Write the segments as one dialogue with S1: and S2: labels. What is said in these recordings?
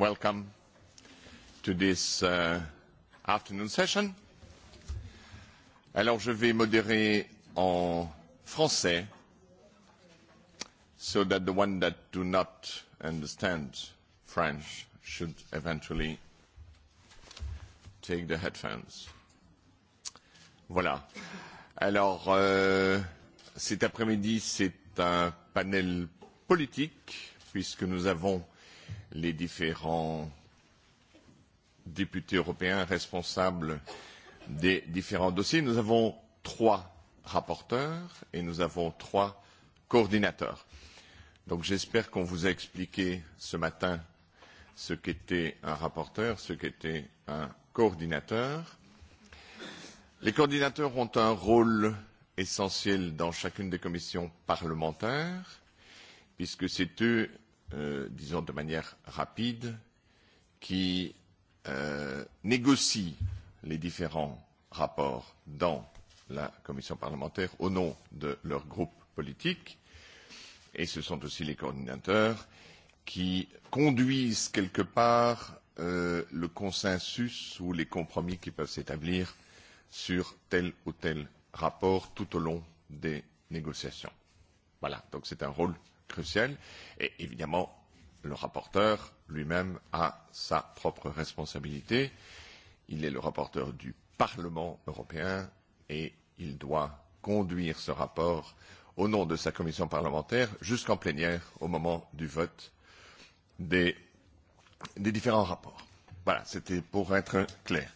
S1: welcome to this afternoon session. Alors, je vais modérer en français so that the ones that do not understand French should eventually take the headphones. Voilà. Alors, euh, cet après-midi, c'est un panel politique puisque nous avons les différents députés européens responsables des différents dossiers. Nous avons trois rapporteurs et nous avons trois coordinateurs. Donc j'espère qu'on vous a expliqué ce matin ce qu'était un rapporteur, ce qu'était un coordinateur. Les coordinateurs ont un rôle essentiel dans chacune des commissions parlementaires, puisque c'est eux disons de manière rapide, qui négocie les différents rapports dans la commission parlementaire au nom de leur groupe politique, et ce sont aussi les coordinateurs qui conduisent quelque part le consensus ou les compromis qui peuvent s'établir sur tel ou tel rapport tout au long des négociations. Voilà, donc c'est un rôle crucial Et évidemment, le rapporteur lui-même a sa propre responsabilité. Il est le rapporteur du Parlement européen et il doit conduire ce rapport au nom de sa commission parlementaire jusqu'en plénière au moment du vote des, des différents rapports. Voilà, c'était pour être clair.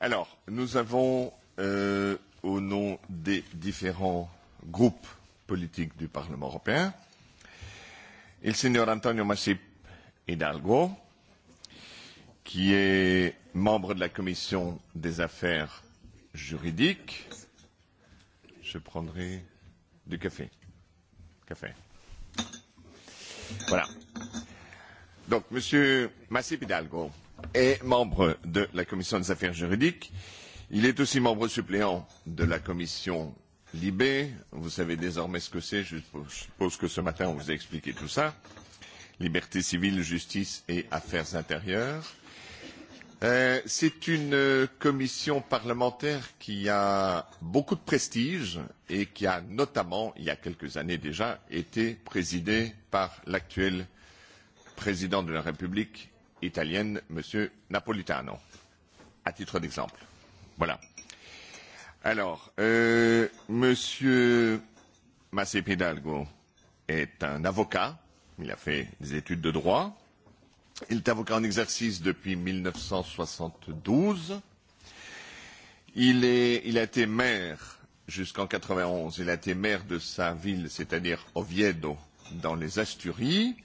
S1: Alors, nous avons, euh, au nom des différents groupes politiques du Parlement européen, el señor Antonio Masip Hidalgo, qui est membre de la commission des affaires juridiques. Je prendrai du café. Café. Voilà. Donc, Monsieur Massip Hidalgo est membre de la commission des affaires juridiques. Il est aussi membre suppléant de la commission Libé, vous savez désormais ce que c'est, je suppose que ce matin on vous a expliqué tout ça. Liberté civile, justice et affaires intérieures. C'est une commission parlementaire qui a beaucoup de prestige et qui a notamment, il y a quelques années déjà, été présidée par l'actuel président de la République italienne, M. Napolitano, à titre d'exemple. Voilà. Alors, euh, Monsieur Massé Pidalgo est un avocat. Il a fait des études de droit. Il est avocat en exercice depuis 1972. Il, est, il a été maire jusqu'en 91. Il a été maire de sa ville, c'est-à-dire Oviedo, dans les Asturies.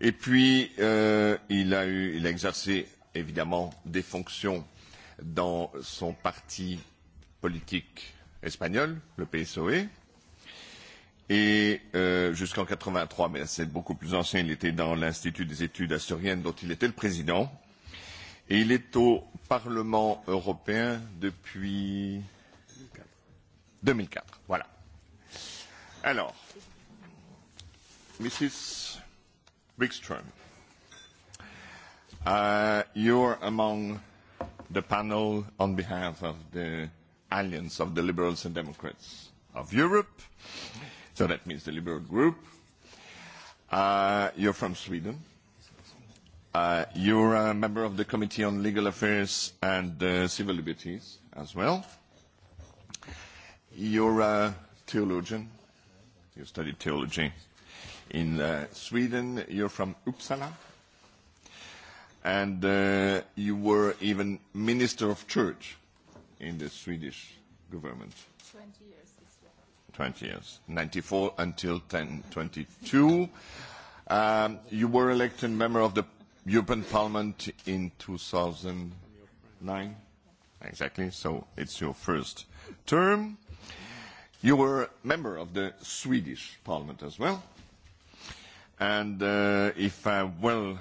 S1: Et puis, euh, il, a eu, il a exercé évidemment des fonctions dans son parti politique espagnole, le PSOE. Et euh, jusqu'en 83, mais c'est beaucoup plus ancien, il était dans l'Institut des études asturiennes dont il était le président. Et il est au Parlement européen depuis 2004. Voilà. Alors, Mrs. Wickstrom, uh, you're among the panel on behalf of the alliance of the Liberals and Democrats of Europe. So that means the Liberal group. Uh, you're from Sweden. Uh, you're a member of the Committee on Legal Affairs and uh, Civil Liberties as well. You're a theologian. You studied theology in uh, Sweden. You're from Uppsala. And uh, you were even minister of church in the Swedish government. 20 years this year. 20 years. 94 until two. Um, you were elected member of the European Parliament in 2009. Exactly, so it's your first term. You were a member of the Swedish Parliament as well. And uh, if I well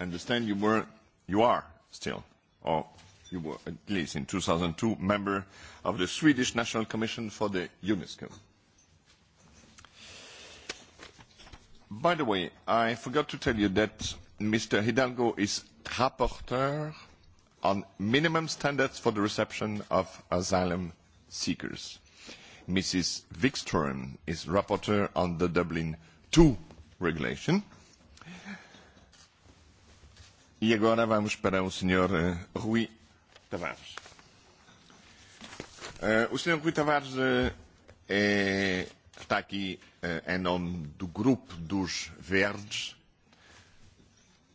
S1: understand, you were, you are still, or you were at least in 2002 member of the Swedish National Commission for the UNESCO. By the way, I forgot to tell you that Mr. Hidalgo is rapporteur on minimum standards for the reception of asylum seekers. Mrs. Wikström is rapporteur on the Dublin II regulation. E agora vamos para o Sr. Rui Tavares. Uh, o Sr. Rui Tavares uh, é, está aqui uh, em nome do grupo dos Verdes.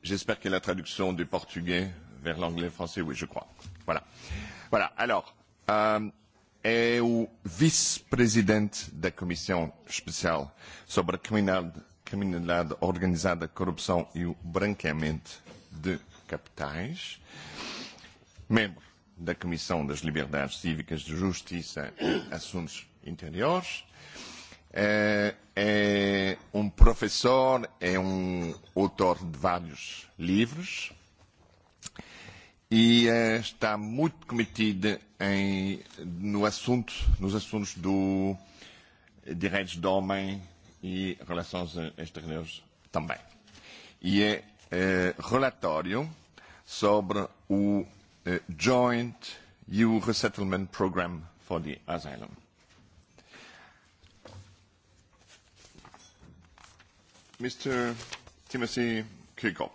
S1: J'espère que la traduction du portugais vers l'anglais français, oui, je crois. Voilà. Voilà. Alors, euh, est le vice président de la commission spéciale sur la criminalité, criminalité organisée, la corruption et le branquement de capitais. Euh, membro da Comissão das Liberdades Cívicas, de Justiça e Assuntos Interiores. É, é um professor, é um autor de vários livros e é, está muito cometido em, no assunto, nos assuntos do direitos do homem e relações exteriores também. E é, é relatório sobre o joint EU resettlement programme for the asylum. Mr. Timothy Kirkop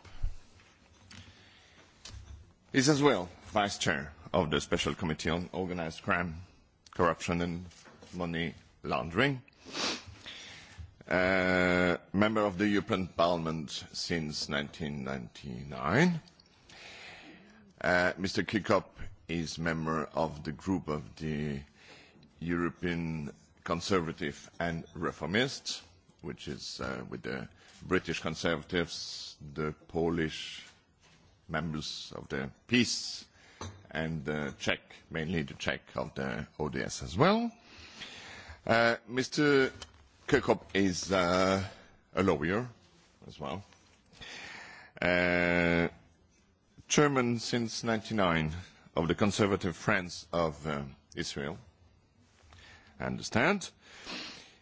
S1: is as well Vice Chair of the Special Committee on Organised Crime, Corruption and Money Laundering, uh, member of the European Parliament since 1999, Mr. Kikop is member of the group of the European Conservative and Reformists, which is uh, with the British Conservatives, the Polish members of the Peace, and the Czech, mainly the Czech of the ODS as well. Uh, Mr. Kirkop is uh, a lawyer as well. Uh, chairman since 1999 of the Conservative Friends of Israel, I understand.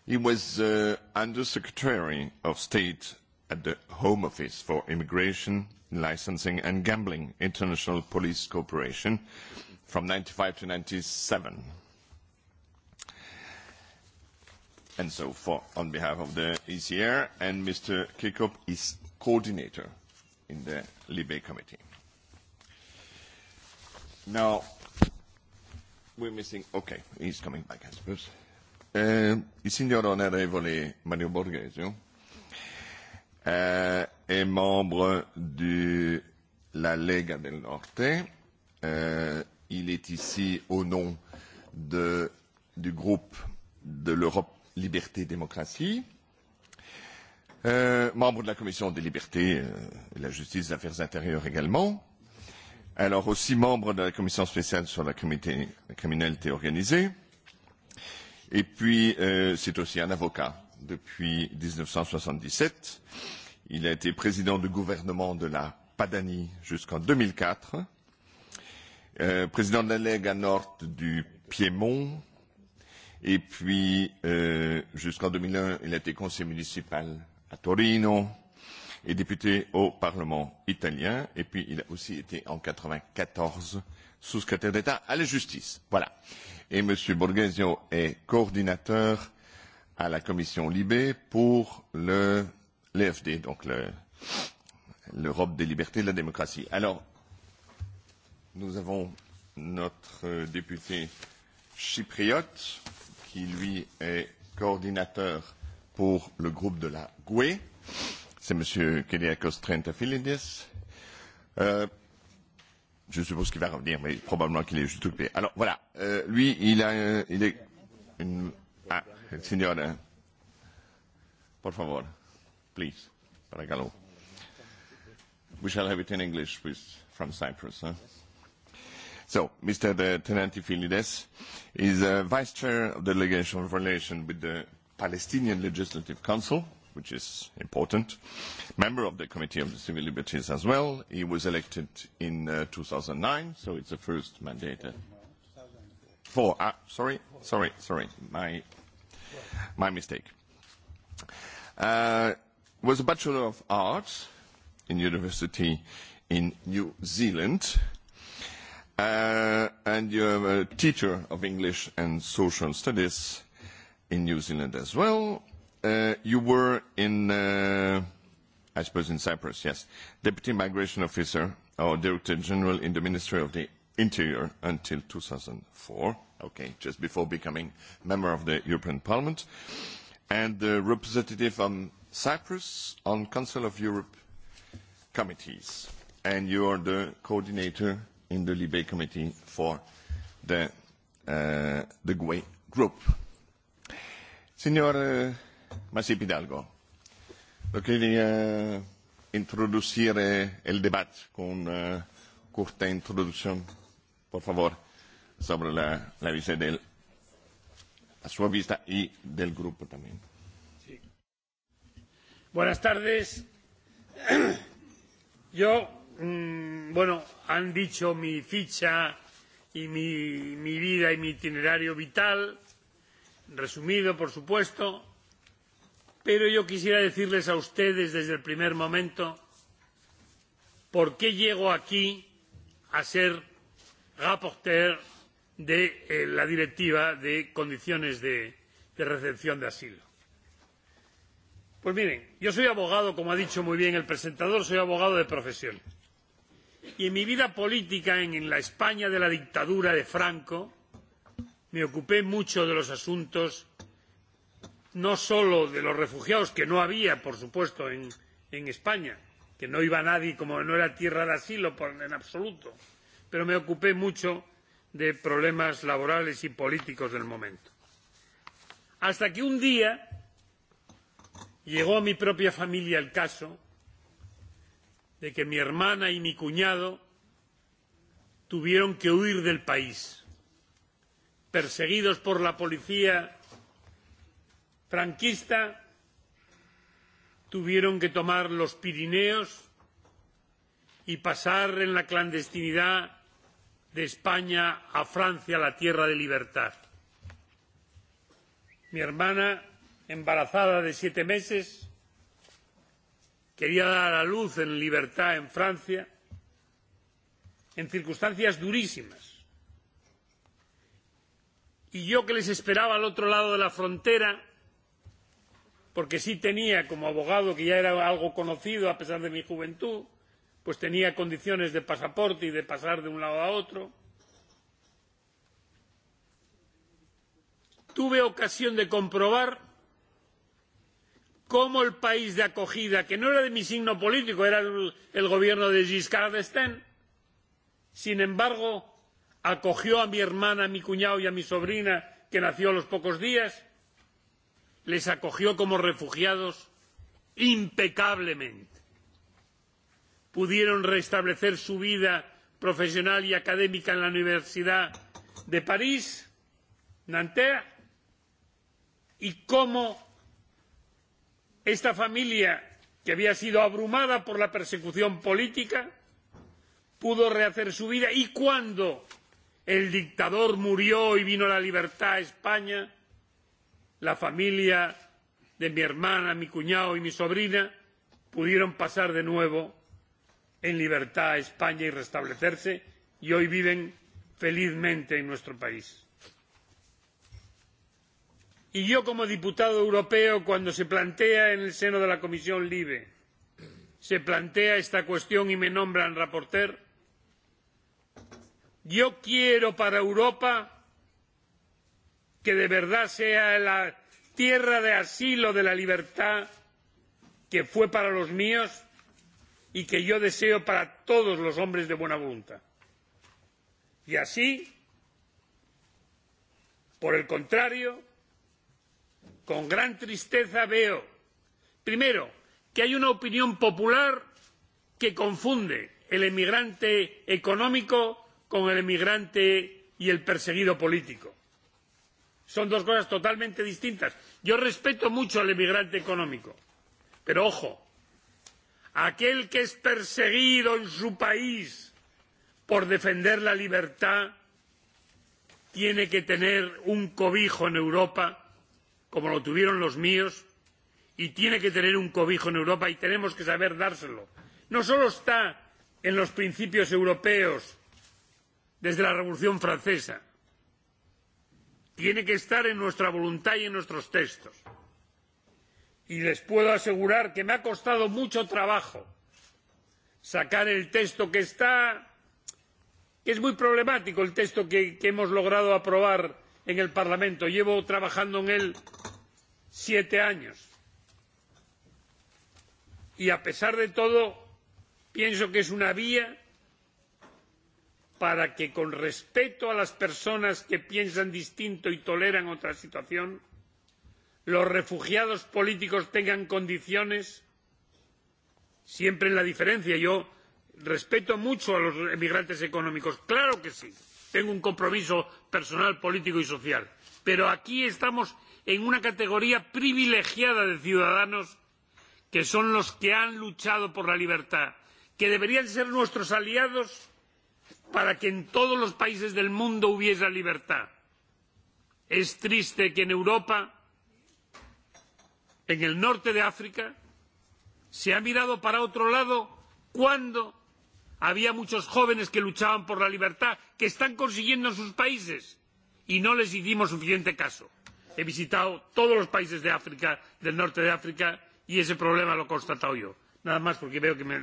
S1: He was uh, Undersecretary of State at the Home Office for Immigration, Licensing and Gambling, International Police Cooperation, from 1995 to 1997. And so for, on behalf of the ECR, and Mr. Kikop is coordinator in the Libe Committee. No. we're missing... Okay, he's coming back, I suppose. Eh, il signor onorevole Mario Borghesio eh, è membro della Lega del Norte. Eh, il est ici au nom de, du groupe de l'Europe Liberté Démocratie. Euh, membre de la Commission des libertés euh, et de la justice des affaires intérieures également alors aussi membre de la commission spéciale sur la criminalité organisée. Et puis, euh, c'est aussi un avocat depuis 1977. Il a été président du gouvernement de la Padanie jusqu'en 2004, euh, président de la Lega Nord du Piémont, et puis euh, jusqu'en 2001, il a été conseiller municipal à Torino, et député au Parlement italien. Et puis, il a aussi été en 1994 sous-secrétaire d'État à la justice. Voilà. Et M. Borghesio est coordinateur à la commission Libé pour le, l'EFD, donc le, l'Europe des libertés et de la démocratie. Alors, nous avons notre député chypriote qui, lui, est coordinateur pour le groupe de la GUE c'est Monsieur Kyriakos Trentafilides. Euh, je suppose qu'il va revenir, mais probablement qu'il est juste occupé. Alors voilà, euh, lui, il a, euh, il est une, ah, signora, por favor, please, paragalo. We shall have it in English, please, from Cyprus. Huh? So, Mr. Tenantifilides is a vice chair of the delegation of Relations with the Palestinian Legislative Council which is important, member of the Committee of the Civil Liberties as well. He was elected in uh, 2009, so it's the first mandate. Four, ah, sorry, sorry, sorry, my, my mistake. Uh, was a Bachelor of Arts in university in New Zealand, uh, and you have a teacher of English and Social Studies in New Zealand as well, you were in, I suppose, in Cyprus, yes, Deputy Migration Officer or Director General in the Ministry of the Interior until 2004, okay, just before becoming member of the European Parliament, and the representative on Cyprus on Council of Europe committees. And you are the coordinator in the Libe Committee for the, uh, the GUE group. Signor Masip Hidalgo. quería introducir el debate con una corta introducción, por favor, sobre la, la vista del, a su vista y del grupo también.
S2: Sí. Buenas tardes. Yo, mmm, bueno, han dicho mi ficha y mi, mi vida y mi itinerario vital, resumido, por supuesto Pero yo quisiera decirles a ustedes desde el primer momento por qué llego aquí a ser ponente de la directiva de condiciones de recepción de asilo. Pues miren, yo soy abogado, como ha dicho muy bien el presentador, soy abogado de profesión. Y en mi vida política, en la España de la dictadura de Franco, me ocupé mucho de los asuntos no solo de los refugiados que no había por supuesto en, España que no iba nadie como no era tierra de asilo en absoluto pero me ocupé mucho de problemas laborales y políticos del momento hasta que un día llegó a mi propia familia el caso de que mi hermana y mi cuñado tuvieron que huir del país perseguidos por la policía franquista tuvieron que tomar los Pirineos y pasar en la clandestinidad de España a Francia, la tierra de libertad. Mi hermana, embarazada de siete meses, quería dar a luz en libertad en Francia, en circunstancias durísimas. Y yo que les esperaba al otro lado de la frontera, porque sí tenía como abogado, que ya era algo conocido a pesar de mi juventud, pues tenía condiciones de pasaporte y de pasar de un lado a otro. Tuve ocasión de comprobar cómo el país de acogida, que no era de mi signo político, era el gobierno de Giscard d'Estaing, sin embargo, acogió a mi hermana, a mi cuñado y a mi sobrina, que nació a los pocos días, les acogió como refugiados impecablemente. Pudieron restablecer su vida profesional y académica en la Universidad de París, Nanterre, y cómo esta familia, que había sido abrumada por la persecución política, pudo rehacer su vida y cuando el dictador murió y vino la libertad a España, la familia de mi hermana, mi cuñado y mi sobrina pudieron pasar de nuevo en libertad a España y restablecerse y hoy viven felizmente en nuestro país. Y yo como diputado europeo, cuando se plantea en el seno de la Comisión LIBE, se plantea esta cuestión y me nombran ponente yo quiero para Europa que de verdad sea la tierra de asilo de la libertad que fue para los míos y que yo deseo para todos los hombres de buena voluntad. Y así, por el contrario, con gran tristeza veo, primero, que hay una opinión popular que confunde el emigrante económico con el emigrante y el perseguido político son dos cosas totalmente distintas. Yo respeto mucho al emigrante económico, pero ojo, aquel que es perseguido en su país por defender la libertad tiene que tener un cobijo en Europa, como lo tuvieron los míos, y tiene que tener un cobijo en Europa y tenemos que saber dárselo. No solo está en los principios europeos desde la Revolución Francesa, tiene que estar en nuestra voluntad y en nuestros textos. Y les puedo asegurar que me ha costado mucho trabajo sacar el texto que está, que es muy problemático el texto que, que hemos logrado aprobar en el Parlamento. Llevo trabajando en él siete años. Y a pesar de todo, pienso que es una vía para que con respeto a las personas que piensan distinto y toleran otra situación los refugiados políticos tengan condiciones siempre en la diferencia yo respeto mucho a los emigrantes económicos claro que sí tengo un compromiso personal político y social pero aquí estamos en una categoría privilegiada de ciudadanos que son los que han luchado por la libertad que deberían ser nuestros aliados para que en todos los países del mundo hubiera libertad. Es triste que en Europa, en el norte de África, se ha mirado para otro lado cuando había muchos jóvenes que luchaban por la libertad, que están consiguiendo en sus países, y no les hicimos suficiente caso. He visitado todos los países de África, del norte de África, y ese problema lo he constatado yo. Nada más porque veo que me.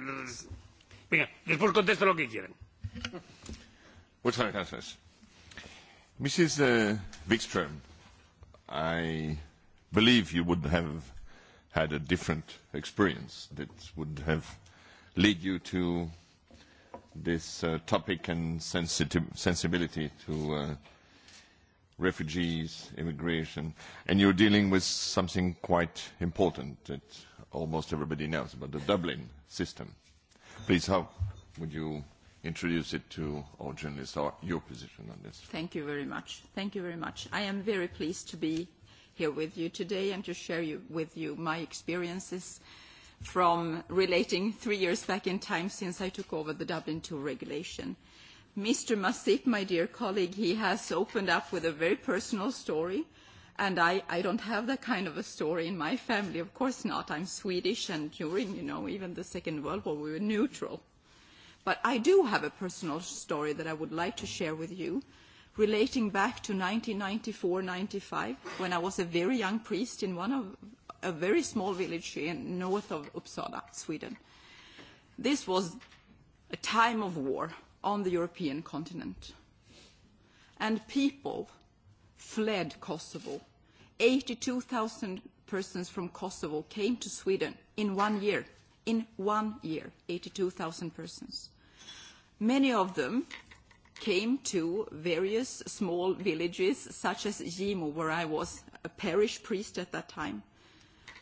S2: Venga, después contesto lo que quieran.
S1: Muchas gracias. Mrs. Uh, Wikström, I believe you would have had a different experience that would have led you to this uh, topic and sensibility to uh, refugees, immigration, and you're dealing with something quite important that almost everybody knows about the Dublin system. Please, how would you introduce it to our journalists, our, your position on this.
S3: Thank you very much. Thank you very much. I am very pleased to be here with you today and to share you, with you my experiences from relating three years back in time since I took over the Dublin II regulation. Mr. Masip, my dear colleague, he has opened up with a very personal story, and I, I don't have that kind of a story in my family. Of course not. I'm Swedish, and during, you know, even the Second World War, we were neutral But I do have a personal story that I would like to share with you, relating back to 1994-95, when I was a very young priest in one of a very small village in north of Uppsala, Sweden. This was a time of war on the European continent. And people fled Kosovo. 82,000 persons from Kosovo came to Sweden in one year. In one year, 82,000 persons. Many of them came to various small villages, such as Jimu, where I was a parish priest at that time.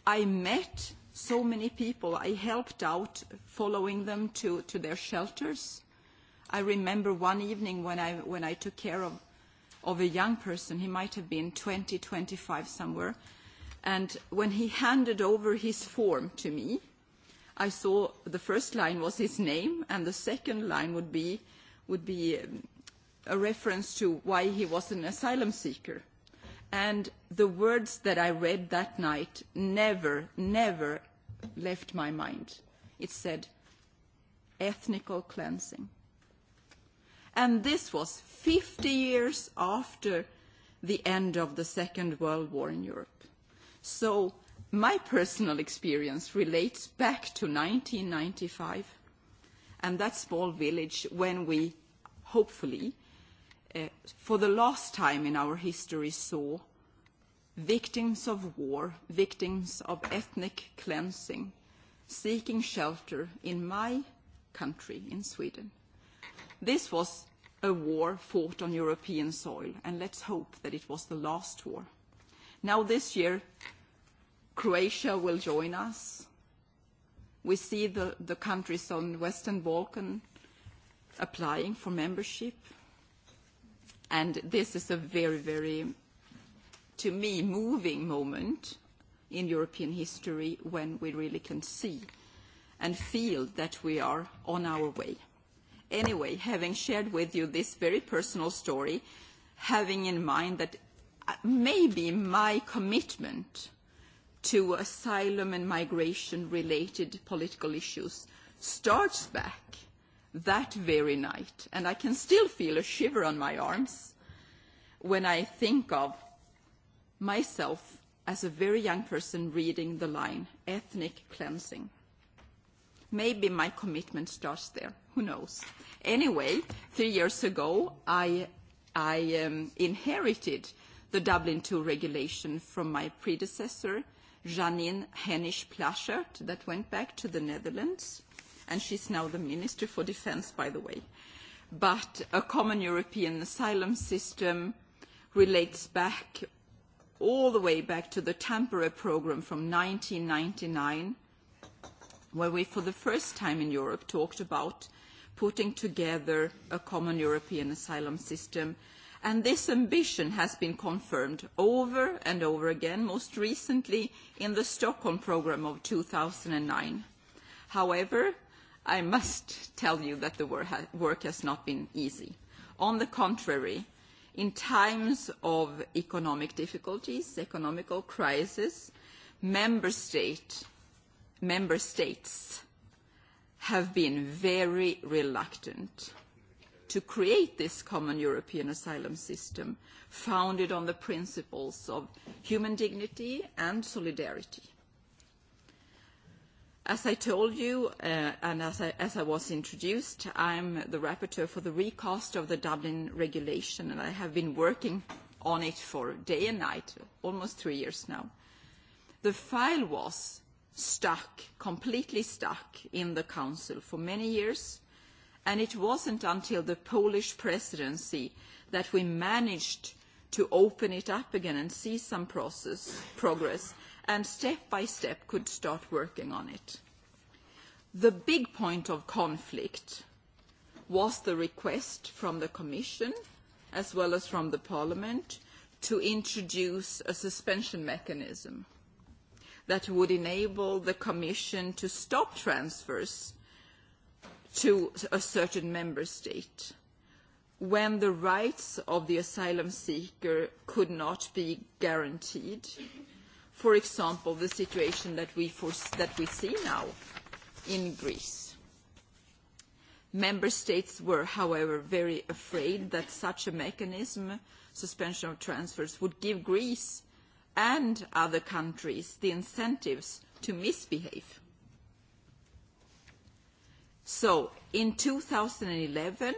S3: I met so many people. I helped out following them to, to their shelters. I remember one evening when I, when I took care of, of a young person, he might have been 20, 25 somewhere, and when he handed over his form to me, I saw the first line was his name, and the second line would be, would be a reference to why he was an asylum seeker. And the words that I read that night never, never left my mind. It said, ethnical cleansing. And this was 50 years after the end of the Second World War in Europe. So My personal experience relates back to ninety five and that small village when we, hopefully, for the last time in our history saw victims of war, victims of ethnic cleansing, seeking shelter in my country, in Sweden. This was a war fought on European soil, and let's hope that it was the last war. Now this year, Croatia will join us. We see the, the countries on the Western Balkan applying for membership. And this is a very, very, to me, moving moment in European history when we really can see and feel that we are on our way. Anyway, having shared with you this very personal story, having in mind that maybe my commitment to asylum and migration related political issues starts back that very night. And I can still feel a shiver on my arms when I think of myself as a very young person reading the line ethnic cleansing. Maybe my commitment starts there. Who knows? Anyway, three years ago, I, I um, inherited the Dublin II regulation from my predecessor, Janine Hennisch-Plaschert that went back to the Netherlands, and she's now the Minister for Defense, by the way. But a common European asylum system relates back all the way back to the Tampere program from 1999, where we, for the first time in Europe, talked about putting together a common European asylum system – And this ambition has been confirmed over and over again, most recently in the Stockholm programme of two thousand nine. However, I must tell you that the work has not been easy. On the contrary, in times of economic difficulties, economic crisis, member states have been very reluctant to create this common European asylum system founded on the principles of human dignity and solidarity. As I told you, and as I, was introduced, I am the rapporteur for the recast of the Dublin Regulation, and I have been working on it for day and night, almost three years now. The file was stuck, completely stuck, in the Council for many years, and it wasn't until the Polish presidency that we managed to open it up again and see some progress, and step by step could start working on it. The big point of conflict was the request from the Commission, as well as from Parliament, to introduce a suspension mechanism that would enable the Commission to stop transfers to a certain member state when the rights of the asylum seeker could not be guaranteed. For example, the situation that we, that we see now in Greece. Member states were, however, very afraid that such a mechanism, suspension of transfers, would give Greece and other countries the incentives to misbehave So in 2011,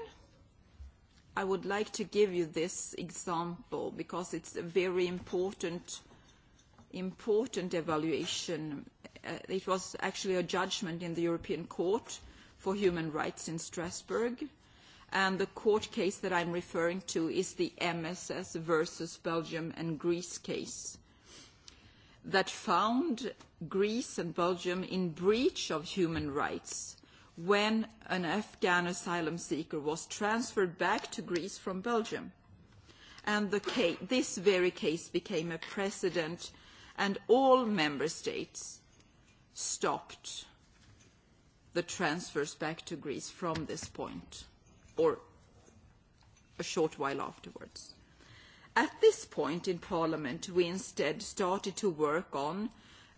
S3: I would like to give you this example because it's a very important important evaluation. It was actually a judgment in the European Court for Human Rights in Strasbourg. And the court case that I'm referring to is the MSS versus Belgium and Greece case that found Greece and Belgium in breach of human rights when an Afghan asylum seeker was transferred back to Greece from Belgium. And the case, this very case became a precedent and all member states stopped the transfers back to Greece from this point or a short while afterwards. At this point in Parliament, we instead started to work on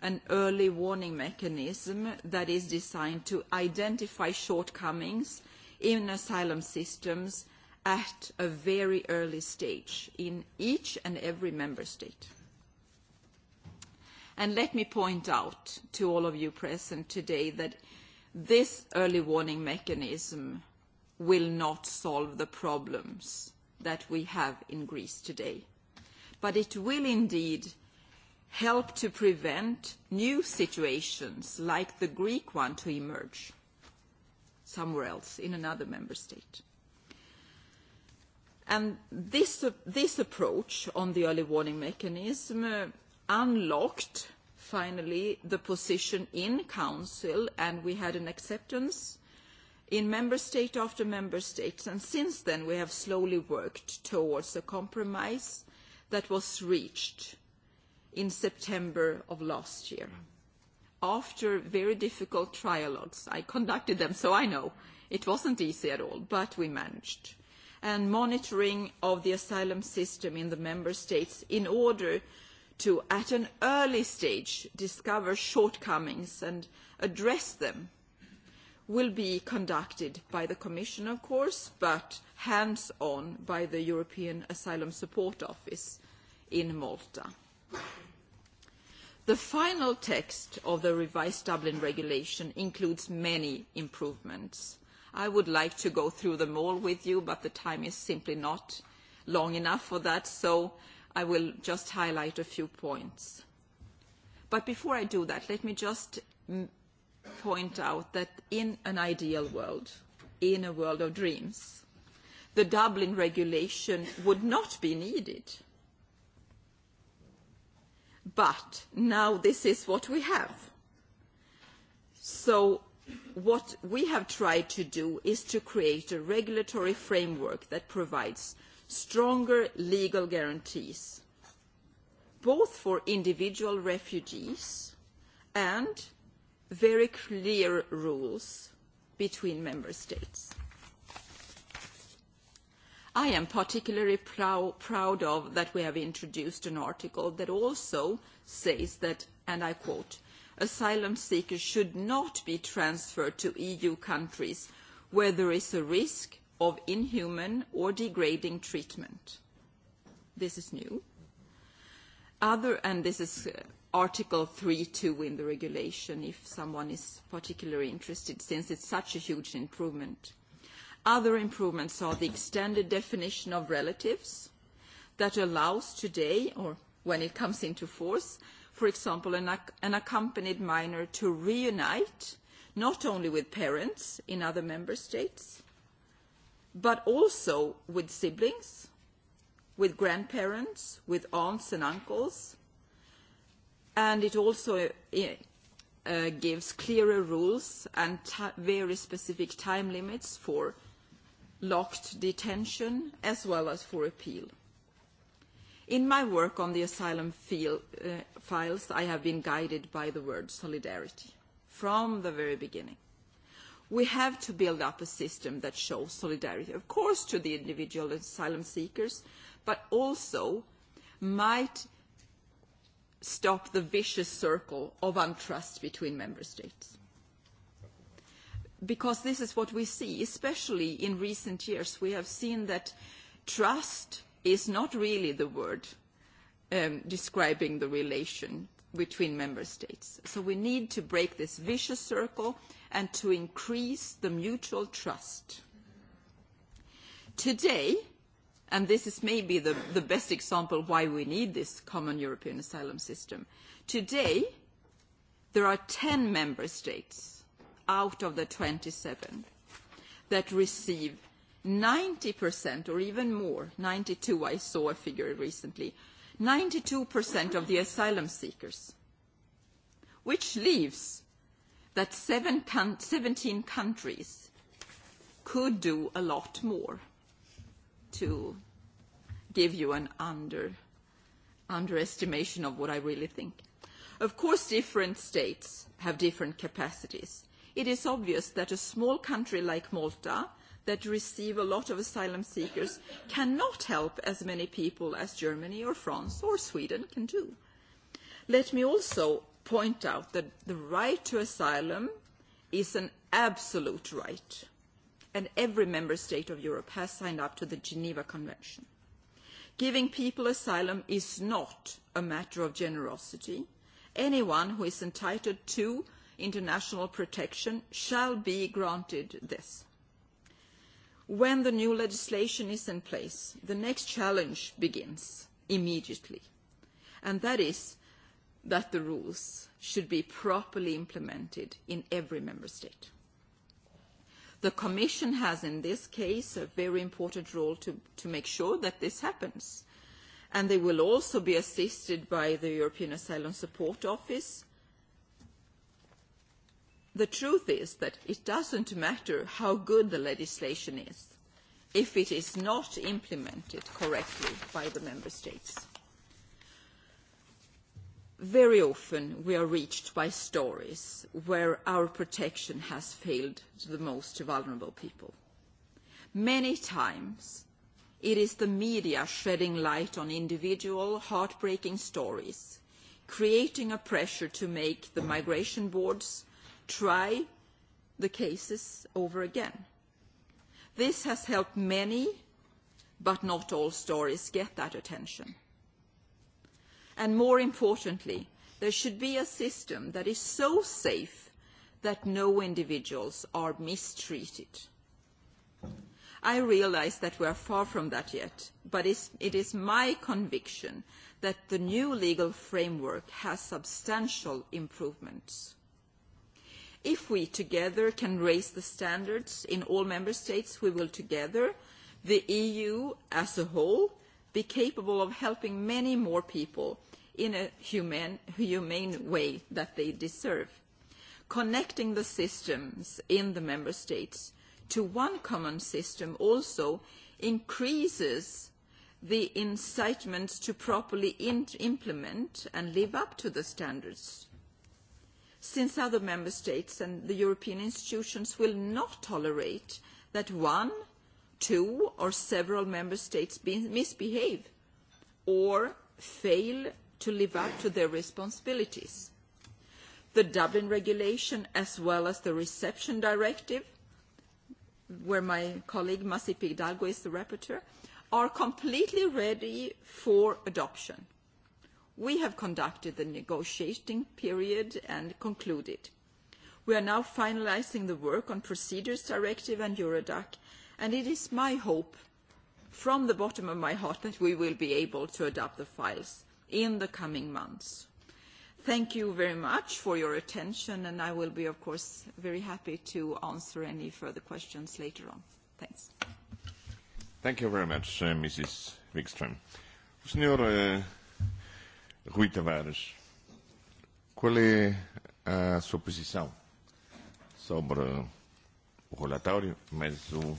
S3: an early warning mechanism that is designed to identify shortcomings in asylum systems at a very early stage in each and every member state. And let me point out to all of you present today that this early warning mechanism will not solve the problems that we have in Greece today, but it will indeed help to prevent new situations like the Greek one to emerge somewhere else in another member state. And this, this approach on the early warning mechanism uh, unlocked finally the position in council and we had an acceptance in member state after member state and since then we have slowly worked towards a compromise that was reached in September of last year. After very difficult trialogues, I conducted them, so I know it wasn't easy at all, but we managed. And monitoring of the asylum system in the member states in order to, at an early stage, discover shortcomings and address them will be conducted by the Commission, of course, but hands-on by the European Asylum Support Office in Malta. The final text of the revised Dublin regulation includes many improvements. I would like to go through them all with you, but the time is simply not long enough for that, so I will just highlight a few points. But before I do that, let me just point out that in an ideal world, in a world of dreams, the Dublin regulation would not be needed – but now this is what we have. So what we have tried to do is to create a regulatory framework that provides stronger legal guarantees, both for individual refugees and very clear rules between member states. I am particularly proud of that we have introduced an article that also says that, and I quote, asylum seekers should not be transferred to EU countries where there is a risk of inhuman or degrading treatment. This is new. Other, and this is Article 3.2 in the regulation, if someone is particularly interested, since it's such a huge improvement. Other improvements are the extended definition of relatives that allows today, or when it comes into force, for example, an, accompanied minor to reunite not only with parents in other member states, but also with siblings, with grandparents, with aunts and uncles. And it also gives clearer rules and very specific time limits for locked detention, as well as for appeal. In my work on the asylum files, I have been guided by the word solidarity from the very beginning. We have to build up a system that shows solidarity, of course, to the individual asylum seekers, but also might stop the vicious circle of untrust between member states because this is what we see, especially in recent years. We have seen that trust is not really the word describing the relation between member states. So we need to break this vicious circle and to increase the mutual trust. Today, and this is maybe the, the best example why we need this common European asylum system, today there are ten member states out of the twenty seven that receive 90% or even more, ninety two I saw a figure recently, ninety 92% of the asylum seekers, which leaves that seven 17 countries could do a lot more to give you an under, underestimation of what I really think. Of course, different states have different capacities It is obvious that a small country like Malta, that receive a lot of asylum seekers, cannot help as many people as Germany or France or Sweden can do. Let me also point out that the right to asylum is an absolute right, and every member state of Europe has signed up to the Geneva Convention. Giving people asylum is not a matter of generosity. Anyone who is entitled to international protection shall be granted this. When the new legislation is in place, the next challenge begins immediately, and that is that the rules should be properly implemented in every member state. The Commission has in this case a very important role to, to make sure that this happens. And they will also be assisted by the European Asylum Support Office The truth is that it doesn't matter how good the legislation is if it is not implemented correctly by the member states. Very often we are reached by stories where our protection has failed the most vulnerable people. Many times it is the media shedding light on individual heartbreaking stories, creating a pressure to make the migration boards try the cases over again. This has helped many, but not all stories get that attention. And more importantly, there should be a system that is so safe that no individuals are mistreated. I realise that we are far from that yet, but it is my conviction that the new legal framework has substantial improvements If we together can raise the standards in all member states, we will together, the EU as a whole, be capable of helping many more people in a humane way that they deserve. Connecting the systems in the member states to one common system also increases the incitement to properly implement and live up to the standards since other member states and the European institutions will not tolerate that one, two or several member states misbehave or fail to live up to their responsibilities. The Dublin Regulation as well as the Reception Directive, where my colleague Masip Pigdalgo is the rapporteur, are completely ready for adoption We have conducted the negotiating period and concluded. We are now finalising the work on Procedures Directive and Eurodac, and it is my hope from the bottom of my heart that we will be able to adopt the files in the coming months. Thank you very much for your attention, and I will be, of course, very happy to answer any further questions later on. Thanks.
S1: Thank you very much, Mrs. Wikström. Señor Rui Tavares, qual é a sua posição sobre o relatório, mas o,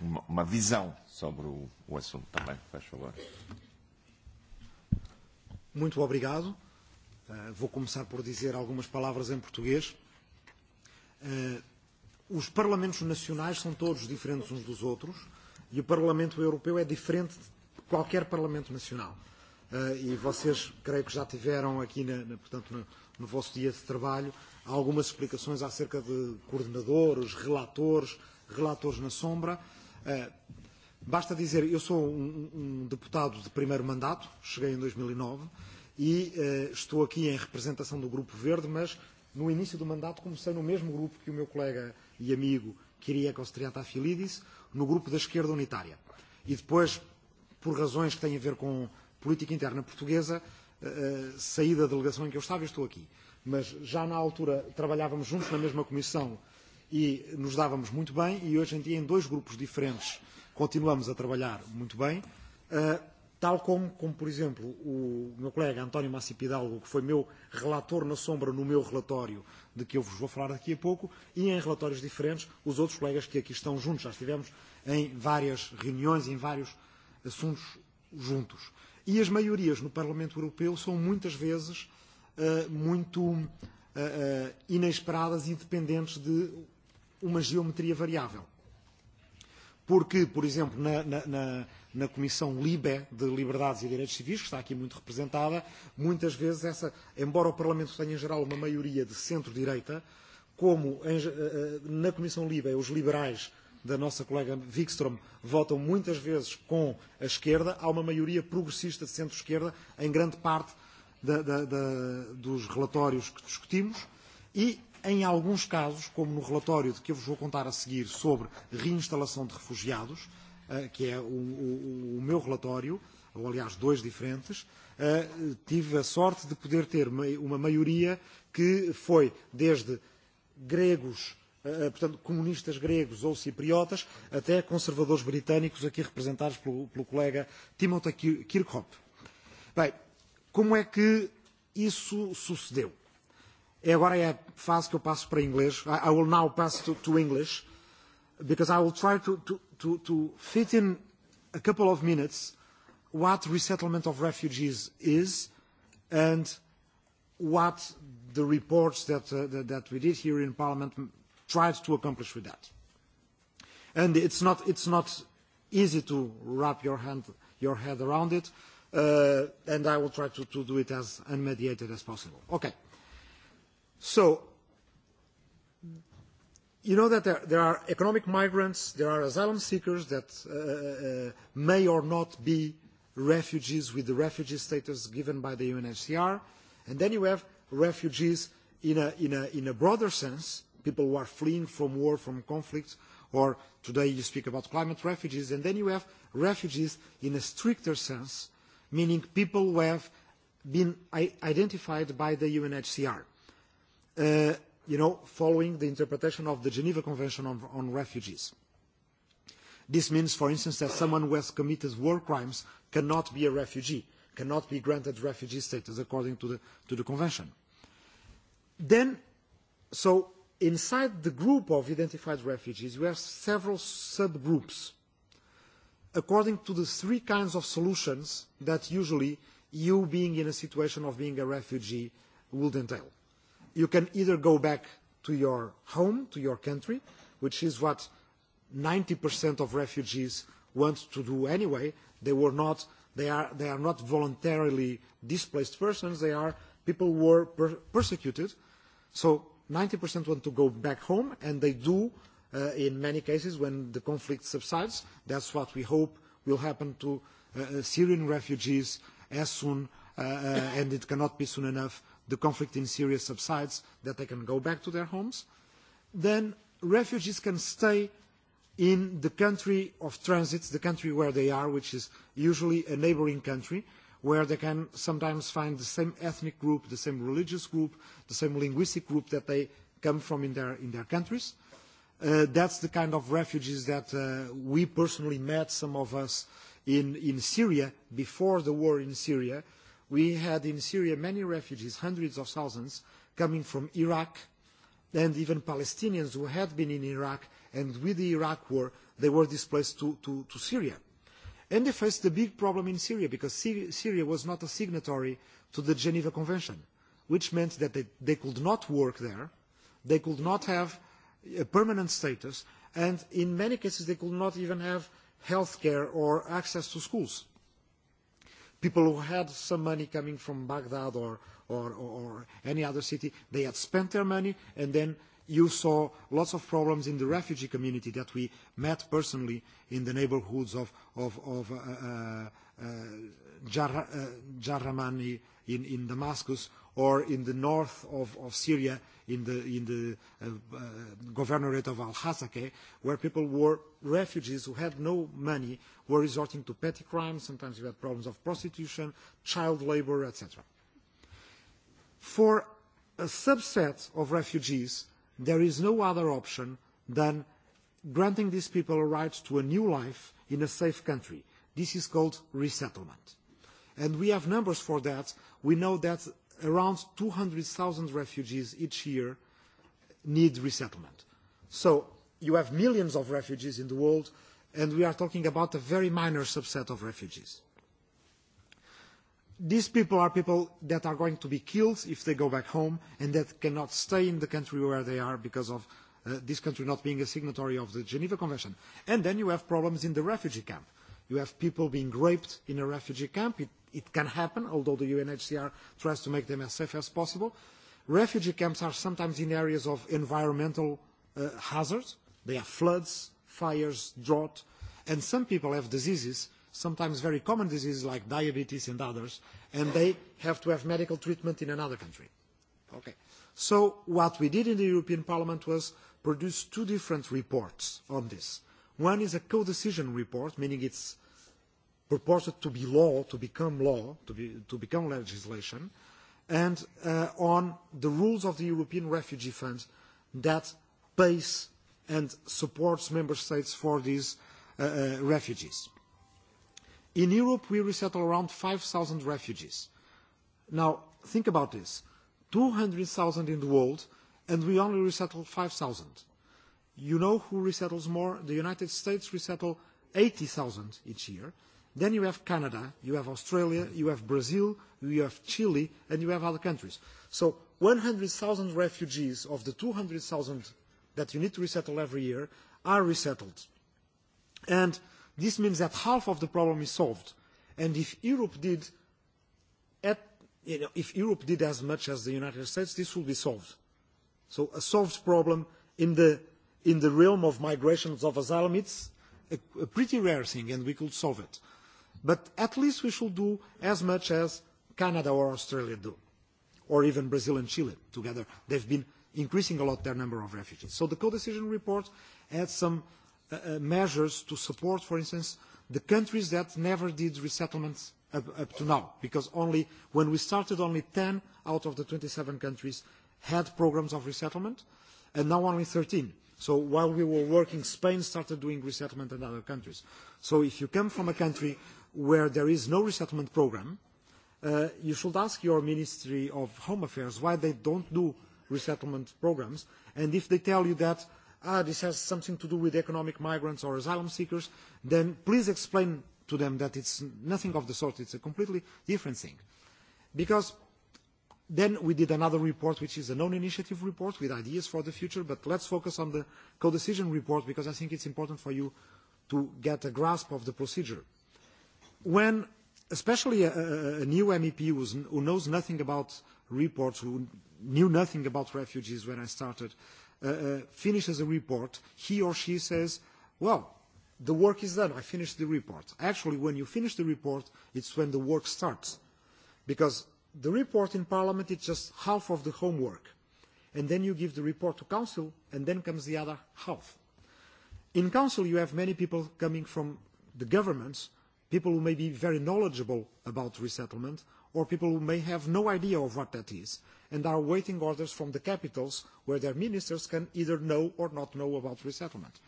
S1: uma, uma visão sobre o, o assunto também, faz favor.
S4: Muito obrigado. Uh, vou começar por dizer algumas palavras em português. Uh, os parlamentos nacionais são todos diferentes uns dos outros e o Parlamento Europeu é diferente de qualquer parlamento nacional. Uh, e vocês creio que já tiveram aqui na, portanto, no, no vosso dia de trabalho algumas explicações acerca de coordenadores, relatores, relatores na sombra. Basta dizer, eu sou um, um deputado de primeiro mandato, cheguei em 2009, e uh, estou aqui em representação do Grupo Verde, mas no início do mandato comecei no mesmo grupo que o meu colega e amigo queria Kyriakos Triantafilidis, no grupo da esquerda unitária. E depois, por razões que têm a ver com política interna portuguesa, saí da delegação em que eu estava e estou aqui. Mas já na altura trabalhávamos juntos na mesma comissão e nos dávamos muito bem e hoje em dia em dois grupos diferentes continuamos a trabalhar muito bem, tal como, como por exemplo, o meu colega António Massi Pidalgo, que foi meu relator na sombra no meu relatório, de que eu vos vou falar daqui a pouco, e em relatórios diferentes, os outros colegas que aqui estão juntos. Já estivemos em várias reuniões, em vários assuntos juntos. E as maiorias no Parlamento Europeu são muitas vezes uh, muito uh, uh, inesperadas e dependentes de uma geometria variável. Porque, por exemplo, na, na, na, na Comissão LIBE de Liberdades e Direitos Civis, que está aqui muito representada, muitas vezes essa, embora o Parlamento tenha em geral uma maioria de centro-direita, como em, na Comissão LIBE os liberais da nossa colega Wikström votam muitas vezes com a esquerda, há uma maioria progressista de centro-esquerda em grande parte da, da, da, dos relatórios que discutimos e, em alguns casos, como no relatório de que eu vos vou contar a seguir sobre reinstalação de refugiados, que é o, o, o meu relatório, ou aliás dois diferentes, tive a sorte de poder ter uma maioria que foi desde gregos portanto, comunistas gregos ou cipriotas, até conservadores britânicos, aqui representados pelo, pelo colega Timothy Kirchhoff. Bem, como é que isso sucedeu? É agora é a fase que eu passo para inglês. I, I will now pass to, to English, because I will try to, to, to, to fit in a couple of minutes what resettlement of refugees is and what the reports that, uh, that we did here in Parliament tried to accomplish with that. And it's not, it's not easy to wrap your, hand, your head around it, uh, and I will try to, to do it as unmediated as possible. Okay. So, you know that there, there are economic migrants, there are asylum seekers that uh, uh, may or not be refugees with the refugee status given by the UNHCR, and then you have refugees in a, in a, in a broader sense people who are fleeing from war, from conflicts, or today you speak about climate refugees, and then you have refugees in a stricter sense, meaning people who have been identified by the UNHCR, you know, following the interpretation of the Geneva Convention on, Refugees. This means, for instance, that someone who has committed war crimes cannot be a refugee, cannot be granted refugee status according to the, to the Convention. Then, so Inside the group of identified refugees, we have several subgroups according to the three kinds of solutions that usually you being in a situation of being a refugee would entail. You can either go back to your home, to your country, which is what 90% of refugees want to do anyway. They were not, they are, they are not voluntarily displaced persons. They are people who were per persecuted. So 90% want to go back home, and they do uh, in many cases when the conflict subsides. That's what we hope will happen to uh, Syrian refugees as soon, uh, uh, and it cannot be soon enough, the conflict in Syria subsides, that they can go back to their homes. Then refugees can stay in the country of transit, the country where they are, which is usually a neighboring country, where they can sometimes find the same ethnic group, the same religious group, the same linguistic group that they come from in their, in their countries. Uh, that's the kind of refugees that uh, we personally met, some of us, in, in Syria, before the war in Syria. We had in Syria many refugees, hundreds of thousands, coming from Iraq, and even Palestinians who had been in Iraq, and with the Iraq war, they were displaced to, to, to Syria And they faced the big problem in Syria because Syria was not a signatory to the Geneva Convention, which meant that they, they could not work there, they could not have a permanent status, and in many cases they could not even have health care or access to schools. People who had some money coming from Baghdad or, or, or any other city, they had spent their money and then You saw lots of problems in the refugee community that we met personally in the neighborhoods of, of, of uh, uh, Jarramani in, in Damascus or in the north of, of Syria in the, in the uh, uh, governorate of al hasake where people were refugees who had no money, were resorting to petty crimes, sometimes we had problems of prostitution, child labor, etc. For a subset of refugees, there is no other option than granting these people a right to a new life in a safe country. This is called resettlement. And we have numbers for that. We know that around two hundred 200,000 refugees each year need resettlement. So you have millions of refugees in the world, and we are talking about a very minor subset of refugees these people are people that are going to be killed if they go back home and that cannot stay in the country where they are because of this country not being a signatory of the Geneva Convention. And then you have problems in the refugee camp. You have people being raped in a refugee camp. It, it can happen, although the UNHCR tries to make them as safe as possible. Refugee camps are sometimes in areas of environmental hazards. They have floods, fires, drought, and some people have diseases sometimes very common diseases like diabetes and others, and they have to have medical treatment in another country. Okay. So what we did in the European Parliament was produce two different reports on this. One is a co-decision report, meaning it's purported to be law, to become law, to, be, to become legislation, and uh, on the rules of the European Refugee Fund that pays and supports member states for these uh, uh, refugees. In Europe, we resettle around 5,000 refugees. Now, think about this. 200,000 in the world, and we only resettle 5,000. You know who resettles more? The United States resettle 80,000 each year. Then you have Canada, you have Australia, you have Brazil, you have Chile, and you have other countries. So 100,000 refugees of the 200,000 that you need to resettle every year are resettled. And This means that half of the problem is solved. And if Europe did, at, you know, if Europe did as much as the United States, this will be solved. So a solved problem in the, in the realm of migrations of asylum, it's a, a pretty rare thing and we could solve it. But at least we should do as much as Canada or Australia do, or even Brazil and Chile together. They've been increasing a lot their number of refugees. So the co-decision report adds some, measures to support, for instance, the countries that never did resettlements up, to now, because only when we started, only ten out of the twenty seven countries had programmes of resettlement, and now only thirteen. So while we were working, Spain started doing resettlement in other countries. So if you come from a country where there is no resettlement programme, you should ask your Ministry of Home Affairs why they don't do resettlement programmes, and if they tell you that ah, this has something to do with economic migrants or asylum seekers, then please explain to them that it's nothing of the sort. It's a completely different thing. Because then we did another report, which is a non-initiative report with ideas for the future, but let's focus on the co-decision report because I think it's important for you to get a grasp of the procedure. When, especially a, a new MEP who's, who knows nothing about reports, who knew nothing about refugees when I started, uh, finishes a report, he or she says, well, the work is done, I finished the report. Actually, when you finish the report, it's when the work starts. Because the report in Parliament is just half of the homework. And then you give the report to Council, and then comes the other half. In Council, you have many people coming from the governments, people who may be very knowledgeable about resettlement, or people who may have no idea of what that is and are waiting orders from the capitals where their ministers can either know or not know about resettlement.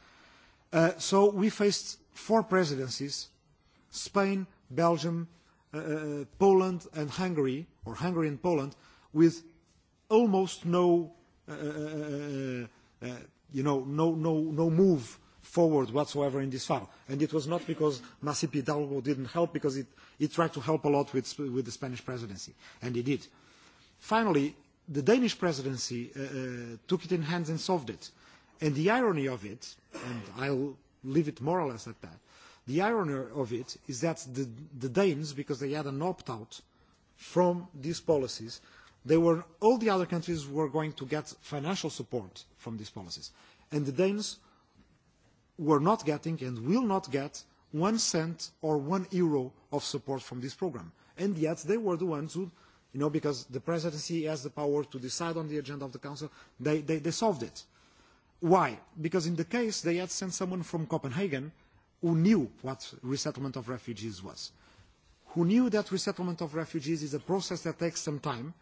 S4: so we faced four presidencies, Spain, Belgium, Poland and Hungary, or Hungary and Poland, with almost no, you know, no, no, no move forward whatsoever in this file. And it was not because Masipi Hidalgo didn't help, because it, it tried to help a lot with, with the Spanish presidency, and it did. Finally, the Danish presidency uh, uh, took it in hands and solved it. And the irony of it, and I'll leave it more or less at that, the irony of it is that the, the Danes, because they had an opt-out from these policies, they were, all the other countries were going to get financial support from these policies. And the Danes were not getting and will not get one cent or one euro of support from this programme. And yet they were the ones who, you know, because the presidency has the power to decide on the agenda of the council, they, they, they solved it. Why? Because in the case they had sent someone from Copenhagen who knew what resettlement of refugees was, who knew that resettlement of refugees is a process that takes some time.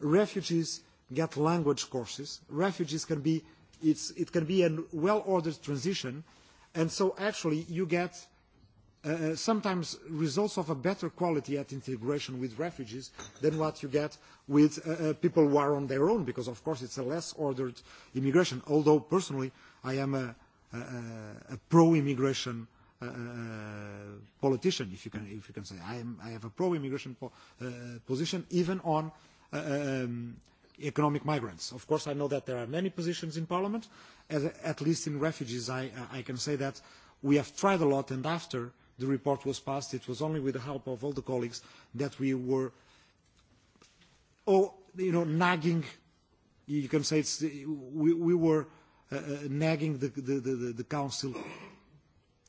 S4: Refugees get language courses. Refugees can be it's, it can be a well-ordered transition, and so actually you get uh, sometimes results of a better quality at integration with refugees than what you get with uh, people who are on their own, because of course it's a less ordered immigration, although personally I am a, a, a pro-immigration uh, politician, if you can, if you can say. I, am, I have a pro-immigration po uh, position, even on uh, um, economic migrants. Of course, I know that there are many positions in Parliament, at least in refugees, I, I can say that we have tried a lot, and after the report was passed, it was only with the help of all the colleagues that we were, oh, you know, nagging, you can say it's, we, we were uh, nagging the, the, the, the Council,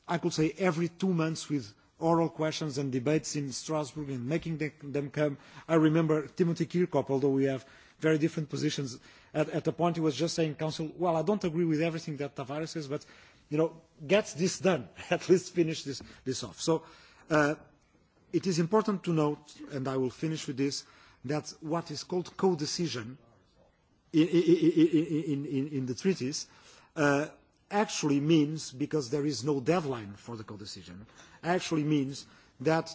S4: I could say every two months with oral questions and debates in Strasbourg and making them come. I remember Timothy Kirkhope, although we have very different positions. At, at the point, he was just saying, Council, well, I don't agree with everything that Tavares says, but, you know, get this done, at least finish this, this off. So uh, it is important to note, and I will finish with this, that what is called co-decision in, in, in, in the treaties uh, actually means, because there is no deadline for the co-decision, actually means that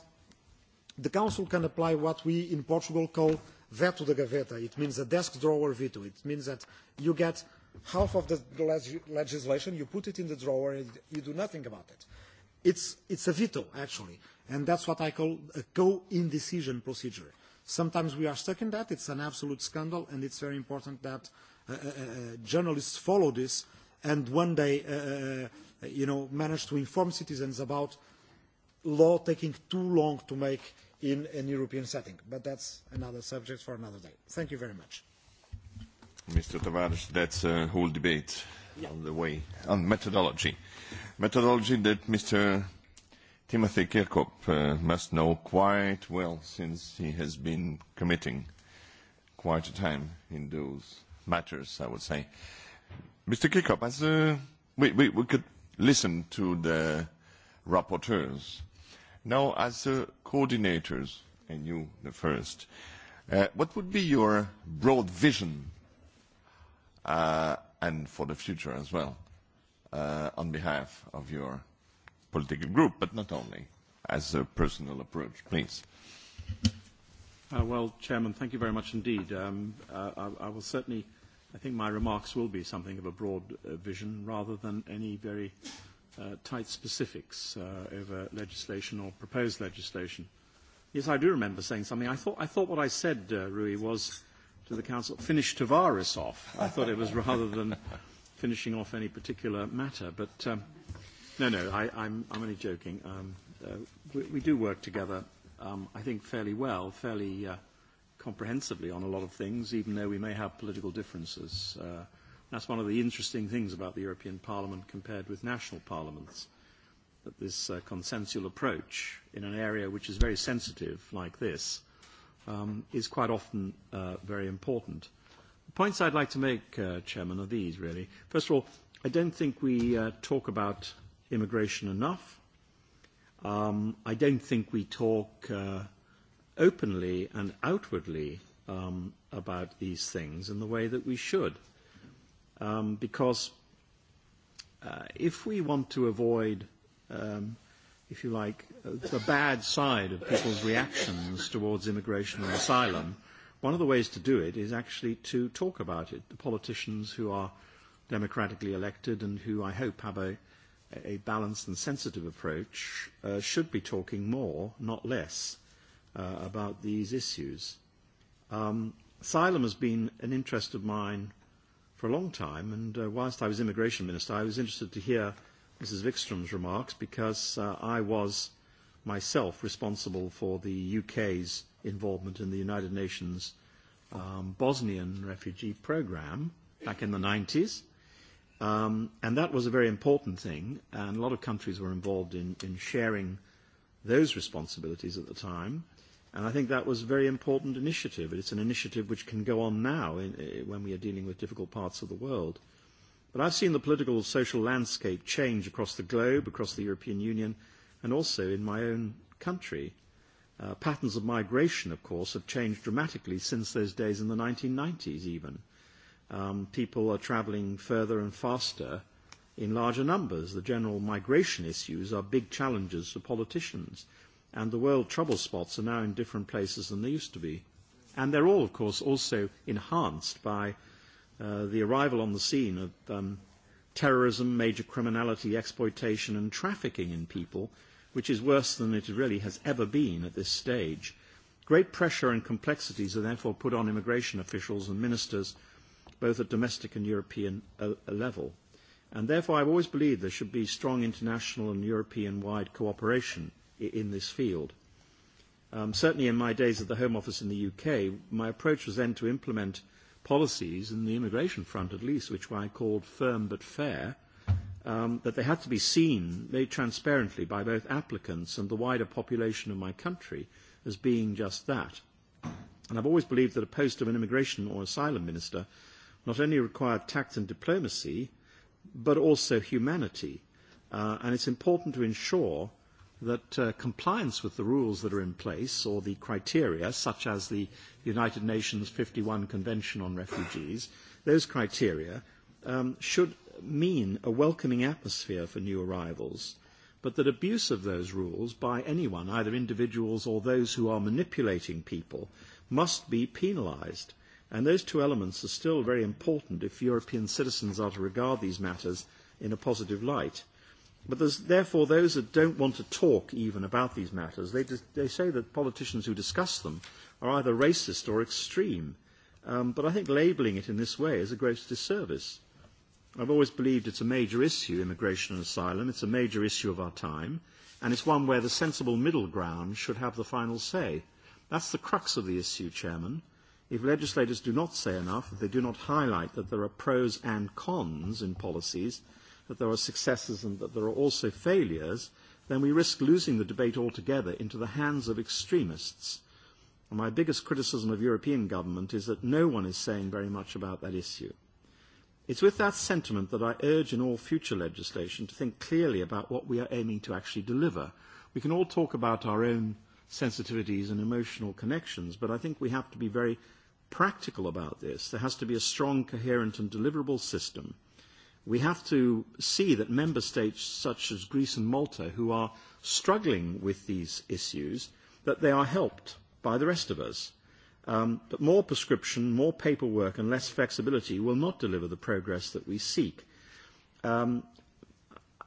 S4: the Council can apply what we in Portugal call veto the gaveta. It means a desk drawer veto. It means that you get half of the legislation, you put it in the drawer, and you do nothing about it. It's, it's a veto, actually. And that's what I call a co-indecision procedure. Sometimes we are stuck in that. It's an absolute scandal, and it's very important that uh, uh, journalists follow this and one day uh, you know, manage to inform citizens about law taking too long to make in a European setting. But that's another subject for another day. Thank you very much.
S1: Mr. Tavares, that's a whole debate on the way, on methodology. Methodology that Mr. Timothy Kirkhope uh, must know quite well since he has been committing quite a time in those matters, I would say. Mr. Kirkhope, as, uh, we, we, we could listen to the rapporteurs Now, as uh, coordinators, and you the first, uh, what would be your broad vision, uh, and for the future as well, uh, on behalf of your political group, but not only, as a personal approach, please?
S5: well, Chairman, thank you very much indeed. Um, uh, I, I will certainly, I think my remarks will be something of a broad vision rather than any very uh tight specifics uh over legislation or proposed legislation. Yes, I do remember saying something. I thought, I thought what I said, uh, Rui, was to the Council, finish Tavares off. I thought it was rather than finishing off any particular matter. But um, no, no, I, I'm, I'm only joking. Um, uh, we, we do work together, um, I think, fairly well, fairly uh, comprehensively on a lot of things, even though we may have political differences. Uh, That's one of the interesting things about the European Parliament compared with national parliaments, that this uh, consensual approach in an area which is very sensitive like this um, is quite often uh, very important. The points I'd like to make, uh, Chairman, are these really. First of all, I don't think we uh, talk about immigration enough. Um, I don't think we talk uh, openly and outwardly um, about these things in the way that we should. Um, because uh, if we want to avoid, um, if you like, the bad side of people's reactions towards immigration and asylum, one of the ways to do it is actually to talk about it. The politicians who are democratically elected and who I hope have a, a balanced and sensitive approach uh, should be talking more, not less, uh, about these issues. Um, asylum has been an interest of mine for a long time, and uh, whilst I was immigration minister, I was interested to hear Mrs. Vikstrom's remarks because uh, I was myself responsible for the UK's involvement in the United Nations um, Bosnian refugee program back in the 90s. Um, and that was a very important thing, and a lot of countries were involved in, in sharing those responsibilities at the time. And I think that was a very important initiative. It's an initiative which can go on now in, when we are dealing with difficult parts of the world. But I've seen the political social landscape change across the globe, across the European Union, and also in my own country. Uh, patterns of migration, of course, have changed dramatically since those days in the 1990s even. Um, people are travelling further and faster in larger numbers. The general migration issues are big challenges for politicians – and the world trouble spots are now in different places than they used to be. And they're all, of course, also enhanced by uh, the arrival on the scene of um, terrorism, major criminality, exploitation, and trafficking in people, which is worse than it really has ever been at this stage. Great pressure and complexities are therefore put on immigration officials and ministers, both at domestic and European uh, level. And therefore, I've always believed there should be strong international and European-wide cooperation in this field. Um, certainly in my days at the Home Office in the UK, my approach was then to implement policies in the immigration front at least, which I called firm but fair, um, that they had to be seen made transparently by both applicants and the wider population of my country as being just that. And I've always believed that a post of an immigration or asylum minister not only required tact and diplomacy, but also humanity. Uh, and it's important to ensure that uh, compliance with the rules that are in place or the criteria, such as the United Nations 51 Convention on Refugees, those criteria um, should mean a welcoming atmosphere for new arrivals, but that abuse of those rules by anyone, either individuals or those who are manipulating people, must be penalised. And those two elements are still very important if European citizens are to regard these matters in a positive light. But there's therefore those that don't want to talk even about these matters. They, they say that politicians who discuss them are either racist or extreme. Um, but I think labelling it in this way is a gross disservice. I've always believed it's a major issue, immigration and asylum. It's a major issue of our time. And it's one where the sensible middle ground should have the final say. That's the crux of the issue, Chairman. If legislators do not say enough, if they do not highlight that there are pros and cons in policies, that there are successes and that there are also failures, then we risk losing the debate altogether into the hands of extremists. And my biggest criticism of European government is that no one is saying very much about that issue. It's with that sentiment that I urge in all future legislation to think clearly about what we are aiming to actually deliver. We can all talk about our own sensitivities and emotional connections, but I think we have to be very practical about this. There has to be a strong, coherent and deliverable system – we have to see that member states such as Greece and Malta, who are struggling with these issues, that they are helped by the rest of us. Um, but more prescription, more paperwork, and less flexibility will not deliver the progress that we seek. Um,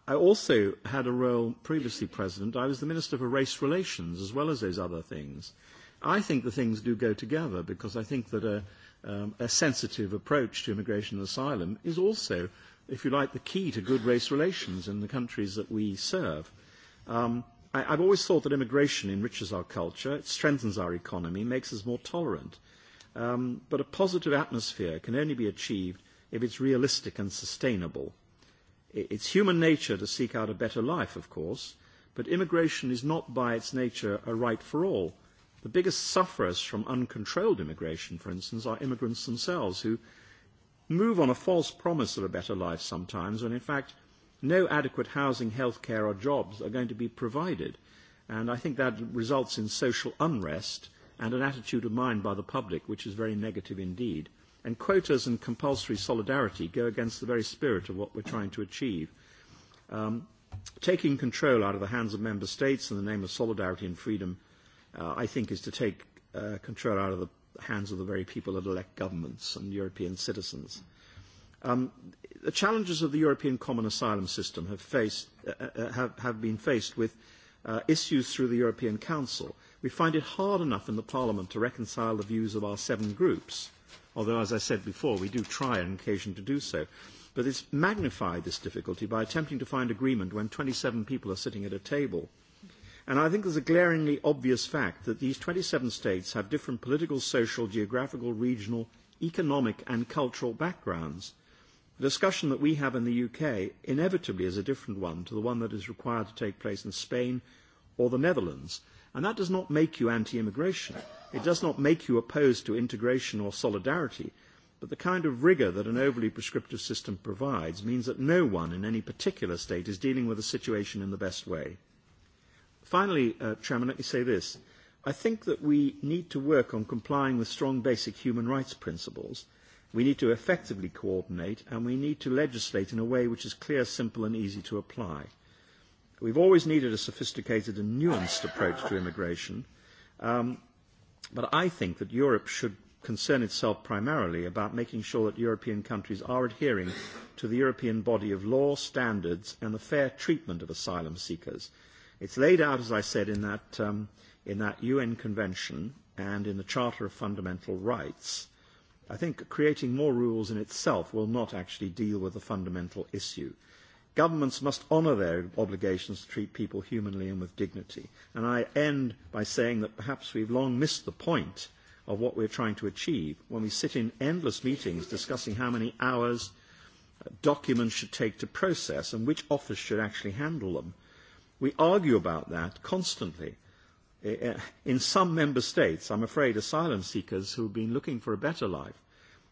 S5: I also had a role previously, President. I was the Minister for Race Relations as well as those other things. I think the things do go together because I think that a, um, a sensitive approach to immigration and asylum is also if you like, the key to good race relations in the countries that we serve. Um, I, I've always thought that immigration enriches our culture, it strengthens our economy, makes us more tolerant. Um, but a positive atmosphere can only be achieved if it's realistic and sustainable. It It's human nature to seek out a better life, of course, but immigration is not by its nature a right for all. The biggest sufferers from uncontrolled immigration, for instance, are immigrants themselves who move on a false promise of a better life sometimes when in fact no adequate housing, health care or jobs are going to be provided. And I think that results in social unrest and an attitude of mind by the public which is very negative indeed. And quotas and compulsory solidarity go against the very spirit of what we're trying to achieve. Um, taking control out of the hands of member states in the name of solidarity and freedom, uh, I think, is to take uh, control out of the the hands of the very people that elect governments and European citizens. Um, the challenges of the European common asylum system have, faced, uh, have, have been faced with uh, issues through the European Council. We find it hard enough in the Parliament to reconcile the views of our seven groups, although, as I said before, we do try on occasion to do so. But it's magnified, this difficulty, by attempting to find agreement when 27 people are sitting at a table – And I think there's a glaringly obvious fact that these 27 states have different political, social, geographical, regional, economic and cultural backgrounds. The discussion that we have in the UK inevitably is a different one to the one that is required to take place in Spain or the Netherlands. And that does not make you anti-immigration. It does not make you opposed to integration or solidarity. But the kind of rigour that an overly prescriptive system provides means that no one in any particular state is dealing with a situation in the best way. Finally, uh, Chairman, let me say this. I think that we need to work on complying with strong basic human rights principles. We need to effectively coordinate, and we need to legislate in a way which is clear, simple, and easy to apply. We've always needed a sophisticated and nuanced approach to immigration, um, but I think that Europe should concern itself primarily about making sure that European countries are adhering to the European body of law, standards, and the fair treatment of asylum seekers – It's laid out, as I said, in that, um, in that UN Convention and in the Charter of Fundamental Rights. I think creating more rules in itself will not actually deal with the fundamental issue. Governments must honour their obligations to treat people humanly and with dignity. And I end by saying that perhaps we've long missed the point of what we're trying to achieve when we sit in endless meetings discussing how many hours documents should take to process and which office should actually handle them. We argue about that constantly. In some member states, I'm afraid asylum seekers who have been looking for a better life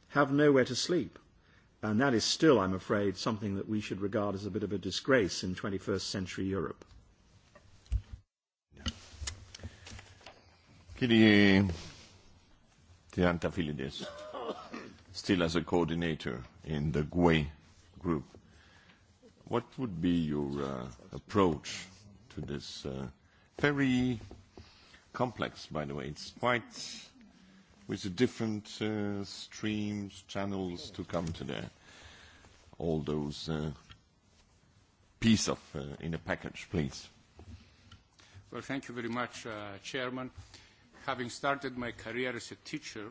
S5: have nowhere to sleep. And that is still, I'm afraid, something that we should regard as a bit of a disgrace in 21st century Europe.
S1: Κύριε Filides still as a coordinator in the GUE group, what would be your uh, approach to this uh, very complex, by the way. It's quite with the different uh, streams, channels to come to there. All those uh, piece of uh, in a package, please.
S6: Well, thank you very much, uh, Chairman. Having started my career as a teacher,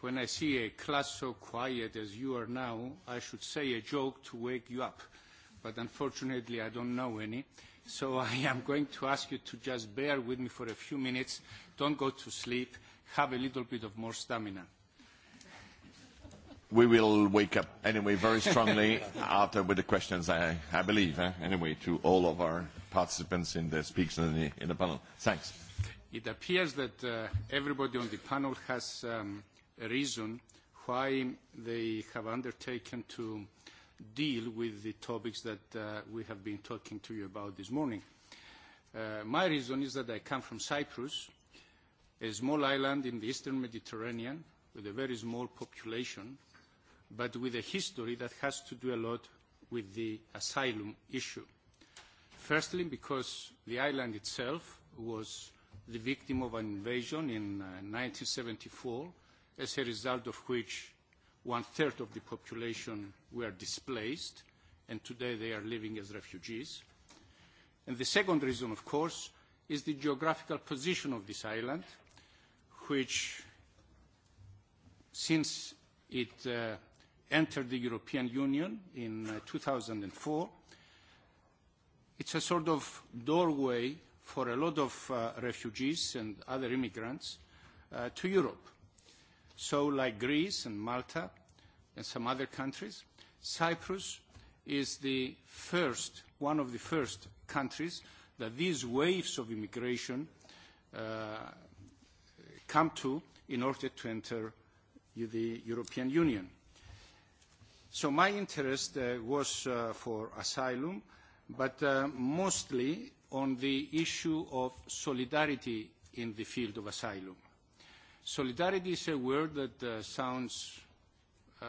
S6: when I see a class so quiet as you are now, I should say a joke to wake you up. But unfortunately, I don't know any. Uh, So I am going to ask you to just bear with me for a few minutes. Don't go to sleep. Have a little bit of more stamina.
S1: We will wake up anyway very strongly after with the questions, I, I believe, eh? anyway, to all of our participants in the speakers in the, in the panel. Thanks.
S6: It appears that uh, everybody on the panel has um, a reason why they have undertaken to uh, deal with the topics that uh, we have been talking to you about this morning. Uh, my reason is that I come from Cyprus, a small island in the eastern Mediterranean with a very small population, but with a history that has to do a lot with the asylum issue. Firstly, because the island itself was the victim of an invasion in uh, 1974, as a result of which One-third of the population were displaced, and today they are living as refugees. And the second reason, of course, is the geographical position of this island, which, since it uh, entered the European Union in uh, 2004, it's a sort of doorway for a lot of uh, refugees and other immigrants uh, to Europe. So like Greece and Malta and some other countries, Cyprus is the first, one of the first countries that these waves of immigration uh, come to in order to enter the European Union. So my interest uh, was uh, for asylum, but uh, mostly on the issue of solidarity in the field of asylum. Uh, Solidarity is a word that uh, sounds uh,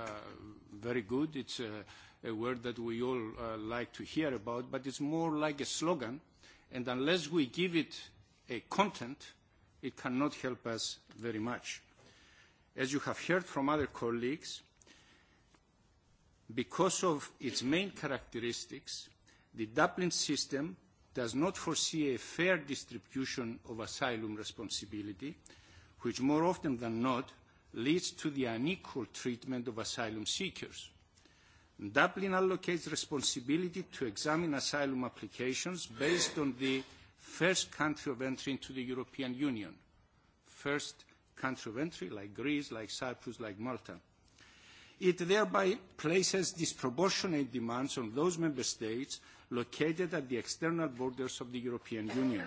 S6: very good. It's a, a word that we all uh, like to hear about, but it's more like a slogan. And unless we give it a content, it cannot help us very much. As you have heard from other colleagues, because of its main characteristics, the Dublin system does not foresee a fair distribution of asylum responsibility, which more often than not leads to the unequal treatment of asylum seekers. Dublin allocates responsibility to examine asylum applications based on the first country of entry into the European Union. First country of entry, like Greece, like Cyprus, like Malta. It thereby places disproportionate demands on those member states located at the external borders of the European Union.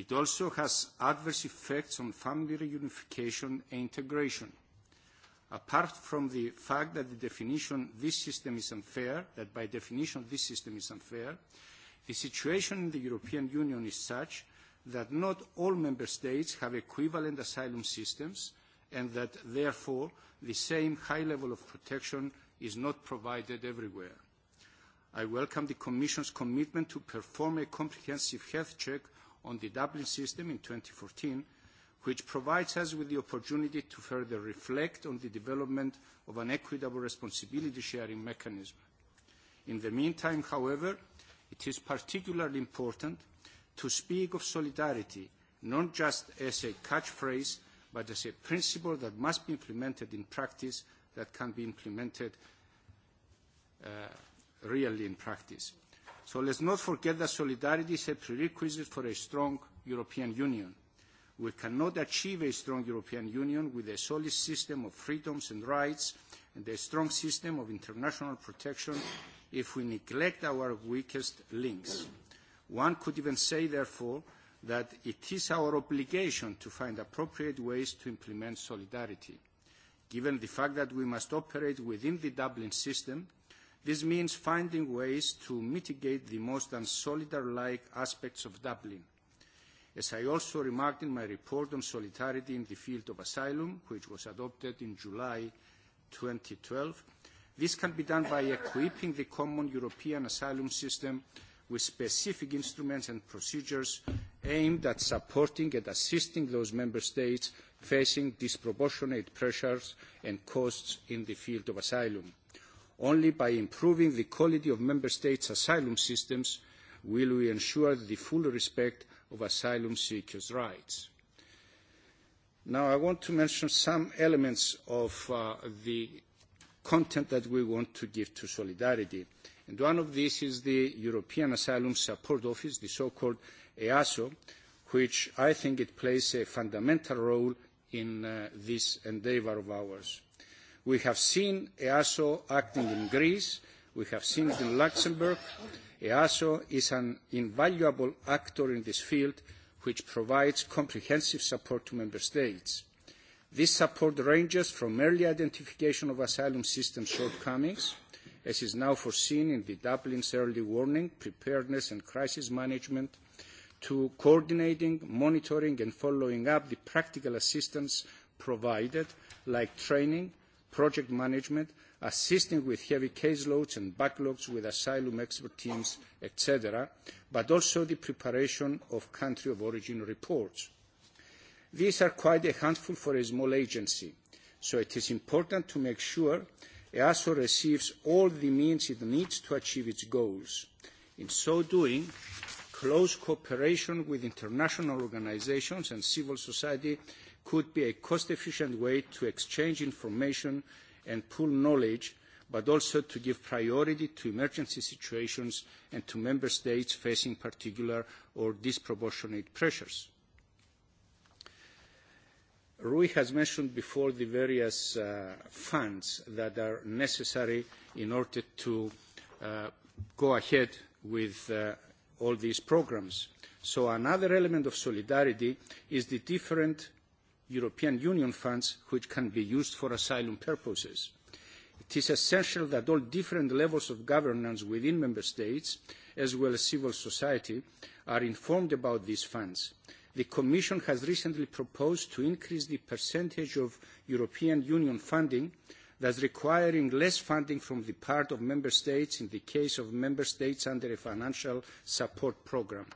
S6: It also has adverse effects on family reunification and integration. Apart from the fact that the definition this system is unfair, that by definition this system is unfair, the situation in the European Union is such that not all member states have equivalent asylum systems and that therefore the same high level of protection is not provided everywhere. I welcome the Commission's commitment to perform a comprehensive health check on the Dublin system in 2014, which provides us with the opportunity to further reflect on the development of an equitable responsibility sharing mechanism. In the meantime, however, it is particularly important to speak of solidarity not just as a catchphrase, but as a principle that must be implemented in practice, that can be implemented really in practice. So let's not forget that solidarity is a prerequisite for a strong European Union. We cannot achieve a strong European Union with a solid system of freedoms and rights and a strong system of international protection if we neglect our weakest links. One could even say, therefore, that it is our obligation to find appropriate ways to implement solidarity. Given the fact that we must operate within the Dublin system This means finding ways to mitigate the most unsolidar-like aspects of Dublin. As I also remarked in my report on solidarity in the field of asylum, which was adopted in July 2012, this can be done by equipping the common European asylum system with specific instruments and procedures aimed at supporting and assisting those member states facing disproportionate pressures and costs in the field of asylum. Only by improving the quality of member states' asylum systems will we ensure the full respect of asylum seekers' rights. Now, I want to mention some elements of the content that we want to give to solidarity. And one of these is the European Asylum Support Office, the so-called EASO, which I think it plays a fundamental role in this endeavour of ours. We have seen EASO acting in Greece. We have seen it in Luxembourg. EASO is an invaluable actor in this field, which provides comprehensive support to member states. This support ranges from early identification of asylum system shortcomings, as is now foreseen in the Dublin's early warning, preparedness and crisis management, to coordinating, monitoring and following up the practical assistance provided, like training, project management, assisting with heavy caseloads and backlogs with asylum expert teams, etc., but also the preparation of country of origin reports. These are quite a handful for a small agency, so it is important to make sure EASO receives all the means it needs to achieve its goals. In so doing, close cooperation with international organisations and civil society could be a cost-efficient way to exchange information and pool knowledge, but also to give priority to emergency situations and to member states facing particular or disproportionate pressures. Rui has mentioned before the various funds that are necessary in order to go ahead with all these programmes. So another element of solidarity is the different European Union funds which can be used for asylum purposes. It is essential that all different levels of governance within Member States, as well as civil society, are informed about these funds. The Commission has recently proposed to increase the percentage of European Union funding, thus requiring less funding from the part of Member States in the case of Member States under a financial support programme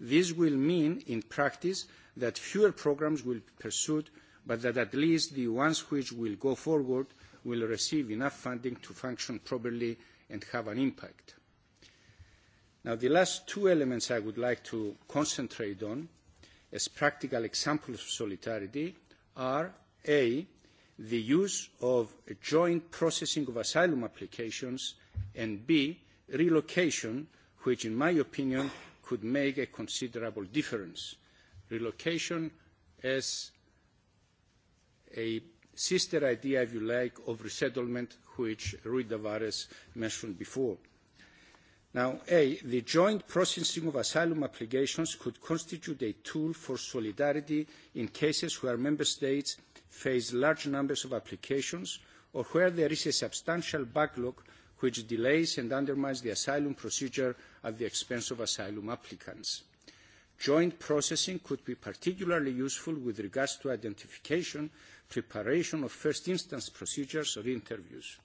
S6: This will mean, in practice, that fewer programmes will be pursued, but that at least the ones which will go forward will receive enough funding to function properly and have an impact. Now, the last two elements I would like to concentrate on as practical examples of solidarity are A, the use of joint processing of asylum applications, and B, relocation, which in my opinion could make a considerable difference. Relocation as a sister idea, if you like, of resettlement, which Rui Tavares mentioned before. Now, A, the joint processing of asylum applications could constitute a tool for solidarity in cases where member states face large numbers of applications or where there is a substantial backlog which delays and undermines the asylum procedure at the expense of asylum applicants. Joint processing could be particularly useful with regards to identification, preparation of first instance procedures or interviews.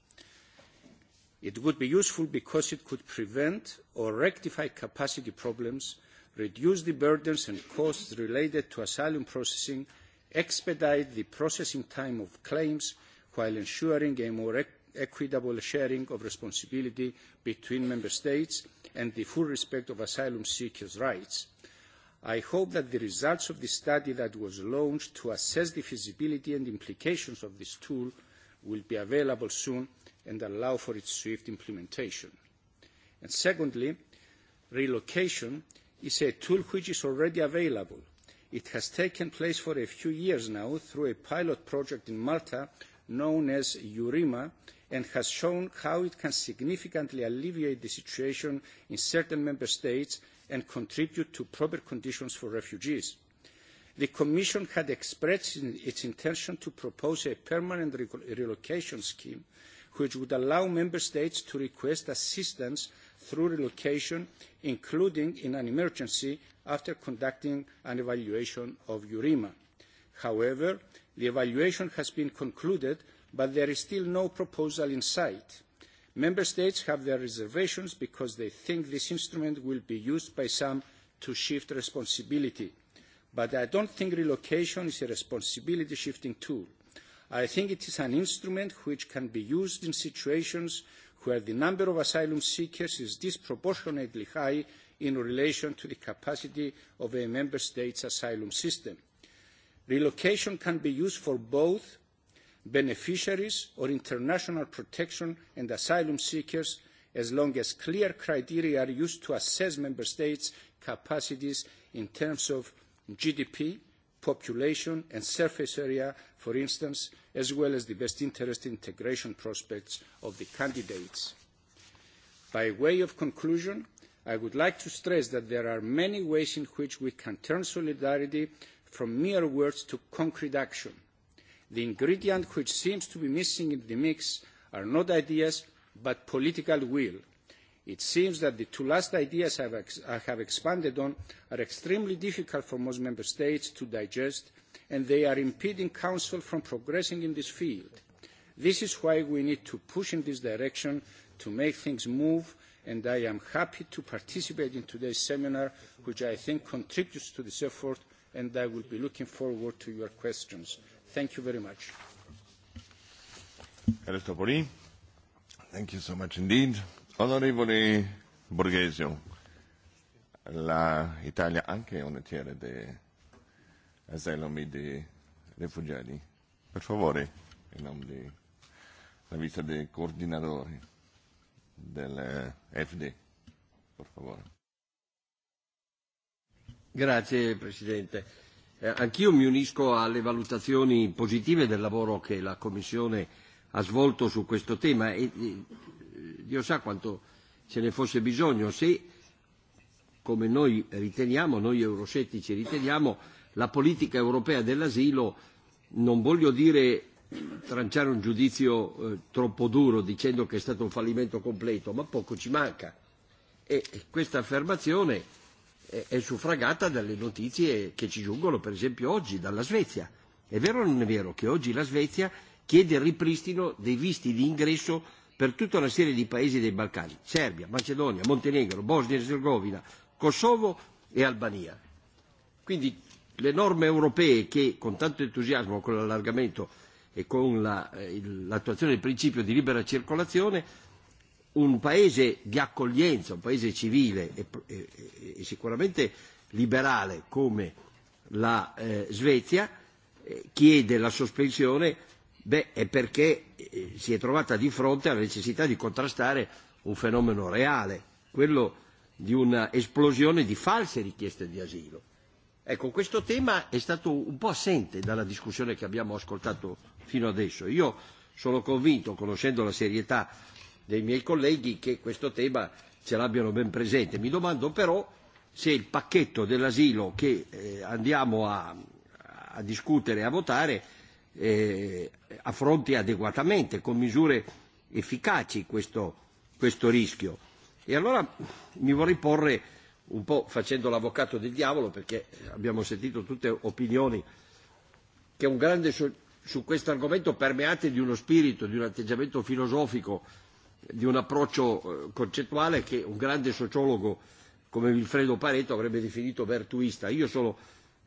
S6: It would be useful because it could prevent or rectify capacity problems, reduce the burdens and costs related to asylum processing, expedite the processing time of claims while ensuring a more equitable sharing of responsibility between member states and the full respect of asylum seekers' rights. I hope that the results of the study that was launched to assess the feasibility and implications of this tool will be available soon and allow for its swift implementation. And secondly, relocation is a tool which is already available. It has taken place for a few years now through a pilot project in Malta known as EURIMA and has shown how it can significantly alleviate the situation in certain member states and contribute to proper conditions for refugees. The Commission had expressed its intention to propose a permanent relocation scheme which would allow member states to request assistance through relocation, including in an emergency after conducting an evaluation of Eurema. However, the evaluation has been concluded but there is still no proposal in sight. Member States have their reservations because they think this instrument will be used by some to shift responsibility. But I don't think relocation is a responsibility shifting tool. I think it is an instrument which can be used in situations where the number of asylum seekers is disproportionately high in relation to the capacity of a member state's asylum system. Relocation can be used for both beneficiaries or international protection and asylum seekers as long as clear criteria are used to assess member states' capacities in terms of GDP, population and surface area, for instance, as well as the best interest integration prospects of the candidates. By way of conclusion, I would like to stress that there are many ways in which we can turn solidarity from mere words to concrete action The ingredient which seems to be missing in the mix are not ideas, but political will. It seems that the two last ideas I have expanded on are extremely difficult for most Member States to digest, and they are impeding Council from progressing in this field. This is why we need to push in this direction to make things move, and I am happy to participate in today's seminar, which I think contributes to this effort, and I will be looking forward to your questions. Thank you very much.
S1: Ευχαριστώ πολύ. Thank you so much indeed. Onorevole Borghesio, l'Italia anche è una terra di asylum di rifugiati. Per favore, in nome della vista dei coordinatori
S7: del FD, per favore. Grazie Presidente anch'io mi unisco alle valutazioni positive del lavoro che la Commissione ha svolto su questo tema e Dio sa quanto ce ne fosse bisogno se, come noi riteniamo, noi euroscettici riteniamo, la politica europea dell'asilo non voglio dire tranciare un giudizio eh, troppo duro dicendo che è stato un fallimento completo, ma poco ci manca. E questa affermazione è suffragata dalle notizie che ci giungono, per esempio oggi, dalla Svezia. È vero o non è vero che oggi la Svezia chiede il ripristino dei visti di ingresso per tutta una serie di paesi dei Balcani, Serbia, Macedonia, Montenegro, Bosnia e Herzegovina, Kosovo e Albania. Quindi le norme europee che con tanto entusiasmo, con l'allargamento e con l'attuazione del principio di libera circolazione un paese di accoglienza, un paese civile e, e, e sicuramente liberale come la eh, Svezia eh, chiede la sospensione beh, è perché eh, si è trovata di fronte alla necessità di contrastare un fenomeno reale, quello di un'esplosione di false richieste di asilo. Ecco, questo tema è stato un po' assente dalla discussione che abbiamo ascoltato fino adesso. Io sono convinto, conoscendo la serietà dei miei colleghi che questo tema ce l'abbiano ben presente. Mi domando però se il pacchetto dell'asilo che eh, andiamo a, a discutere e a votare eh, affronti adeguatamente, con misure efficaci questo, questo rischio. E allora mi vorrei porre un po' facendo l'avvocato del diavolo, perché abbiamo sentito tutte opinioni che un grande su questo argomento permeate di uno spirito, di un atteggiamento filosofico di un approccio concettuale che un grande sociologo come Vilfredo Pareto avrebbe definito vertuista. Io sono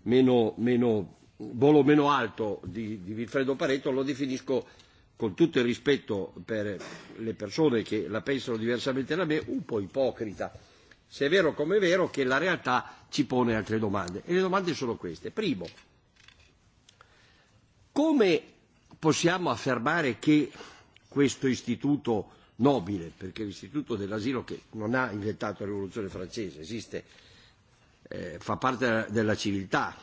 S7: meno, meno, volo meno alto di, di Vilfredo Pareto, lo definisco con tutto il rispetto per le persone che la pensano diversamente da me, un po' ipocrita. Se è vero come è vero che la realtà ci pone altre domande. E le domande sono queste. Primo, come possiamo affermare che questo istituto nobile, perché l'istituto dell'asilo che non ha inventato la rivoluzione francese, esiste, eh, fa parte della civiltà,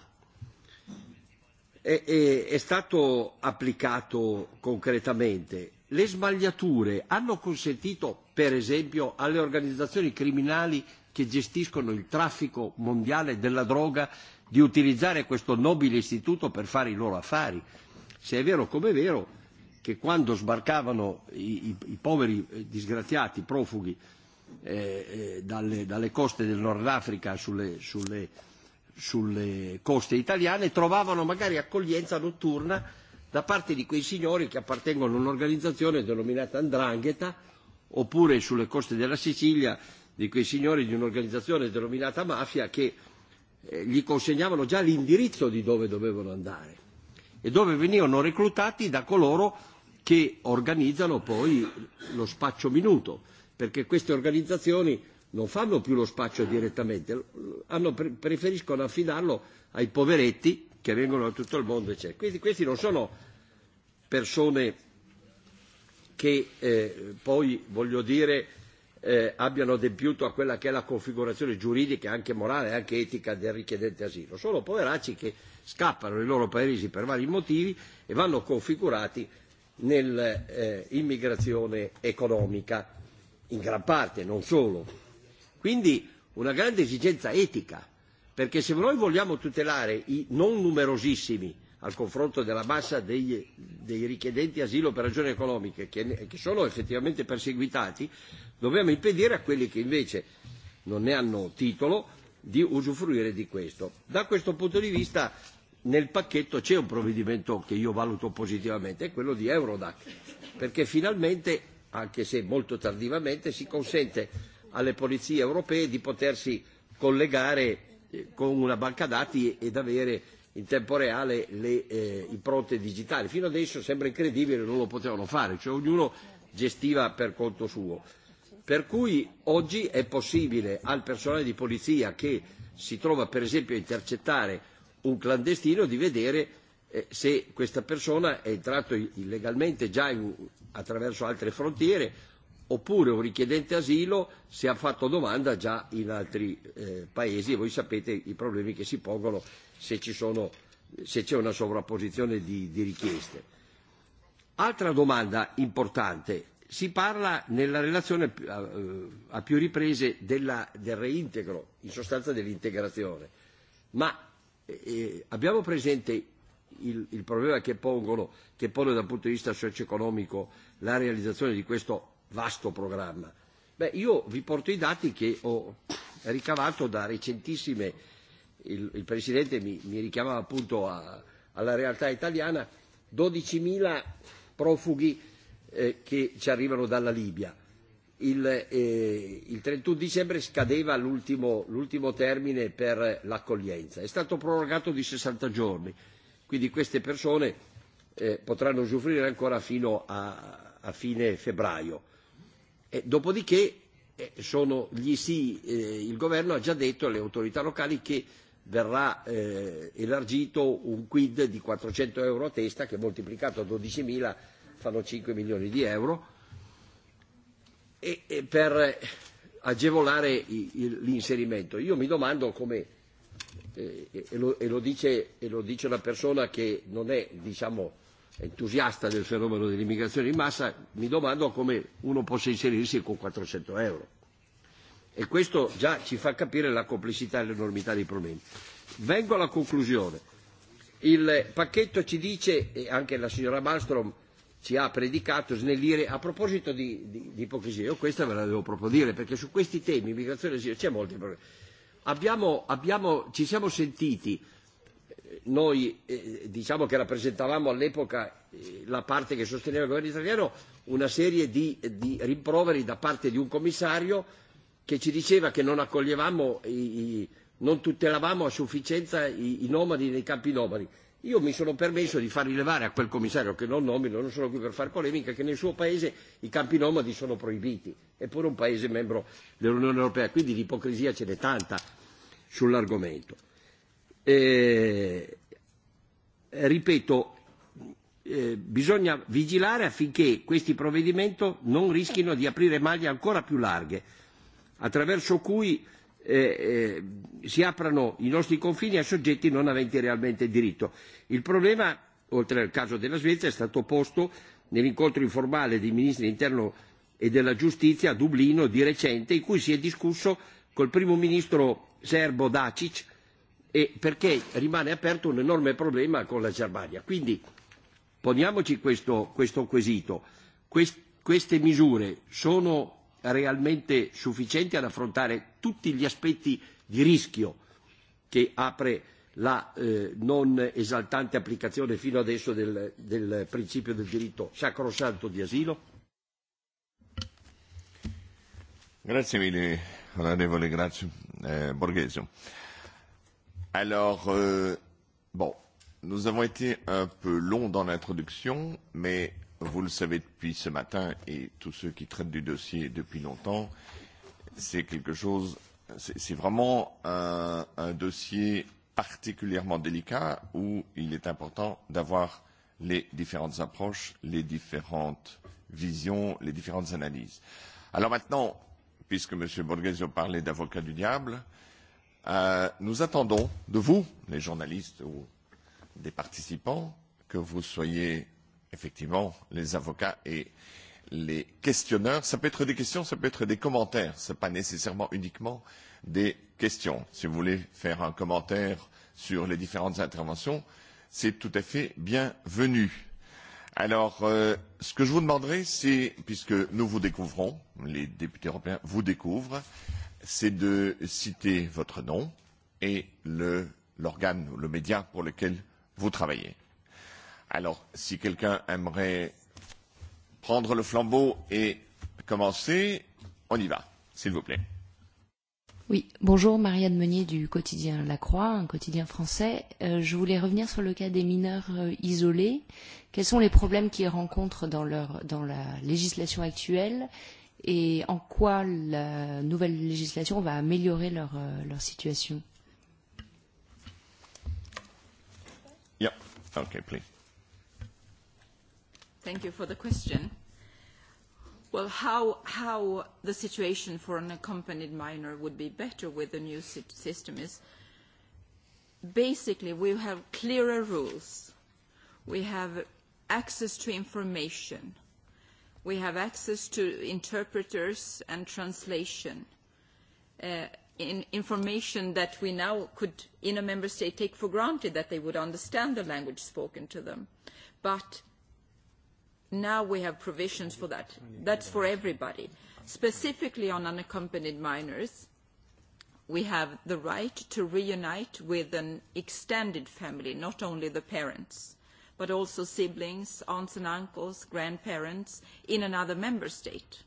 S7: e, e, è stato applicato concretamente. Le sbagliature hanno consentito, per esempio, alle organizzazioni criminali che gestiscono il traffico mondiale della droga di utilizzare questo nobile istituto per fare i loro affari. Se è vero come è vero, che quando sbarcavano i, i, i poveri disgraziati profughi eh, dalle, dalle coste del Nord Africa sulle, sulle, sulle coste italiane trovavano magari accoglienza notturna da parte di quei signori che appartengono a un'organizzazione denominata Andrangheta oppure sulle coste della Sicilia di quei signori di un'organizzazione denominata mafia che eh, gli consegnavano già l'indirizzo di dove dovevano andare e dove venivano reclutati da coloro che organizzano poi lo spaccio minuto, perché queste organizzazioni non fanno più lo spaccio direttamente, hanno, preferiscono affidarlo ai poveretti che vengono da tutto il mondo, eccetera. Quindi questi non sono persone che eh, poi, voglio dire, eh, abbiano adempiuto a quella che è la configurazione giuridica, anche morale, e anche etica del richiedente asilo. Sono poveracci che scappano dai loro paesi per vari motivi e vanno configurati nell'immigrazione economica, in gran parte, non solo. Quindi una grande esigenza etica, perché se noi vogliamo tutelare i non numerosissimi al confronto della massa dei, dei richiedenti asilo per ragioni economiche che, che sono effettivamente perseguitati, dobbiamo impedire a quelli che invece non ne hanno titolo di usufruire di questo. Da questo punto di vista nel pacchetto c'è un provvedimento che io valuto positivamente, è quello di Eurodac, perché finalmente, anche se molto tardivamente, si consente alle polizie europee di potersi collegare con una banca dati ed avere in tempo reale le eh, impronte digitali. Fino adesso sembra incredibile, non lo potevano fare, cioè ognuno gestiva per conto suo. Per cui oggi è possibile al personale di polizia che si trova per esempio a intercettare un clandestino di vedere se questa persona è entrato illegalmente già in, attraverso altre frontiere oppure un richiedente asilo se ha fatto domanda già in altri eh, paesi e voi sapete i problemi che si pongono se, ci sono, se c'è una sovrapposizione di, di richieste. Altra domanda importante, si parla nella relazione a, a più riprese della, del reintegro, in sostanza dell'integrazione, ma eh, abbiamo presente il, il problema che, pongono, che pone dal punto di vista socio-economico la realizzazione di questo vasto programma? Beh, io vi porto i dati che ho ricavato da recentissime, il, il Presidente mi, mi richiamava appunto a, alla realtà italiana, 12.000 profughi eh, che ci arrivano dalla Libia il, trentuno 31 dicembre scadeva l'ultimo termine per l'accoglienza, è stato prorogato di 60 giorni, quindi queste persone eh, potranno usufruire ancora fino a, a fine febbraio. E dopodiché eh, sono gli sì, eh, il governo ha già detto alle autorità locali che verrà eh, elargito un quid di 400 euro a testa che moltiplicato a 12.000 fanno 5 milioni di euro e, per agevolare l'inserimento. Io mi domando come, e, lo, e, lo dice, e lo dice una persona che non è diciamo, entusiasta del fenomeno dell'immigrazione in massa, mi domando come uno possa inserirsi con 400 euro. E questo già ci fa capire la complessità e l'enormità dei problemi. Vengo alla conclusione. Il pacchetto ci dice, e anche la signora Malmström ci ha predicato snellire a proposito di, di, di ipocrisia, io questa ve la devo proprio dire perché su questi temi, immigrazione e c'è molto problema. Abbiamo, abbiamo, ci siamo sentiti, noi eh, diciamo che rappresentavamo all'epoca eh, la parte che sosteneva il governo italiano, una serie di, di rimproveri da parte di un commissario che ci diceva che non accoglievamo, i, i, non tutelavamo a sufficienza i, i nomadi nei campi nomadi. Io mi sono permesso di far rilevare a quel commissario, che non nomino, non sono qui per far polemica, che nel suo paese i campi nomadi sono proibiti, eppure un paese membro dell'Unione Europea, quindi l'ipocrisia ce n'è tanta sull'argomento. ripeto, eh, bisogna vigilare affinché questi provvedimenti non rischino di aprire maglie ancora più larghe, attraverso cui si aprano i nostri confini a soggetti non aventi realmente diritto. Il problema, oltre al caso della Svezia, è stato posto nell'incontro informale dei ministri dell'interno e della giustizia a Dublino di recente, in cui si è discusso col primo ministro serbo Dacic e perché rimane aperto un enorme problema con la Germania. Quindi poniamoci questo, questo quesito. queste misure sono realmente sufficienti ad affrontare tutti gli aspetti di rischio che apre la eh, non esaltante applicazione fino adesso del, del principio del diritto sacrosanto di asilo?
S1: Grazie mille, onorevole Grazio eh, Borghese. Allora, eh, bon, nous avons été un peu long dans l'introduction, mais vous le savez depuis ce matin et tous ceux qui traitent du dossier depuis longtemps, c'est quelque chose, c'est vraiment un, un dossier particulièrement délicat où il est important d'avoir les différentes approches, les différentes visions, les différentes analyses. Alors maintenant, puisque M. Borghese parlait d'avocat du diable, euh, nous attendons de vous, les journalistes ou des participants, que vous soyez effectivement les avocats et les questionneurs. Ça peut être des questions, ça peut être des commentaires. Ce n'est pas nécessairement uniquement des questions. Si vous voulez faire un commentaire sur les différentes interventions, c'est tout à fait bienvenu. Alors, ce que je vous demanderai, c'est, puisque nous vous découvrons, les députés européens vous découvrent, c'est de citer votre nom et l'organe ou le média pour lequel vous travaillez. Alors, si quelqu'un aimerait prendre le flambeau et commencer, on y va, s'il vous plaît.
S8: Oui, bonjour, Marianne Meunier du quotidien La Croix, un quotidien français. Euh, je voulais revenir sur le cas des mineurs euh, isolés. Quels sont les problèmes qu'ils rencontrent dans, leur, dans la législation actuelle et en quoi la nouvelle législation va améliorer leur, euh, leur situation
S1: Yeah, okay, please.
S3: Thank you for the question. Well, how, how the situation for an accompanied minor would be better with the new system is basically we have clearer rules. We have access to information. We have access to interpreters and translation. in information that we now could, in a member state, take for granted that they would understand the language spoken to them. But Now we have provisions for that. That's for everybody. Specifically on unaccompanied minors, we have the right to reunite with an extended family, not only the parents, but also siblings, aunts and uncles, grandparents in another member state.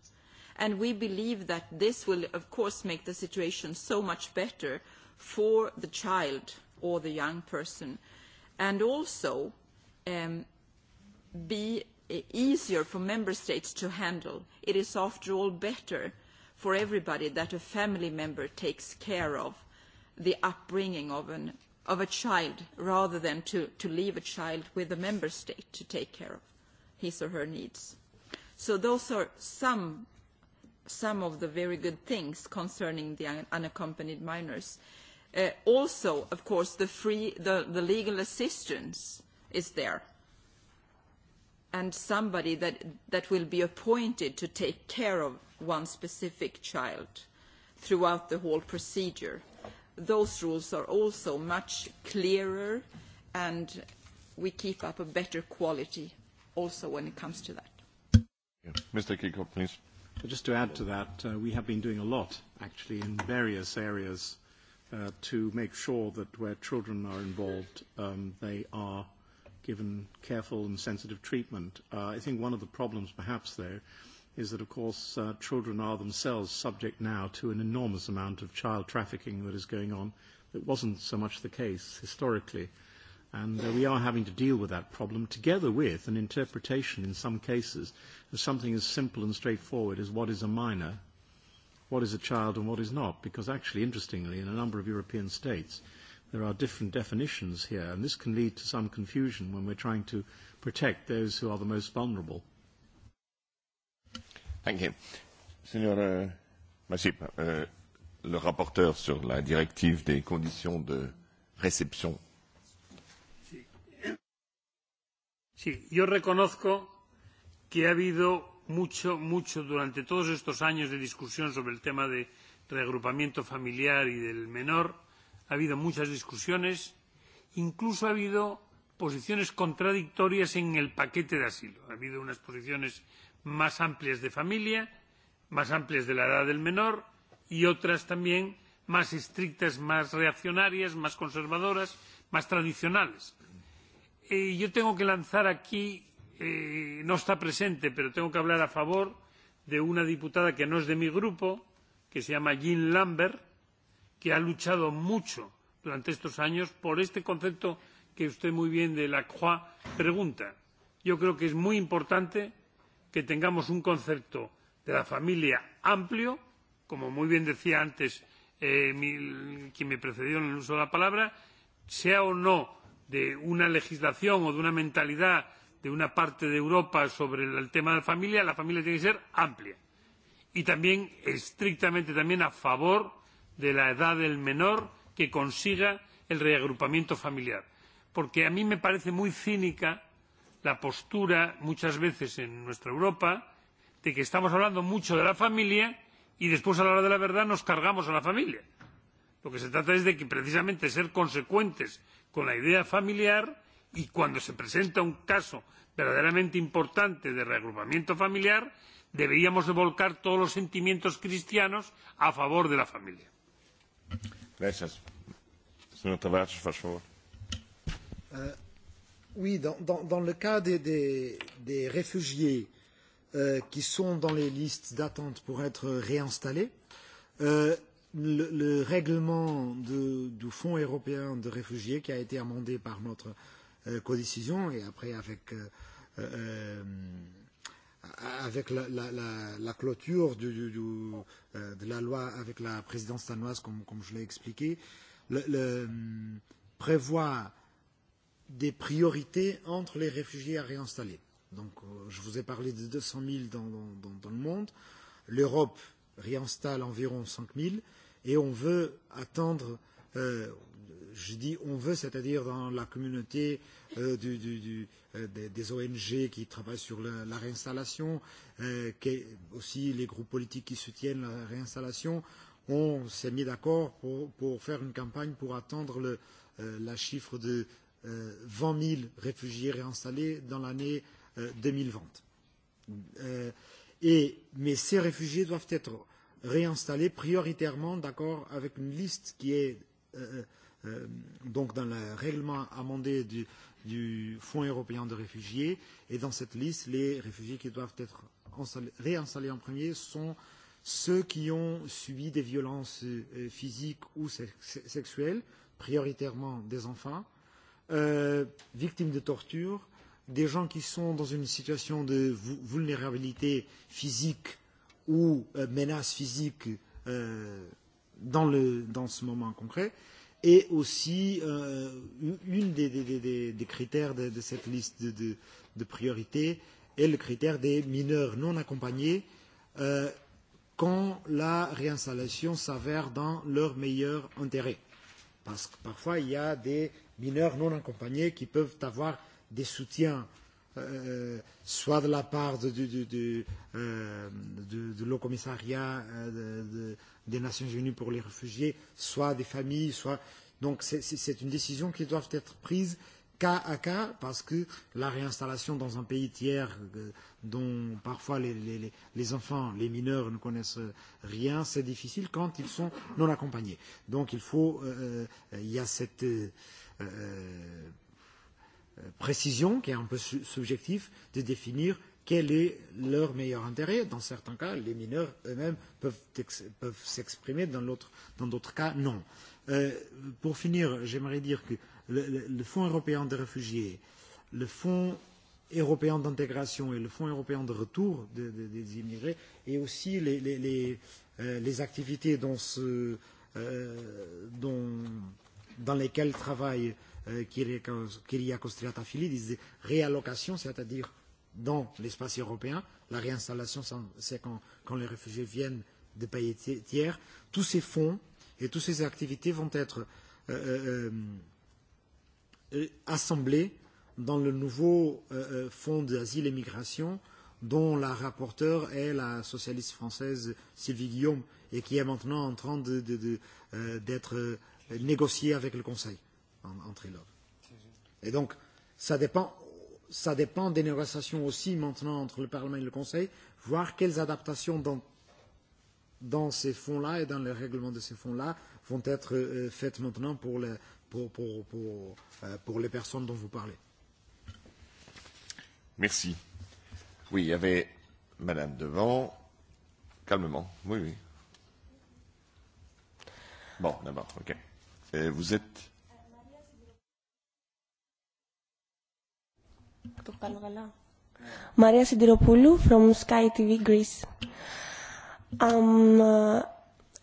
S3: And we believe that this will, of course, make the situation so much better for the child or the young person, and also be easier for member states to handle. It is, after all, better for everybody that a family member takes care of the upbringing of, an, of a child rather than to, to leave a child with a member state to take care of his or her needs. So those are some, some of the very good things concerning the unaccompanied minors. also, of course, the, free, the, the legal assistance is there and somebody that, that will be appointed to take care of one specific child throughout the whole procedure. Those rules are also much clearer and we keep up a better quality also when it comes to that.
S5: Mr. Kiko, please. Just to add to that, we have been doing a lot actually in various areas to make sure that where children are involved, they are given careful and sensitive treatment. Uh, I think one of the problems perhaps though is that of course uh, children are themselves subject now to an enormous amount of child trafficking that is going on that wasn't so much the case historically. And uh, we are having to deal with that problem together with an interpretation in some cases of something as simple and straightforward as what is a minor, what is a child and what is not, because actually, interestingly, in a number of European states, there are different definitions here, and this can lead to some confusion when we're trying to protect those who are the most vulnerable. Thank you.
S1: Senor Masip, le rapporteur sur la directive des conditions de réception.
S2: Sí, yo reconozco que ha habido mucho, mucho durante todos estos años de discusión sobre el tema de reagrupamiento familiar y del menor ha habido muchas discusiones, incluso ha habido posiciones contradictorias en el paquete de asilo. Ha habido unas posiciones más amplias de familia, más amplias de la edad del menor y otras también más estrictas, más reaccionarias, más conservadoras, más tradicionales. yo tengo que lanzar aquí, no está presente, pero tengo que hablar a favor de una diputada que no es de mi grupo, que se llama Jean Lambert, que ha luchado mucho durante estos años por este concepto que usted muy bien de la Croix pregunta. Yo creo que es muy importante que tengamos un concepto de la familia amplio, como muy bien decía antes quien me precedió en el uso de la palabra, sea o no de una legislación o de una mentalidad de una parte de Europa sobre el tema de la familia, la familia tiene que ser amplia. Y también, estrictamente también, a favor de la edad del menor que consiga el reagrupamiento familiar. Porque a mí me parece muy cínica la postura muchas veces en nuestra Europa de que estamos hablando mucho de la familia y después a la hora de la verdad nos cargamos a la familia. Lo que se trata es de que precisamente ser consecuentes con la idea familiar y cuando se presenta un caso verdaderamente importante de reagrupamiento familiar deberíamos volcar todos los sentimientos cristianos a favor de la familia.
S6: Gracias.
S1: Senhor Tavares, faz favor.
S4: Oui, dans, dans, dans le cas des, des, des réfugiés euh, qui sont dans les listes d'attente pour être réinstallés, euh, le, le règlement de, du Fonds européen de réfugiés qui a été amendé par notre euh, codécision et après avec euh, euh, avec la, la, la, la clôture du, du, du, euh, de la loi avec la présidence danoise, comme, comme je l'ai expliqué, le, le, prévoit des priorités entre les réfugiés à réinstaller. Donc, je vous ai parlé de 200 000 dans, dans, dans dans le monde. L'Europe réinstalle environ 5 000 et on veut attendre, euh, je dis on veut, c'est-à-dire dans la communauté euh, du, du, du, des, des ONG qui travaillent sur la, la réinstallation, euh, aussi les groupes politiques qui soutiennent la réinstallation. On s'est mis d'accord pour, pour faire une campagne pour attendre le euh, la chiffre de euh, 20 000 réfugiés réinstallés dans l'année euh, 2020. Euh, et, mais ces réfugiés doivent être réinstallés prioritairement d'accord avec une liste qui est euh, euh, donc dans le règlement amendé du, euh, du Fonds européen de réfugiés. Et dans cette liste, les réfugiés qui doivent être réinstallés en premier sont ceux qui ont subi des violences physiques ou sexuelles, prioritairement des enfants, euh, victimes de torture, des gens qui sont dans une situation de vulnérabilité physique ou euh, menace physique euh, dans, le, dans ce moment concret, euh, et aussi euh, une des, des, des, des critères de, de cette liste de, de, de priorités est le critère des mineurs non accompagnés euh, quand la réinstallation s'avère dans leur meilleur intérêt. Parce que parfois, il y a des mineurs non accompagnés qui peuvent avoir des soutiens euh, soit de la part du, l'eau Commissariat des Nations Unies pour les réfugiés, soit des familles, soit donc c'est une décision qui doit être prise cas à cas, parce que la réinstallation dans un pays tiers dont parfois les, les, les enfants, les mineurs ne connaissent rien, c'est difficile quand ils sont non accompagnés. Donc il faut, euh, il y a cette euh, précision, qui est un peu subjectif, de définir quel est leur meilleur intérêt. Dans certains cas, les mineurs eux-mêmes peuvent, peuvent s'exprimer, dans d'autres cas, non. Euh, pour finir, j'aimerais dire que le, le Fonds européen des réfugiés, le Fonds européen d'intégration et le Fonds européen de retour de, de, des immigrés, et aussi les, les, les, euh, les activités dans, ce, euh, dans, dans lesquelles travaillent euh, Kyriakos Triatafilidis, de réallocation, c'est-à-dire dans l'espace européen, la réinstallation, c'est quand, quand les réfugiés viennent de pays tiers, tous ces fonds et toutes ces activités vont être euh, euh, assemblés dans le nouveau euh, fonds d'asile et migration dont la rapporteure est la socialiste française Sylvie Guillaume et qui est maintenant en train d'être de, de, de, euh, négociée avec le Conseil en, en trilogue. Et donc, ça dépend, ça dépend des négociations aussi maintenant entre le Parlement et le Conseil, voir quelles adaptations dans, dans ces fonds-là et dans le règlement de ces fonds-là vont être euh, faites maintenant pour les, pour, pour, pour, pour, euh, pour les personnes dont vous parlez.
S1: Merci. Oui, il y avait Madame devant. Calmement. Oui, oui. Bon, d'abord, ok. Euh, vous êtes
S9: Το κάνω καλά. Μαρία Σιντηροπούλου from Sky TV Greece. Um, uh,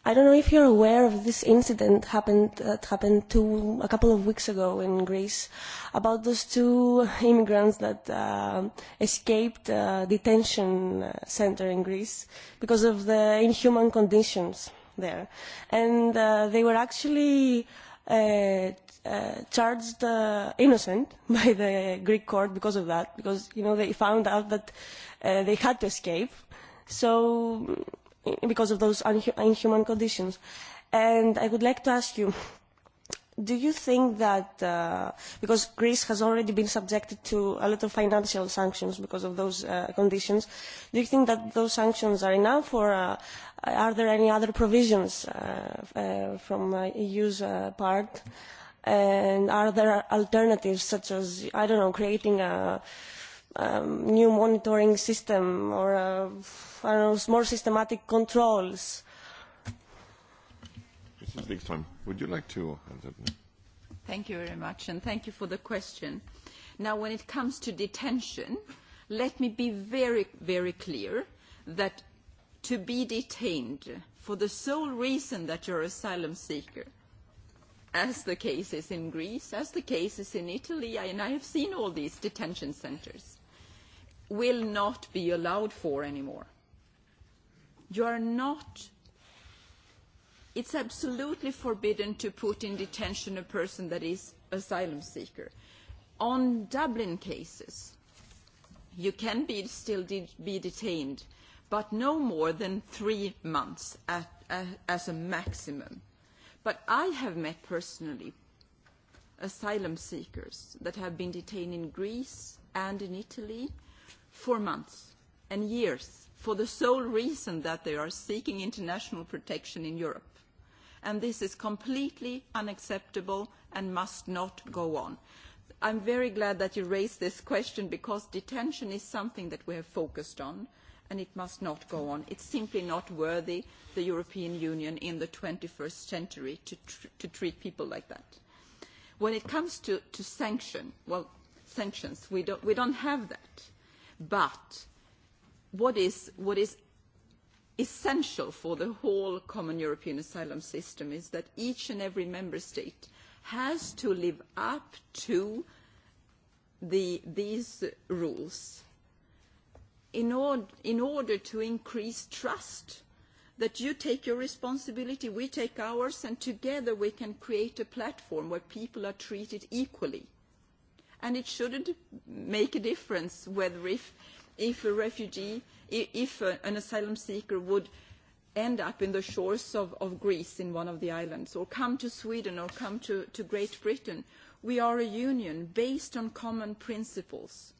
S9: I don't know if you're aware of this incident happened that happened two a couple of weeks ago in Greece about those two immigrants that uh, escaped a detention center in Greece because of the inhuman conditions there, and uh, they were actually uh, charged uh, innocent by the Greek court because of that, because you know they found out that uh, they had to escape, so because of those unhu inhuman conditions. And I would like to ask you, do you think that uh, because Greece has already been subjected to a lot of financial sanctions because of those uh, conditions, do you think that those sanctions are enough, or uh, are there any other provisions uh, uh, from uh, EU's uh, part? Mm -hmm and are there alternatives such as I don't know creating a new monitoring system or a I don't know more systematic
S3: controls?
S1: Mrs. Wigström, would you like to answer?
S3: Thank you very much, and thank you for the question. Now, when it comes to detention, let me be very, very clear that to be detained for the sole reason that you're an asylum seeker – as the cases in Greece, as the cases in Italy, and I have seen all these detention centres, will not be allowed for anymore. You are not, it's absolutely forbidden to put in detention a person that is asylum seeker. On Dublin cases, you can be still de be detained, but no more than three months at, as a maximum But I have met personally asylum seekers that have been detained in Greece and in Italy for months and years for the sole reason that they are seeking international protection in Europe. And this is completely unacceptable and must not go on. I'm very glad that you raised this question because detention is something that we have focused on and it must not go on. It is simply not worthy the European Union in the twenty first century to, treat people like that. When it comes to, sanctions, we don't, we don't have that. But what is, what is essential for the whole common European asylum system is that each and every member state has to live up to these rules in, order to increase trust, that you take your responsibility, we take ours, and together we can create a platform where people are treated equally. And it shouldn't make a difference whether if, if a refugee, if an asylum seeker would end up in the shores of, of Greece in one of the islands, or come to Sweden, or come to, to Great Britain. We are a union based on common principles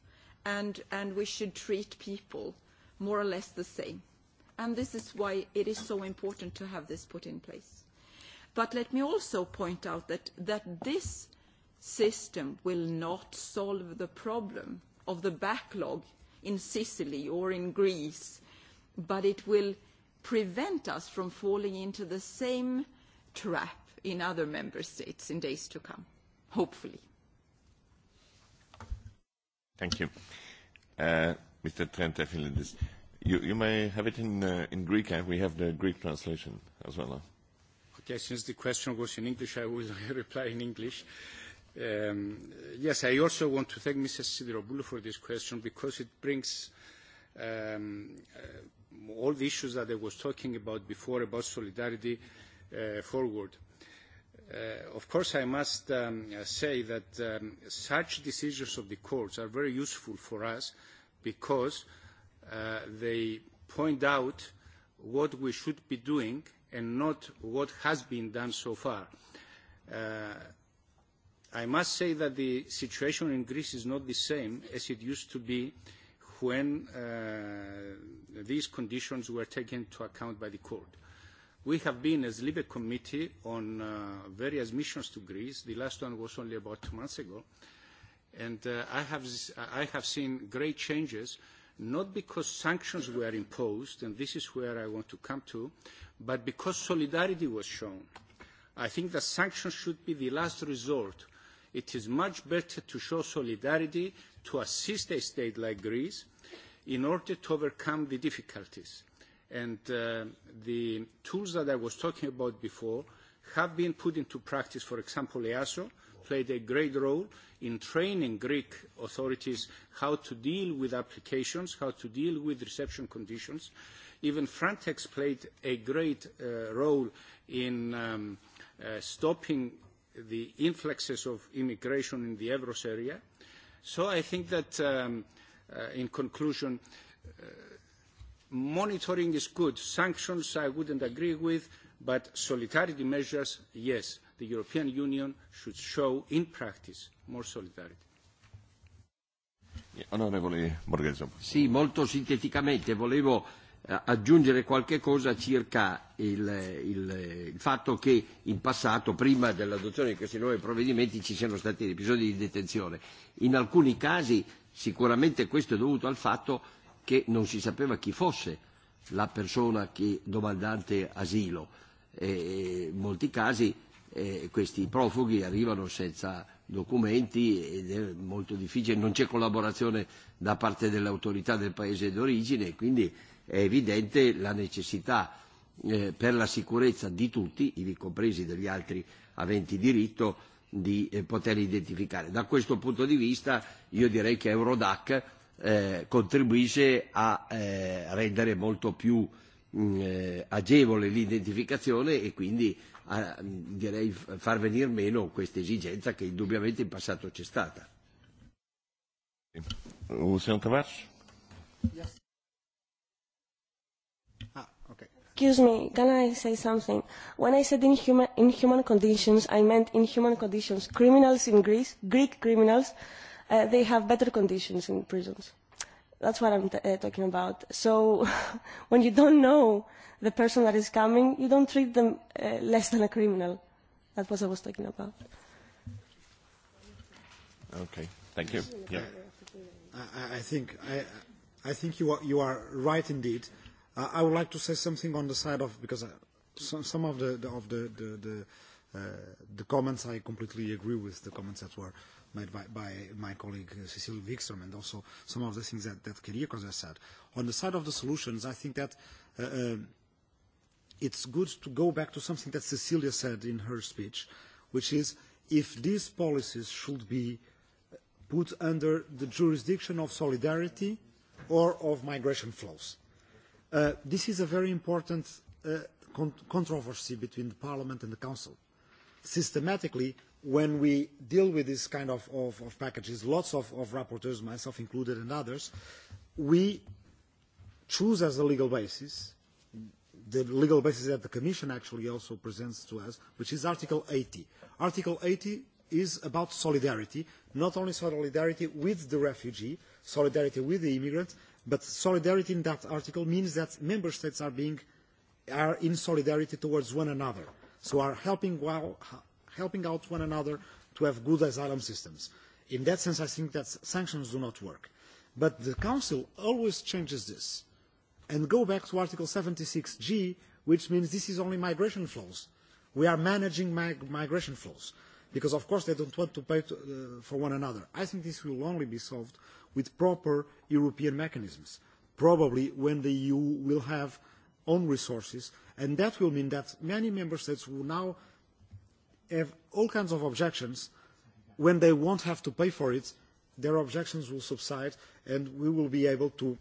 S3: and, and we should treat people more or less the same. And this is why it is so important to have this put in place. But let me also point out that, that this system will not solve the problem of the backlog in Sicily or in Greece, but it will prevent us from falling into the same trap in other member states in days to come, hopefully.
S1: Thank you. Uh, Mr. Trent you, you may have it in, uh, in Greek, and we have the Greek translation as well.
S6: Okay, since the question was in English, I will reply in English. Um, yes, I also want to thank Mrs. Sidiropoulou for this question because it brings um, uh, all the issues that I was talking about before about solidarity uh, forward. Uh, of course, I must say that such decisions of the courts are very useful for us because they point out what we should be doing and not what has been done so far. I must say that the situation in Greece is not the same as it used to be when these conditions were taken into account by the court We have been, as LIBE committee, on uh, various missions to Greece. The last one was only about two months ago. And uh, I, have, I have seen great changes, not because sanctions were imposed, and this is where I want to come to, but because solidarity was shown. I think that sanctions should be the last resort. It is much better to show solidarity, to assist a state like Greece, in order to overcome the difficulties And the tools that I was talking about before have been put into practice. For example, EASO played a great role in training Greek authorities how to deal with applications, how to deal with reception conditions. Even Frontex played a great role in stopping the influxes of immigration in the Evros area. So I think that, in conclusion, monitoring is good. Sanctions, I wouldn't agree with, but solidarity measures, yes. The European Union should show in practice more solidarity.
S7: Onorevole Borghese. Sì, molto sinteticamente volevo aggiungere qualche cosa circa il, fatto che in passato, prima dell'adozione di questi nuovi provvedimenti, ci siano stati episodi di detenzione. In alcuni casi sicuramente questo è dovuto al fatto che non si sapeva chi fosse la persona che, domandante asilo. E in molti casi eh, questi profughi arrivano senza documenti ed è molto difficile, non c'è collaborazione da parte delle autorità del paese d'origine e quindi è evidente la necessità eh, per la sicurezza di tutti, ivi compresi degli altri aventi diritto, di eh, poter identificare. Da questo punto di vista io direi che Eurodac eh, contribuisce a eh, rendere molto più mh, agevole l'identificazione e quindi a, direi far venire meno questa esigenza che indubbiamente in passato c'è stata.
S2: Excuse
S9: me, can I say something? When I said inhuman, inhuman conditions, I meant inhuman conditions. Criminals in Greece, Greek criminals, uh, they have better conditions in prisons. That's what I'm t- uh, talking about. So when you don't know the person that is coming, you don't treat them uh, less than a criminal. That's what I was talking about.
S1: Okay, thank you. Yeah.
S4: I, I think I, I think you are, you are right indeed. Uh, I would like to say something on the side of because I, some, some of the, the of the the, the, uh, the comments I completely agree with the comments that were made by, by my colleague uh, Cecilia Wikström and also some of the things that, that Kiriakos has said. On the side of the solutions, I think that uh, uh, it's good to go back to something that Cecilia said in her speech, which is if these policies should be put under the jurisdiction of solidarity or of migration flows. Uh, this is a very important uh, con controversy between the Parliament and the Council. Systematically, when we deal with this kind of, of, of packages, lots of, of rapporteurs, myself included and others, we choose as a legal basis the legal basis that the Commission actually also presents to us, which is Article 80. Article 80 is about solidarity, not only solidarity with the refugee, solidarity with the immigrant, but solidarity in that article means that member states are being are in solidarity towards one another, so are helping helping out one another to have good asylum systems. In that sense, I think that sanctions do not work. But the Council always changes this and go back to Article seventy six g which means this is only migration flows. We are managing migration flows because, of course, they don't want to pay for one another. I think this will only be solved with proper European mechanisms, probably when the EU will have own resources, and that will mean that many member states will now have all kinds of objections. When they won't have to pay for it, their objections will subside, and we will be able to,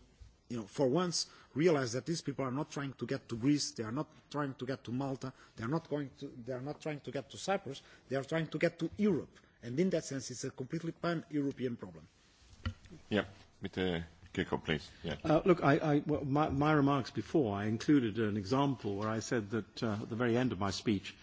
S4: you know, for once, realize that these people are not trying to get to Greece, they are not trying to get to Malta, they are not, going to, they are not trying to get to Cyprus, they are trying to get to Europe. And in that sense, it's a completely pan-European problem.
S1: Yeah, Kiko, please.
S5: Yeah. Uh, look, I, I, well, my, my remarks before, I included an example where I said that uh, at the very end of my speech,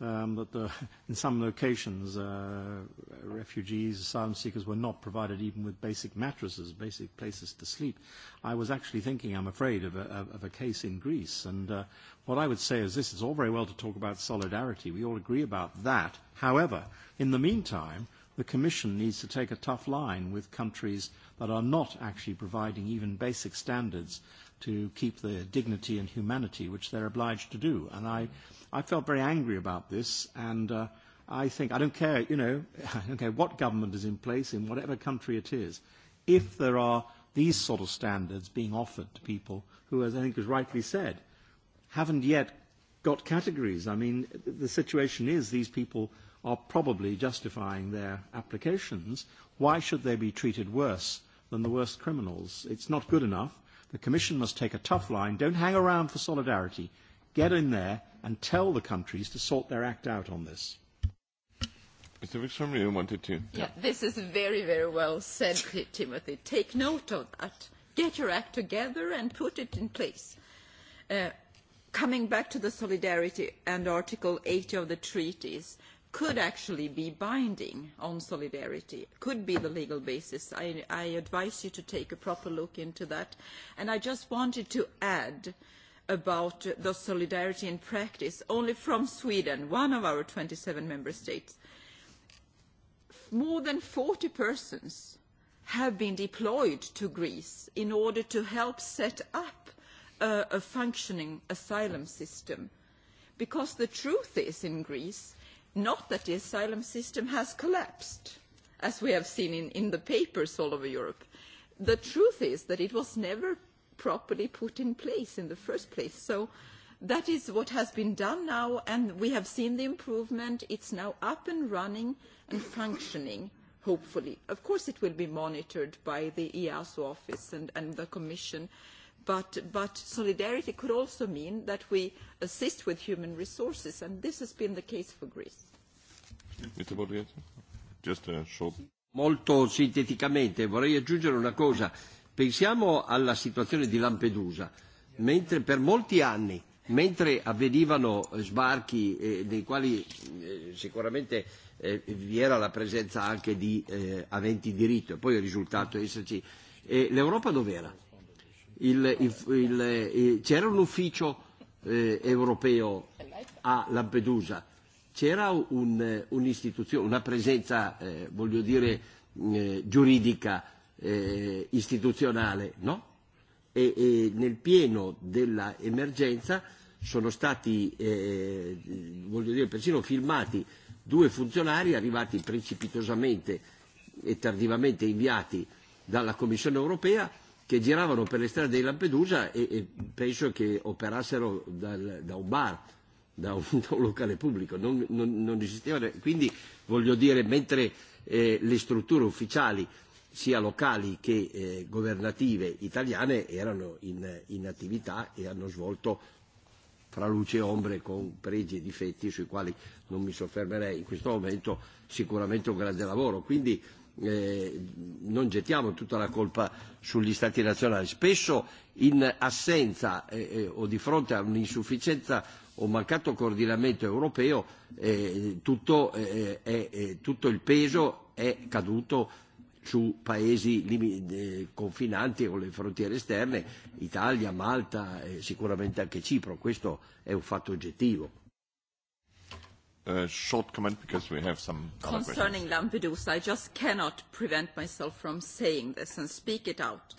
S5: um, that the, in some locations uh, refugees, asylum seekers were not provided even with basic mattresses, basic places to sleep. I was actually thinking, I'm afraid, of a, of a case in Greece. And uh, what I would say is this, it's all very well to talk about solidarity. We all agree about that. However, in the meantime, the Commission needs to take a tough line with countries that are not actually providing even basic standards to keep their dignity and humanity, which they're obliged to do. And I, I felt very angry about this, and uh, I think I don't care, you know, I don't care what government is in place in whatever country it is, if there are these sort of standards being offered to people who, as I think was rightly said, haven't yet got categories. I mean, the situation is these people are probably justifying their applications. Why should they be treated worse than the worst criminals? It's not good enough. The Commission must take a tough line. Don't hang around for solidarity get in there and tell the countries to sort their act out on this. Mr. Wikström, you wanted to. Yeah,
S3: this is very, very well said, Timothy. Take note of that. Get your act together and put it in place. Uh, coming back to the solidarity and Article 80 of the treaties, could actually be binding on solidarity, could be the legal basis. I, I advise you to take a proper look into that. And I just wanted to add uh, about the solidarity in practice only from Sweden, one of our twenty seven member states. More than forty persons have been deployed to Greece in order to help set up a functioning asylum system. Because the truth is in Greece, not that the asylum system has collapsed, as we have seen in, the papers all over Europe. The truth is that it was never properly put in place in the first place. So that is what has been done now, and we have seen the improvement. It's now up and running and functioning, hopefully. Of course, it will be monitored by the EASO office and, and the Commission, but, but solidarity could also mean that we assist with human resources, and this has been the case for Greece.
S7: Just a short... Molto sinteticamente vorrei aggiungere una cosa Pensiamo alla situazione di Lampedusa, mentre per molti anni, mentre avvenivano sbarchi eh, nei quali eh, sicuramente eh, vi era la presenza anche di eh, aventi diritto e poi è risultato esserci, eh, l'Europa dov'era? Il, il, il, eh, c'era un ufficio eh, europeo a Lampedusa, c'era un, un'istituzione, una presenza, eh, voglio dire, eh, giuridica eh, istituzionale, no? E, e nel pieno dell'emergenza sono stati, eh, voglio dire, persino filmati due funzionari arrivati precipitosamente e tardivamente inviati dalla Commissione europea che giravano per le strade di Lampedusa e, e penso che operassero dal, da un bar, da un, da un locale pubblico. Non, non, non esisteva, quindi voglio dire, mentre eh, le strutture ufficiali sia locali che eh, governative italiane erano in, in attività e hanno svolto fra luce e ombre con pregi e difetti sui quali non mi soffermerei in questo momento sicuramente un grande lavoro. Quindi eh, non gettiamo tutta la colpa sugli Stati nazionali. Spesso in assenza eh, eh, o di fronte a un'insufficienza o mancato coordinamento europeo eh, tutto, eh, è, è, tutto il peso è caduto su paesi confinanti con le frontiere esterne, Italia, Malta e sicuramente anche Cipro. Questo è un fatto oggettivo. A short comment because we have some other
S3: Concerning Lampedusa, I just cannot prevent myself from saying this and speak it out.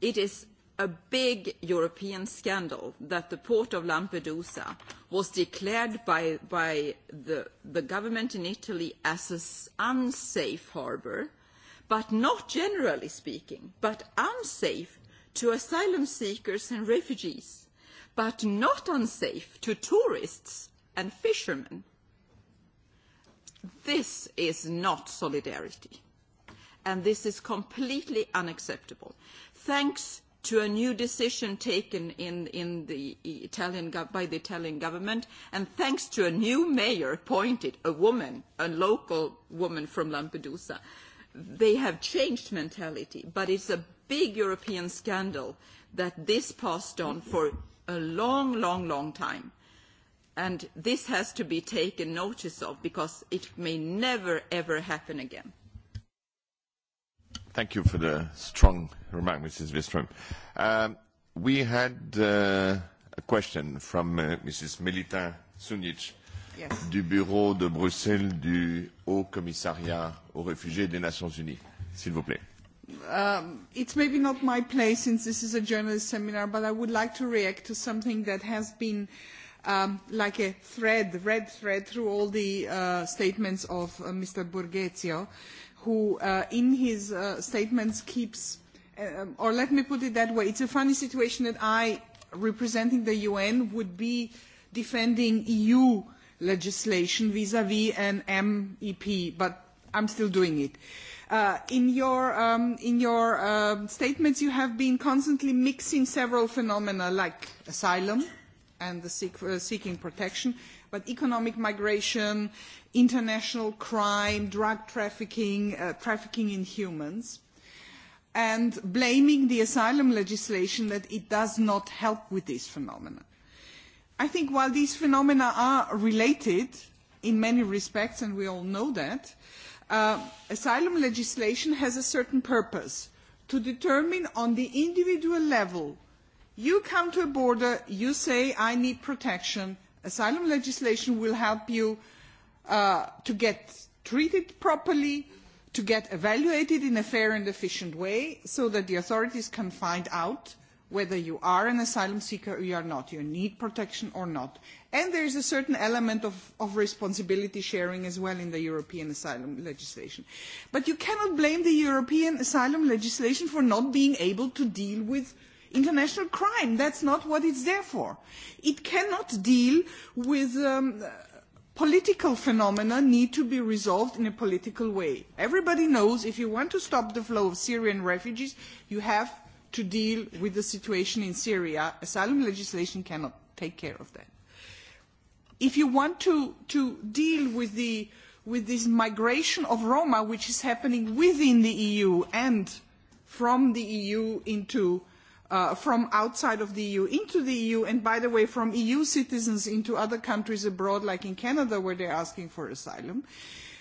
S3: It is a big European scandal that the port of Lampedusa was declared by, by the, the government in Italy as an unsafe harbour but not generally speaking, but unsafe to asylum seekers and refugees, but not unsafe to tourists and fishermen. This is not solidarity, and this is completely unacceptable. Thanks to a new decision taken in, in the Italian, by the Italian government, and thanks to a new mayor appointed, a woman, a local woman from Lampedusa, they have changed mentality, but it's a big European scandal that this passed on for a long, long, long time. And this has to be taken notice of because it may never, ever happen again.
S1: Thank you for the strong remark, Mrs. Wistrom. Um, we had uh, a question from uh, Mrs. Melita Sunic du bureau de Bruxelles du Haut Commissariat aux réfugiés des Nations Unies, s'il vous plaît.
S10: It is maybe not my place since this is a journalist seminar, but I would like to react to something that has been like a thread, red thread through all the statements of Mr. Borghezio, who in his statements keeps, or let me put it that way, it is a funny situation that I, representing the UN, would be defending EU legislation vis-à-vis an MEP, but I'm still doing it. in your, statements, you have been constantly mixing several phenomena like asylum and the seeking protection, but economic migration, international crime, drug trafficking, trafficking in humans, and blaming the asylum legislation that it does not help with these phenomena I think while these phenomena are related in many respects, and we all know that, asylum legislation has a certain purpose to determine on the individual level. You come to a border, you say, I need protection. Asylum legislation will help you to get treated properly, to get evaluated in a fair and efficient way so that the authorities can find out uh, whether you are an asylum seeker or you are not. You need protection or not. And there is a certain element of, of responsibility sharing as well in the European asylum legislation. But you cannot blame the European asylum legislation for not being able to deal with international crime. That's not what it's there for. It cannot deal with political phenomena need to be resolved in a political way. Everybody knows if you want to stop the flow of Syrian refugees, you have to deal with the situation in Syria. Asylum legislation cannot take care of that. If you want to, to deal with, the, with this migration of Roma, which is happening within the EU and from the EU into, uh, from outside of the EU into the EU, and by the way, from EU citizens into other countries abroad, like in Canada, where they're asking for asylum, uh,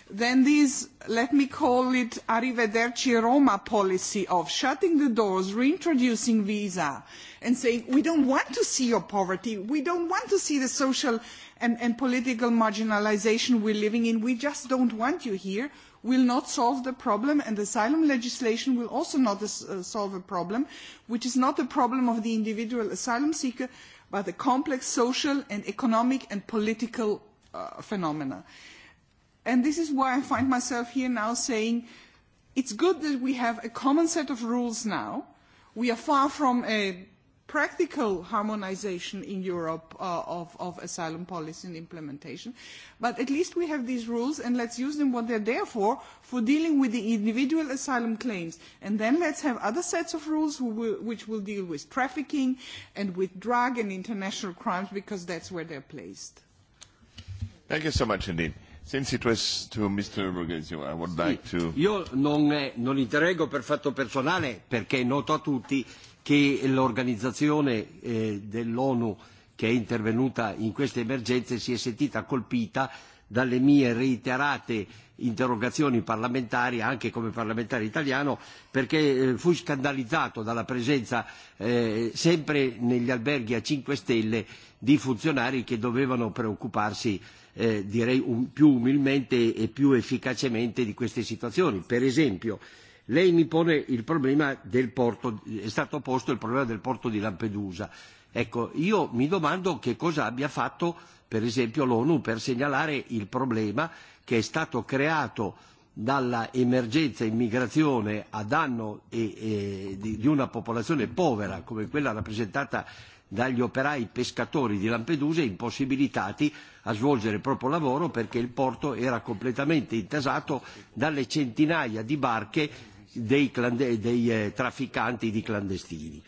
S10: then this, let me call it Arrivederci Roma policy of shutting the doors, reintroducing visa, and saying, we don't want to see your poverty, we don't want to see the social and, and political marginalisation we are living in, we just don't want you here, will not solve the problem, and asylum legislation will also not solve a problem, which is not the problem of the individual asylum seeker, but a complex social and economic and political phenomenon. And this is why I find myself here now saying it's good that we have a common set of rules now. We are far from a practical harmonisation in Europe of, asylum policy and implementation. But at least we have these rules and let's use them what they are there for, for dealing with the individual asylum claims. And then let's have other sets of rules which will deal with trafficking and with drug and international crimes because that's where they are placed.
S7: Thank you so much indeed was to Mr. Borghese, I would like to... Io non, eh, non interrego per fatto personale perché è noto a tutti che l'organizzazione eh, dell'ONU che è intervenuta in queste emergenze si è sentita colpita dalle mie reiterate interrogazioni parlamentari, anche come parlamentare italiano, perché eh, fui scandalizzato dalla presenza eh, sempre negli alberghi a 5 stelle di funzionari che dovevano preoccuparsi eh, eh, direi un, più umilmente e più efficacemente di queste situazioni. Per esempio, lei mi pone il problema del porto, è stato posto il problema del porto di Lampedusa. Ecco, io mi domando che cosa abbia fatto per esempio l'ONU per segnalare il problema che è stato creato dalla emergenza immigrazione a danno e, e, di, di una popolazione povera come quella rappresentata dagli operai pescatori di Lampedusa impossibilitati a svolgere il proprio lavoro perché il porto era completamente intasato dalle centinaia di barche dei, dei trafficanti di clandestini.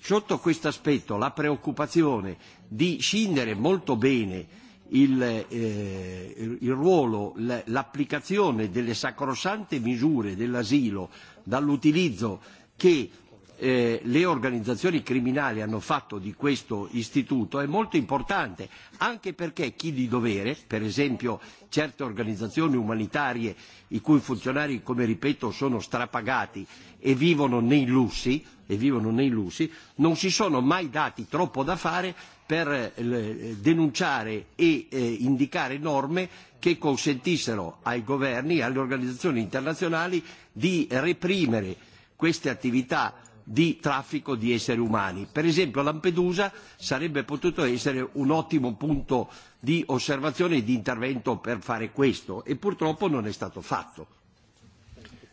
S7: Sotto questo aspetto la preoccupazione di scindere molto bene il, eh, il ruolo, l'applicazione delle sacrosante misure dell'asilo dall'utilizzo che le organizzazioni criminali hanno fatto di questo istituto è molto importante, anche perché chi di dovere, per esempio certe organizzazioni umanitarie i cui funzionari, come ripeto, sono strapagati e vivono nei lussi, e vivono nei lussi non si sono mai dati troppo da fare per denunciare e indicare norme che consentissero ai governi e alle organizzazioni internazionali di reprimere queste attività di traffico di esseri umani. Per esempio Lampedusa sarebbe potuto essere un ottimo punto di osservazione e di intervento per fare questo e purtroppo non è stato fatto.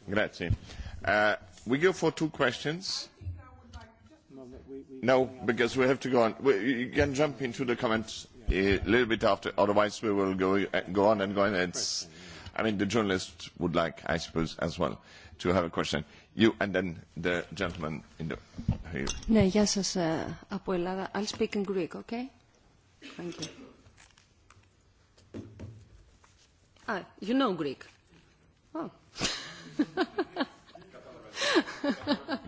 S7: Grazie. Uh, we go for two questions.
S1: No, because we have to go on. You can jump into the comments a little bit after, otherwise we will go, go on and go on. It's, I mean, the journalist would like, I suppose, as well, to have a question. You and then the gentleman in the...
S8: Ναι, γεια σας από Ελλάδα. I'll speak in Greek, okay? Thank you. Ah, you know Greek. Oh.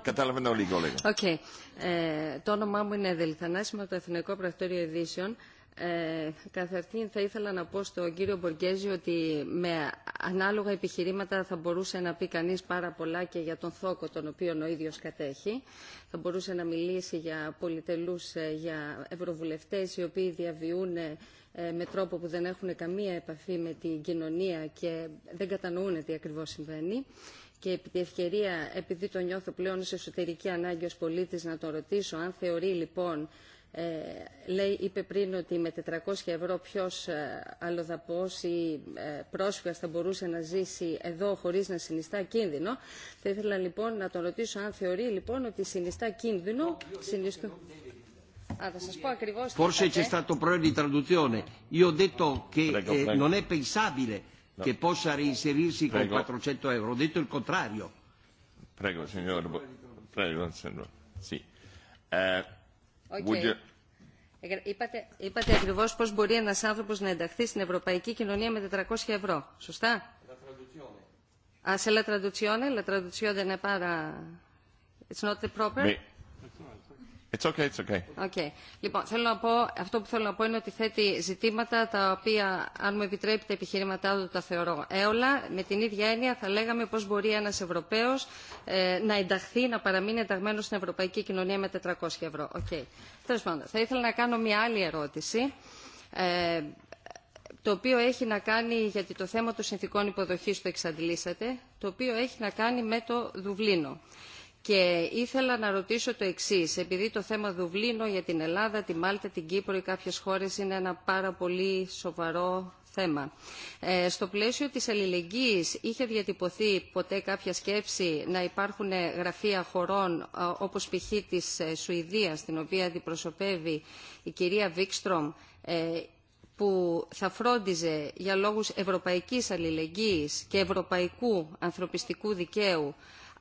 S1: Καταλαβαίνω λίγο, λέγω.
S8: Okay. Ε, το όνομά μου είναι Δελιθανάση από το Εθνικό Πρακτορείο Ειδήσεων. Ε, καθαρτήν θα ήθελα να πω στον κύριο Μποργέζη ότι με ανάλογα επιχειρήματα θα μπορούσε να πει κανείς πάρα πολλά και για τον θόκο τον οποίο ο ίδιος κατέχει. Θα μπορούσε να μιλήσει για πολυτελούς, για ευρωβουλευτές οι οποίοι διαβιούν με τρόπο που δεν έχουν καμία επαφή με την κοινωνία και δεν κατανοούν τι ακριβώς συμβαίνει και επί τη ευκαιρία, επειδή το νιώθω πλέον σε εσωτερική ανάγκη ως πολίτης, να τον ρωτήσω αν θεωρεί λοιπόν Ε, λέει, είπε πριν ότι με 400 ευρώ ποιος αλλοδαπός ή ε, πρόσφυγας θα μπορούσε να ζήσει εδώ χωρίς να συνιστά κίνδυνο. Θα ήθελα λοιπόν να τον ρωτήσω αν θεωρεί λοιπόν ότι συνιστά κίνδυνο... Συνιστού... Ah, Forse c'è stato
S7: un problema di traduzione. Io ho detto che prego, eh, prego. non è pensabile no. che possa reinserirsi prego. con 400 euro. Ho detto il contrario.
S1: Prego, signor. Prego, signor. Sì. Eh, Okay.
S8: Είπατε, είπατε ακριβώς πώς μπορεί ένα άνθρωπο να ενταχθεί στην ευρωπαϊκή κοινωνία με 400 ευρώ. Σωστά? Α, σε λατραντουτσιόνε, λατραντουτσιόνε δεν είναι πάρα... It's not the proper? Με... It's okay, it's okay. Okay. Λοιπόν, θέλω να πω, αυτό που θέλω να πω είναι ότι θέτει ζητήματα τα οποία, αν μου επιτρέπετε, επιχειρηματά του τα θεωρώ έολα. Με την ίδια έννοια θα λέγαμε πώς μπορεί ένας Ευρωπαίος ε, να ενταχθεί, να παραμείνει ενταγμένος στην Ευρωπαϊκή Κοινωνία με 400 ευρώ. Okay. Τέλος πάντων, θα ήθελα να κάνω μια άλλη ερώτηση. Ε, το οποίο έχει να κάνει, γιατί το θέμα των συνθηκών υποδοχής το εξαντλήσατε, το οποίο έχει να κάνει με το Δουβλίνο. Και ήθελα να ρωτήσω το εξή, επειδή το θέμα Δουβλίνο για την Ελλάδα, τη Μάλτα, την Κύπρο ή κάποιε χώρε είναι ένα πάρα πολύ σοβαρό θέμα. Ε, στο πλαίσιο της αλληλεγγύης είχε διατυπωθεί ποτέ κάποια σκέψη να υπάρχουν γραφεία χωρών όπως π.χ. της Σουηδίας, την οποία αντιπροσωπεύει η κυρία Βίκστρομ, ε, που θα φρόντιζε για λόγους ευρωπαϊκής αλληλεγγύης και ευρωπαϊκού ανθρωπιστικού δικαίου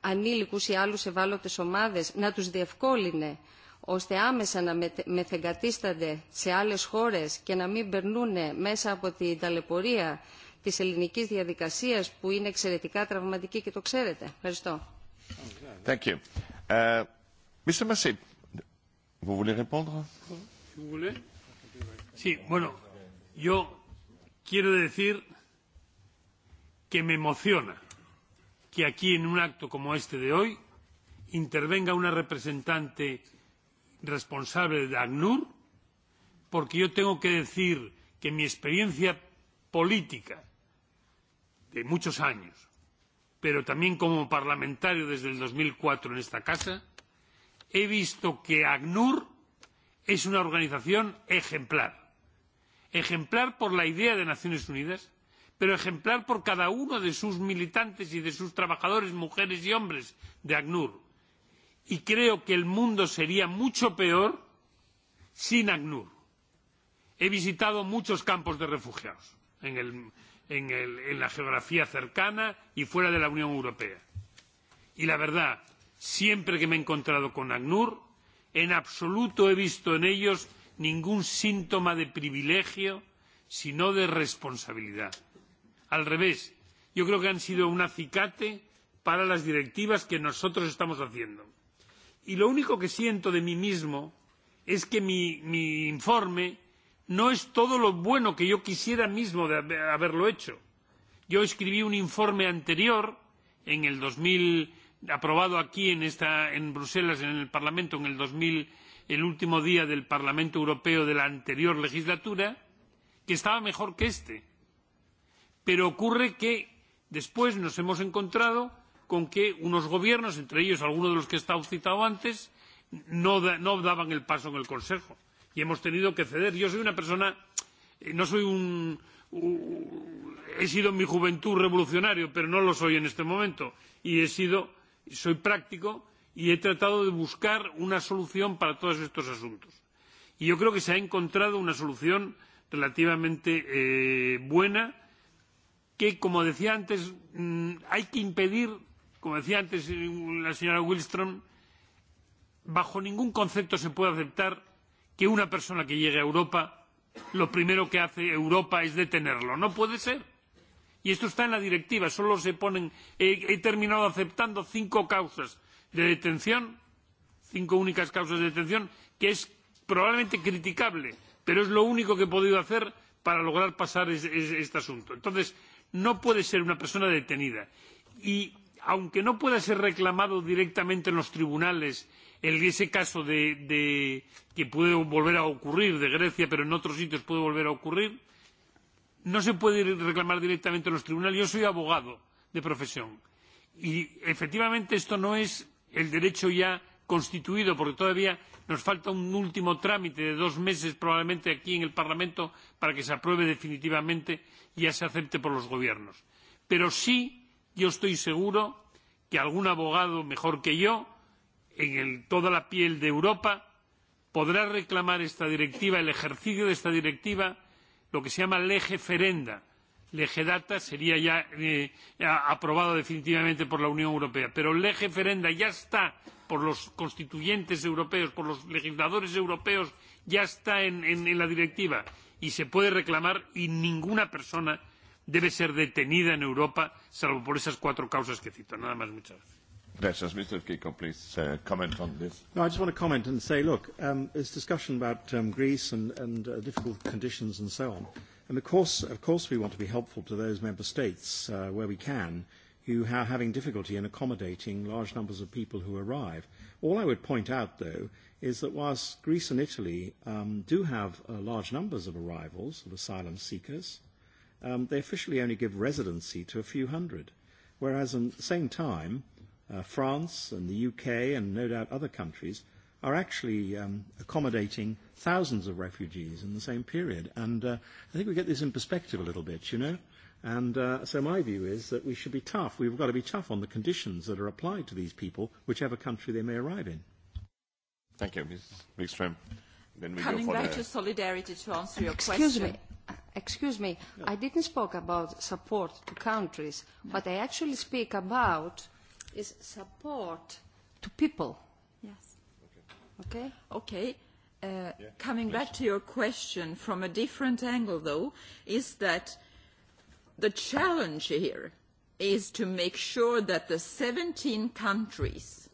S8: ανήλικους ή άλλους ευάλωτες ομάδες, να τους διευκόλυνε ώστε άμεσα να μεθεγκατίστανται σε άλλες χώρες και να μην περνούν μέσα από την ταλαιπωρία της ελληνικής διαδικασίας που είναι εξαιρετικά τραυματική και το ξέρετε. Ευχαριστώ.
S1: Thank you. Uh, Mr. Massé, vous voulez répondre?
S2: Vous voulez? Sí, bueno, yo quiero decir que me emociona que aquí en un acto como este de hoy intervenga una representante responsable de ACNUR, porque yo tengo que decir que mi experiencia política de muchos años, pero también como parlamentario desde el dos mil cuatro en esta casa, he visto que ACNUR es una organización ejemplar. Ejemplar por la idea de las Naciones Unidas pero ejemplar por cada uno de sus militantes y de sus trabajadores, mujeres y hombres de ACNUR. Y creo que el mundo sería mucho peor sin ACNUR. He visitado muchos campos de refugiados en, el, en, el, en la geografía cercana y fuera de la Unión Europea. Y la verdad, siempre que me he encontrado con ACNUR, en absoluto he visto en ellos ningún síntoma de privilegio, sino de responsabilidad al revés yo creo que han sido un acicate para las directivas que nosotros estamos haciendo. y lo único que siento de mí mismo es que mi informe no es todo lo bueno que yo quisiera mismo de haberlo hecho. Yo escribí un informe anterior en el 2000, aprobado aquí en, esta, en Bruselas, en el Parlamento, en el 2000, el último día del Parlamento Europeo de la anterior legislatura, que estaba mejor que este. Pero ocurre que después nos hemos encontrado con que unos gobiernos, entre ellos algunos de los que he estado citado antes, no, daban el paso en el Consejo y hemos tenido que ceder. Yo soy una persona, no soy un. He sido en mi juventud revolucionario, pero no lo soy en este momento. Y he sido, soy práctico y he tratado de buscar una solución para todos estos asuntos. Y yo creo que se ha encontrado una solución relativamente buena que, como decía antes, hay que impedir, como decía antes la señora Willström, bajo ningún concepto se puede aceptar que una persona que llegue a Europa, lo primero que hace Europa es detenerlo. No puede ser. Y esto está en la directiva. Solo se ponen. he terminado aceptando cinco causas de detención, cinco únicas causas de detención, que es probablemente criticable, pero es lo único que he podido hacer para lograr pasar este asunto. Entonces, no puede ser una persona detenida. Y aunque no pueda ser reclamado directamente en los tribunales en ese caso de, que puede volver a ocurrir de Grecia, pero en otros sitios puede volver a ocurrir, no se puede reclamar directamente en los tribunales. Yo soy abogado de profesión y efectivamente esto no es el derecho ya constituido, porque todavía nos falta un último trámite de dos meses probablemente aquí en el Parlamento para que se apruebe definitivamente y ya se acepte por los gobiernos. Pero sí, yo estoy seguro que algún abogado mejor que yo, en toda la piel de Europa, podrá reclamar esta directiva, el ejercicio de esta directiva, lo que se llama lege ferenda. Lege data sería ya aprobado definitivamente por la Unión Europea. Pero lege ferenda ya está por los constituyentes europeos, por los legisladores europeos, ya está en la directiva y se puede reclamar y ninguna persona debe ser detenida en Europa salvo por esas cuatro causas que cito. Nada más, muchas gracias.
S5: Gracias. Mr. Kiko,
S1: please uh, comment
S5: on this. No, I just want to comment and say, look, um, discussion about um, Greece and, and uh, difficult conditions and so on. And of course, of course we want to be helpful to those member states uh, where we can who are having difficulty in accommodating large numbers of people who arrive. All I would point out, though, is that whilst Greece and Italy um, do have uh, large numbers of arrivals of asylum seekers, um, they officially only give residency to a few hundred, whereas at the same time, uh, France and the UK and no doubt other countries are actually um, accommodating thousands of refugees in the same period. And uh, I think we get this in perspective a little bit, you know? And uh, so my view is that we should be tough. We've got to be tough on the conditions that are applied to these people, whichever country they may arrive in. Thank
S1: you, Ms. Wikström.
S5: Then we Coming go for back the... to
S3: solidarity to answer your
S1: Excuse question.
S8: Me. Excuse me, I didn't speak about support to countries. What I actually speak about is support to people. Yes.
S3: Okay? Okay. Uh, yeah, coming back to your question from a different angle, though, is that the challenge here is to make sure that the 17 countries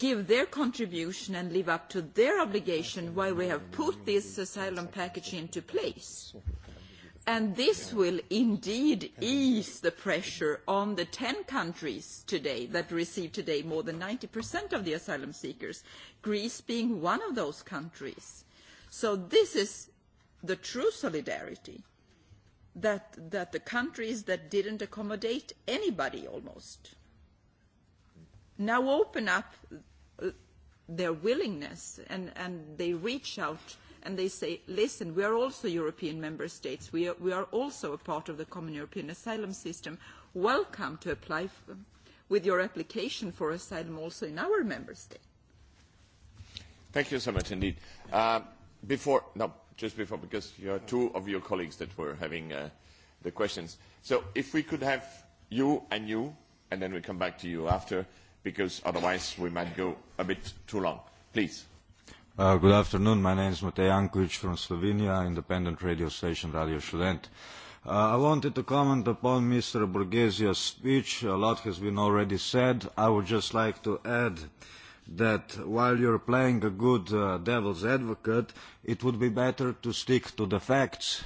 S3: give their contribution and live up to their obligation while we have put this asylum package into place. And this will indeed ease the pressure on the 10 countries today that receive today more than 90% of the asylum seekers, Greece being one of those countries. So this is the true solidarity that, that the countries that didn't accommodate anybody almost now open up their willingness and, and they reach out and they say, listen, we are also European member states. We are, we are also a part of the common European asylum system. Welcome to apply f- with your application for asylum also in our member state.
S1: Thank you so much indeed. Uh, before, no, just before, because you are two of your colleagues that were having uh, the questions. So if we could have you and you, and then we come back to you after because otherwise we might go a bit too long. Please.
S11: Uh, good afternoon. My name is Matej Ankuic from Slovenia, independent radio station Radio Student. Uh, I wanted to comment upon Mr. Borghesia's speech. A lot has been already said. I would just like to add that while you're playing a good uh, devil's advocate, it would be better to stick to the facts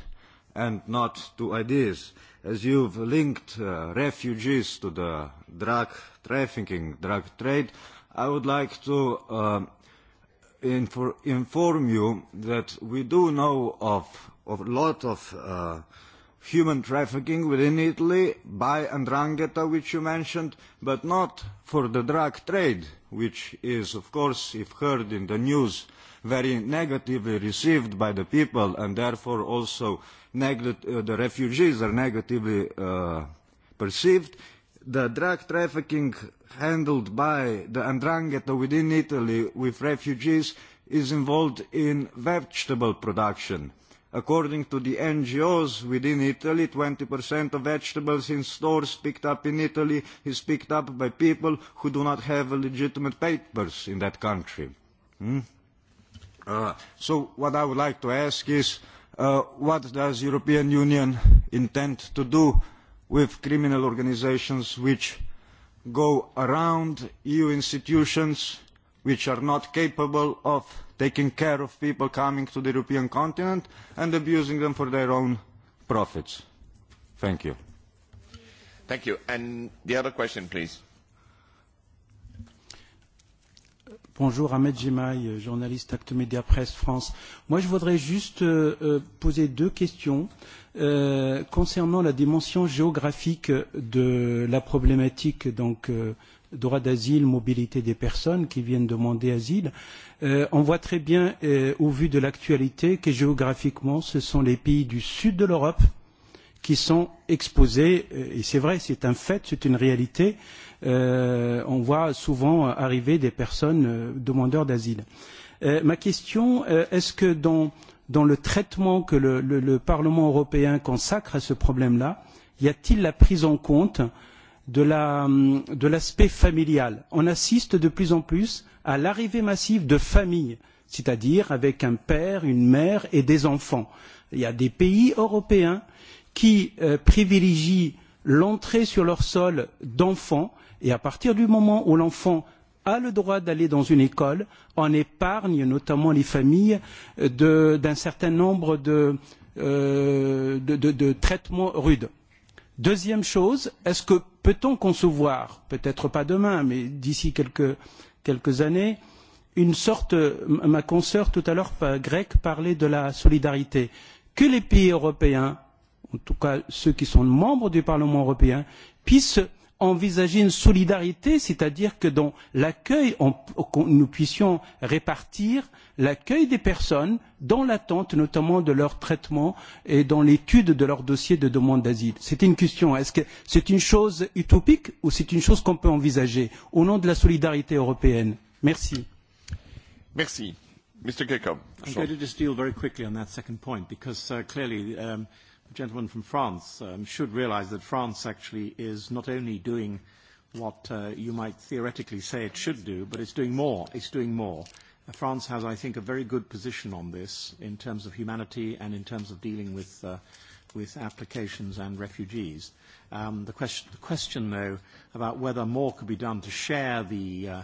S11: and not to ideas as you've linked uh, refugees to the drug trafficking, drug trade, I would like to uh, infor inform you that we do know of, of a lot of uh, human trafficking within Italy by Andrangheta, which you mentioned, but not for the drug trade, which is, of course, if heard in the news, very negatively received by the people and therefore also uh, negli- the refugees are negatively uh, perceived. The drug trafficking handled by the Andrangheta within Italy with refugees is involved in vegetable production. According to the NGOs within Italy, 20% of vegetables in stores picked up in Italy is picked up by people who do not have legitimate papers in that country. so what I would like to ask is, uh, what does the European Union intend to do with criminal organisations which go around EU institutions which are not capable of taking care of people coming to the European continent and abusing them for their own profits. Thank you.
S1: Thank you. And the other question, please.
S12: Bonjour, Ahmed Gemaï, journaliste Acte Média Presse France. Moi, je voudrais juste euh, poser deux questions euh, concernant la dimension géographique de la problématique donc euh, droit d'asile, mobilité des personnes qui viennent demander asile. Euh, on voit très bien, euh, au vu de l'actualité, que géographiquement, ce sont les pays du sud de l'Europe qui sont exposés, et c'est vrai, c'est un fait, c'est une réalité, euh, euh, on voit souvent arriver des personnes euh, demandeurs d'asile. Euh, ma question, euh, est-ce que dans, dans le traitement que le, le, le Parlement européen consacre à ce problème-là, y a-t-il la prise en compte de l'aspect familial On assiste de plus en plus à l'arrivée massive de familles, c'est-à-dire avec un père, une mère et des enfants. Il y a des pays européens qui privilégient l'entrée sur leur sol d'enfants Et à partir du moment où l'enfant a le droit d'aller dans une école, on épargne notamment les familles d'un certain nombre de, traitements rudes. Deuxième chose, est-ce que peut-on concevoir, peut-être pas demain, mais d'ici quelques, années, une sorte, ma consoeur tout à l'heure grecque parlait de la solidarité, que les pays européens, en tout cas ceux qui sont membres du Parlement européen, puissent envisager une solidarité, c'est-à-dire que dans l'accueil, nous puissions répartir l'accueil des personnes dans l'attente notamment de leur traitement et dans l'étude de leur dossier de demande d'asile. C'est une question. Est-ce que c'est une chose utopique ou c'est une chose qu'on peut envisager au nom de la solidarité européenne Merci.
S5: Merci. Mr. Gekko. I'm going to just deal very quickly on that second point because uh, clearly um, gentleman from France um, should realize that France actually is not only doing what uh, you might theoretically say it should do, but it's doing more. It's doing more. France has, I think, a very good position on this in terms of humanity and in terms of dealing with, uh, with applications and refugees. Um, the, question, the question, though, about whether more could be done to share the uh,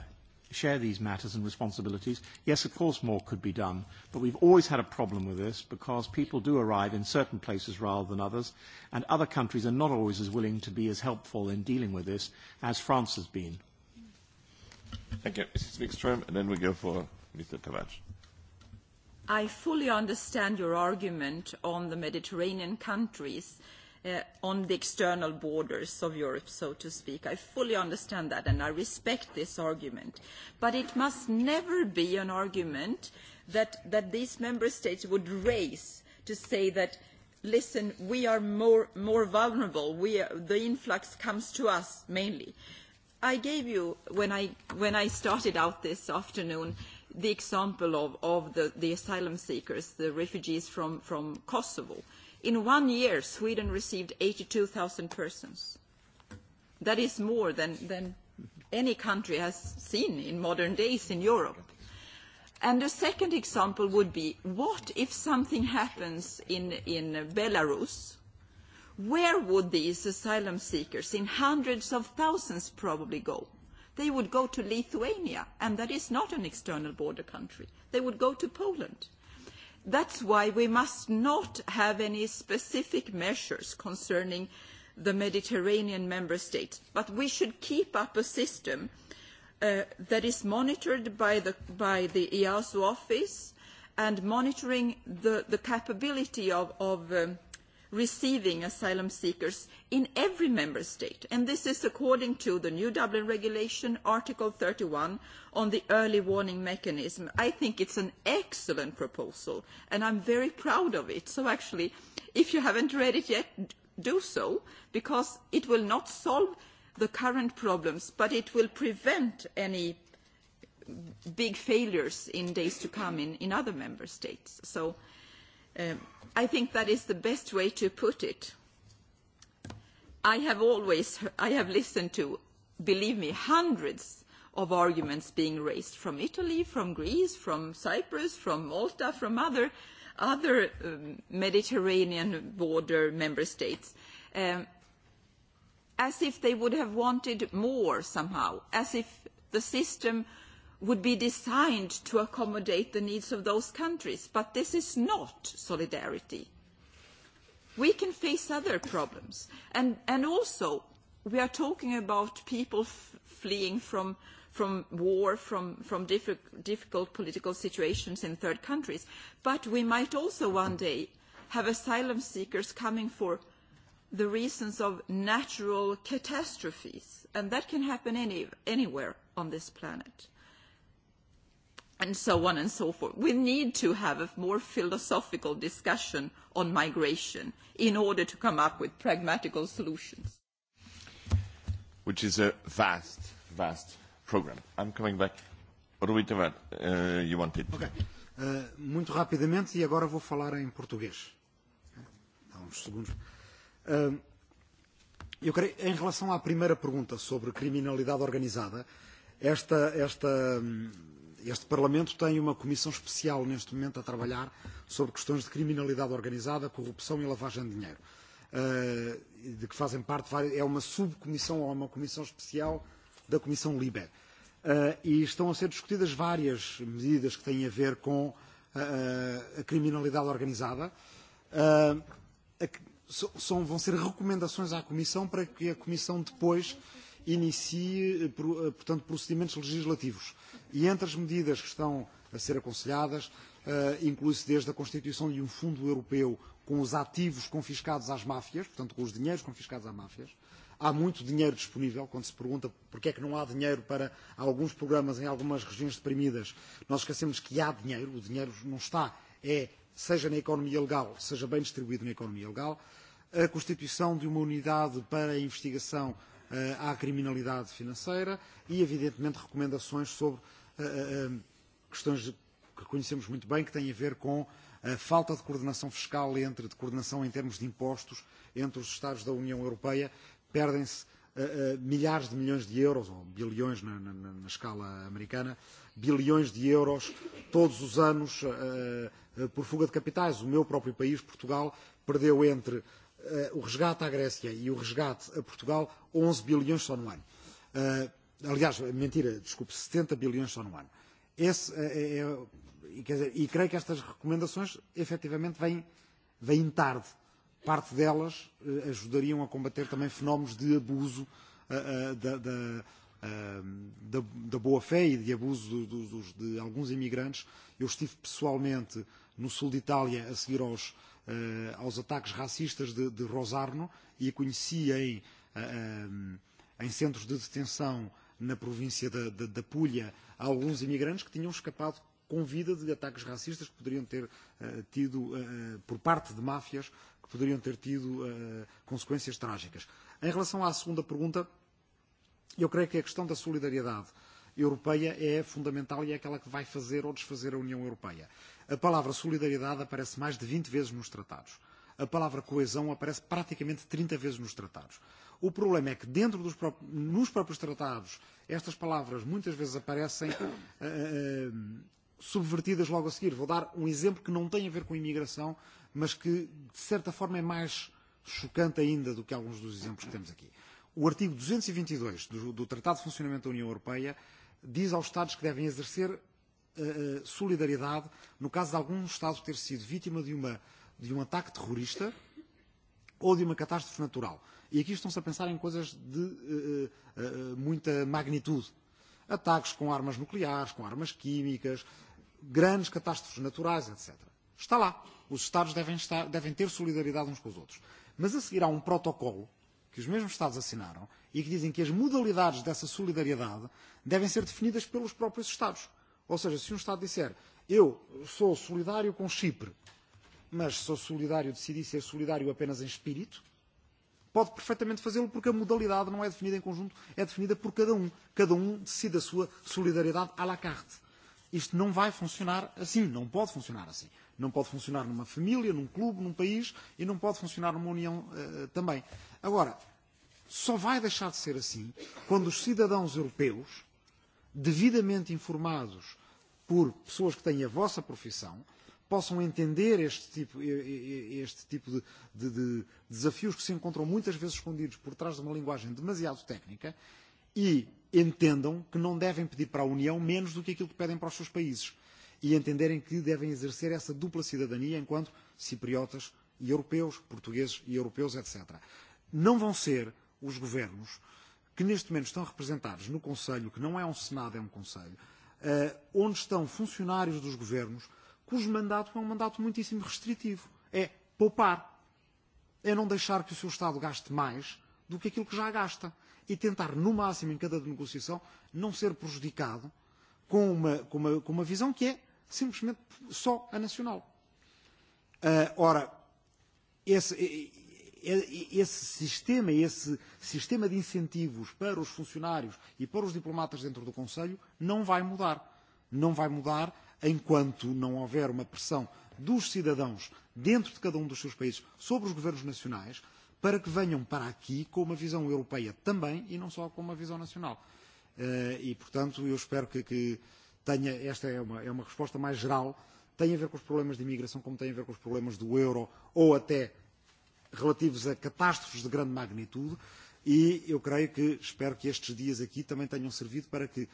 S5: share these matters and responsibilities. Yes, of course, more could be done, but we've always had a problem with this because people do arrive in certain places rather than others, and other countries are not always as willing to be as helpful in dealing with this as France has been. Thank you, Mrs. Wikström, and then we go for Mr. Tavares.
S3: I fully understand your argument on the Mediterranean countries on the external borders of Europe, so to speak. I fully understand that and I respect this argument. But it must never be an argument that, these member states would raise to say that, listen, we are more, vulnerable, the influx comes to us mainly. I gave you, when I, when I started out this afternoon, the example of, the, asylum seekers, the refugees from, Kosovo In one year, Sweden received eighty 82,000 persons. That is more than any country has seen in modern days in Europe. And The second example would be, what if something happens in Belarus? Where would these asylum seekers, in hundreds of thousands, probably go? They would go to Lithuania, and that is not an external border country. They would go to Poland That is why we must not have any specific measures concerning the Mediterranean member states, but we should keep up a system that is monitored by the, EASO office and monitoring the, capability of, receiving asylum seekers in every member state, and this is according to the new Dublin Regulation, Article thirty one on the early warning mechanism. I think it is an excellent proposal, and I am very proud of it. So actually, if you haven't read it yet, do so, because it will not solve the current problems, but it will prevent any big failures in days to come in, in other member states. So I think that is the best way to put it. I have always, I have listened to, believe me, hundreds of arguments being raised from Italy, from Greece, from Cyprus, from Malta, from other, other Mediterranean border member states, as if they would have wanted more somehow, as if the system would be designed to accommodate the needs of those countries, but this is not solidarity. We can face other problems, and, and also we are talking about people fleeing from, from war, from, from difficult political situations in third countries, but we might also one day have asylum seekers coming for the reasons of natural catastrophes, and that can happen anywhere on this planet and so on and so forth. We need to have a more philosophical discussion on migration in order to come up with pragmatical solutions.
S1: Which is a vast, vast program. I'm coming back. Rui Tavares, uh, you wanted. Okay.
S4: Uh, muito rapidamente, e agora vou falar em português. Há uns segundos. Uh, eu creio, em relação à primeira pergunta sobre criminalidade organizada, esta, esta Este Parlamento tem uma comissão especial neste momento a trabalhar sobre questões de criminalidade organizada, corrupção e lavagem de dinheiro, de que fazem parte, é uma subcomissão ou uma comissão especial da Comissão LIBE. E estão a ser discutidas várias medidas que têm a ver com a criminalidade organizada. São, vão ser recomendações à Comissão para que a Comissão depois uh, inicie, portanto, procedimentos legislativos. E entre as medidas que estão a ser aconselhadas, inclui-se desde a constituição de um fundo europeu com os ativos confiscados às máfias, portanto, com os dinheiros confiscados às máfias. Há muito dinheiro disponível, quando se pergunta porque é que não há dinheiro para alguns programas em algumas regiões deprimidas, nós esquecemos que há dinheiro, o dinheiro não está, é, seja na economia legal, seja bem distribuído na economia legal, a constituição de uma unidade para a investigação à criminalidade financeira e, evidentemente, recomendações sobre questões que conhecemos muito bem, que têm a ver com a falta de coordenação fiscal entre, de coordenação em termos de impostos entre os Estados da União Europeia, perdem-se milhares de milhões de euros, ou bilhões na, na, na escala americana, bilhões de euros todos os anos por fuga de capitais. O meu próprio país, Portugal, perdeu entre o resgate à Grécia e o resgate a Portugal, 11 bilhões só no ano. aliás, mentira, desculpe, 70 bilhões só no ano. Esse, é, quer dizer, e creio que estas recomendações efetivamente vêm, vêm tarde. Parte delas ajudariam a combater também fenómenos de abuso da, da, da, da boa-fé e de abuso de alguns imigrantes. Eu estive pessoalmente no sul de Itália a seguir aos, aos ataques racistas de, de Rosarno e a conheci em, em centros de detenção na província da, da, da Pulha alguns imigrantes que tinham escapado com vida de ataques racistas que poderiam ter uh, tido, uh, por parte de máfias, que poderiam ter tido uh, consequências trágicas. Em relação à segunda pergunta, eu creio que a questão da solidariedade uh, Europeia é fundamental e é aquela que vai fazer ou desfazer a União Europeia. A palavra solidariedade aparece mais de 20 vezes nos tratados. A palavra coesão aparece praticamente 30 vezes nos tratados. O problema é que dentro dos próprios, nos próprios tratados estas palavras muitas vezes aparecem uh, subvertidas logo a seguir. Vou dar um exemplo que não tem a ver com a imigração, mas que de certa forma é mais chocante ainda do que alguns dos exemplos que temos aqui. O artigo 222 do, do Tratado de Funcionamento da União Europeia uh, diz aos Estados que devem exercer solidariedade no caso de algum Estado ter sido vítima de, uma, de um ataque terrorista ou de uma catástrofe natural. E aqui estão-se a pensar em coisas de uh, uh, muita magnitude. Ataques com armas nucleares, com armas químicas, grandes catástrofes naturais, etc. Está lá. Os Estados devem, estar, devem ter solidariedade uns com os outros. Mas a seguir há um protocolo que os mesmos Estados assinaram e que dizem que as modalidades dessa solidariedade devem ser definidas pelos próprios Estados. Ou seja, se um Estado disser eu sou solidário com Chipre, mas sou solidário, decidi ser solidário apenas em espírito, pode perfeitamente fazê-lo porque a modalidade não é definida em conjunto, é definida por cada um. Cada um decide a sua solidariedade à la carte. Isto não vai funcionar assim, não pode funcionar assim. Não pode funcionar numa família, num clube, num país e não pode funcionar numa união uh, também. Agora, Só vai deixar de ser assim quando os cidadãos europeus, devidamente informados por pessoas que têm a vossa profissão, possam entender este tipo, este tipo de, de, de desafios que se encontram muitas vezes escondidos por trás de uma linguagem demasiado técnica e entendam que não devem pedir para a União menos do que aquilo que pedem para os seus países e entenderem que devem exercer essa dupla cidadania enquanto cipriotas e europeus, portugueses e europeus, etc. Não vão ser os governos que neste momento estão representados no Conselho, que não é um Senado, é um Conselho, uh, onde estão funcionários dos governos cujo mandato é um mandato muitíssimo restritivo. É poupar, é não deixar que o seu Estado gaste mais do que aquilo que já gasta e tentar, no máximo, em cada negociação, não ser prejudicado com uma, com uma, com uma visão que é simplesmente só a nacional. Uh, ora, esse, esse sistema, esse sistema de incentivos para os funcionários e para os diplomatas dentro do Conselho não vai mudar. Não vai mudar enquanto não houver uma pressão dos cidadãos dentro de cada um dos seus países sobre os governos nacionais para que venham para aqui com uma visão europeia também e não só com uma visão nacional. E, portanto, eu espero que, que tenha, esta é uma, é uma resposta mais geral, tem a ver com os problemas de imigração como tem a ver com os problemas do euro ou até relativos a catástrofes de grande magnitude e eu creio que, espero que estes dias aqui também tenham servido para que,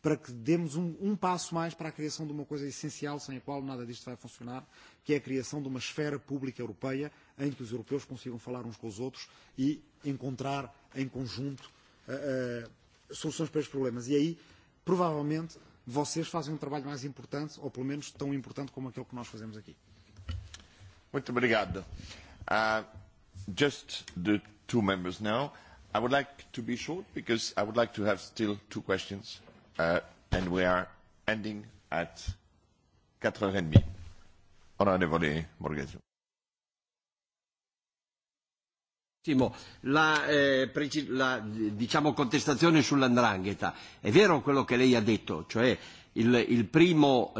S4: para que demos um, um passo mais para a criação de uma coisa essencial sem a qual nada disto vai funcionar, que é a criação de uma esfera pública europeia em que os europeus consigam falar uns com os outros e encontrar em conjunto uh, uh, soluções para estes problemas. E aí, provavelmente, vocês fazem um trabalho mais importante, ou pelo menos tão importante como aquele que nós fazemos aqui.
S1: Muito obrigado. Uh, just the two members now. I would like to be short because I would like to have still two questions, uh, and we are ending at 4h30. Honorable Borghese.
S7: La, eh, la diciamo, contestazione sull'andrangheta. È vero quello che lei ha detto, cioè il, primo,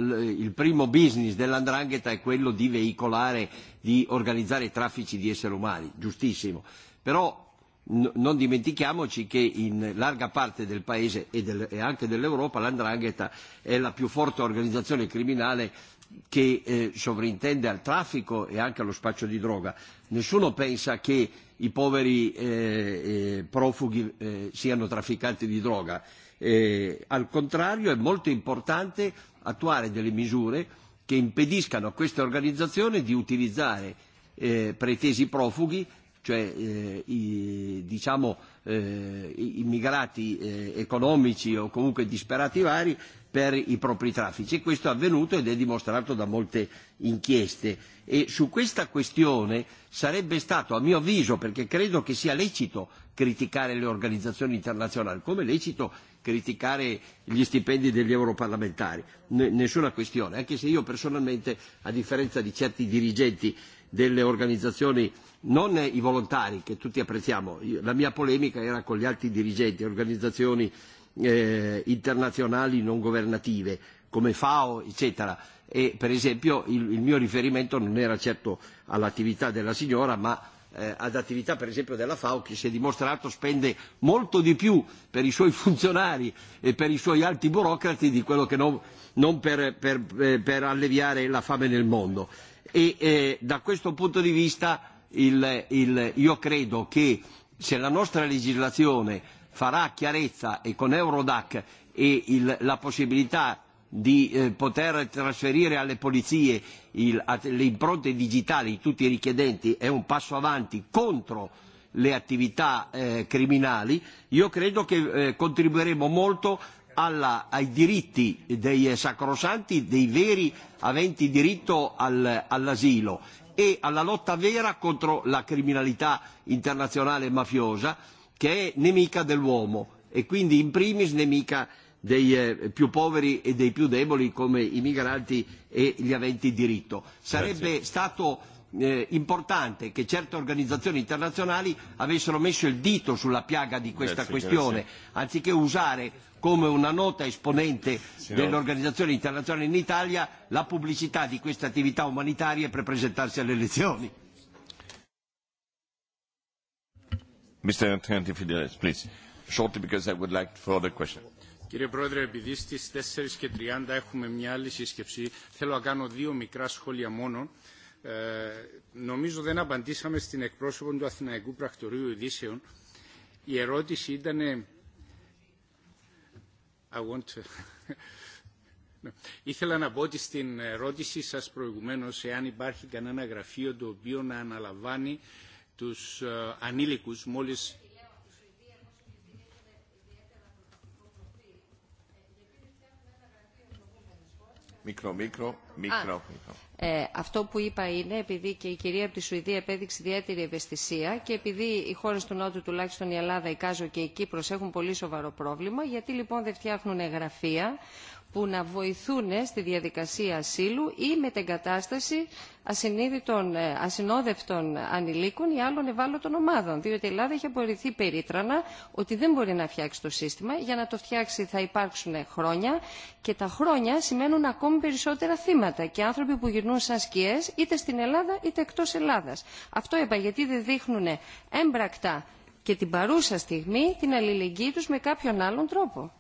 S7: business dell'andrangheta è quello di veicolare, di organizzare traffici di esseri umani, giustissimo. Però non dimentichiamoci che in larga parte del paese e, anche dell'Europa l'andrangheta è la più forte organizzazione criminale che sovrintende al traffico e anche allo spaccio di droga. Nessuno pensa che i poveri profughi siano trafficanti di droga E, al contrario è molto importante attuare delle misure che impediscano a queste organizzazioni di utilizzare eh, pretesi profughi, cioè eh, i, diciamo eh, immigrati eh, economici o comunque disperati vari, per i propri traffici. Questo è avvenuto ed è dimostrato da molte inchieste. E su questa questione sarebbe stato, a mio avviso, perché credo che sia lecito criticare le organizzazioni internazionali, come lecito criticare gli stipendi degli europarlamentari, nessuna questione, anche se io personalmente, a differenza di certi dirigenti delle organizzazioni, non i volontari che tutti apprezziamo, la mia polemica era con gli altri dirigenti, organizzazioni internazionali non governative come FAO, eccetera. E, per esempio il, il mio riferimento non era certo all'attività della signora, ma eh, ad attività per esempio della FAO che si è dimostrato spende molto di più per i suoi funzionari e per i suoi alti burocrati di quello che non, non per, per, per alleviare la fame nel mondo. E eh, da questo punto di vista il, il, io credo che se la nostra legislazione farà chiarezza e con Eurodac e il, la possibilità di eh, poter trasferire alle polizie il, le impronte digitali di tutti i richiedenti è un passo avanti contro le attività eh, criminali, io credo che eh, contribuiremo molto alla, ai diritti dei sacrosanti, dei veri aventi diritto al, all'asilo e alla lotta vera contro la criminalità internazionale mafiosa che è nemica dell'uomo e quindi in primis nemica dei più poveri e dei più deboli come i migranti e gli aventi diritto. Sarebbe stato importante che certe organizzazioni internazionali avessero messo il dito sulla piaga di questa questione, anziché usare come una nota esponente delle organizzazioni internazionali in Italia la pubblicità di queste attività umanitarie per presentarsi alle elezioni.
S1: Mr. please. Shortly, because I would like further question.
S6: Κύριε Πρόεδρε, επειδή στι 30 έχουμε μια άλλη σύσκεψη, θέλω να κάνω δύο μικρά σχόλια μόνο. Ε, νομίζω δεν απαντήσαμε στην εκπρόσωπο του Αθηναϊκού Πρακτορείου Ειδήσεων. Η ερώτηση ήταν. I want to... Ήθελα να πω ότι στην ερώτησή σας προηγουμένως, εάν υπάρχει κανένα γραφείο το οποίο να αναλαμβάνει τους ανήλικους μόλις
S1: Μικρό, μικρό, μικρό, μικρό.
S8: Ε, αυτό που είπα είναι, επειδή και η κυρία από τη Σουηδία επέδειξε ιδιαίτερη ευαισθησία και επειδή οι χώρε του Νότου, τουλάχιστον η Ελλάδα, η Κάζο και η Κύπρος έχουν πολύ σοβαρό πρόβλημα, γιατί λοιπόν δεν φτιάχνουν γραφεία που να βοηθούν στη διαδικασία ασύλου ή με την κατάσταση ασυνείδητων, ασυνόδευτων ανηλίκων ή άλλων ευάλωτων ομάδων. Διότι η Ελλάδα έχει απορριφθεί περίτρανα ότι δεν μπορεί να φτιάξει το σύστημα. Για να το φτιάξει θα υπάρξουν χρόνια και τα χρόνια σημαίνουν ακόμη περισσότερα θύματα και άνθρωποι που γυρνούν σαν σκιέ είτε στην Ελλάδα είτε εκτό Ελλάδα. Αυτό είπα γιατί δεν δείχνουν έμπρακτα και την παρούσα στιγμή την αλληλεγγύη τους με κάποιον άλλον τρόπο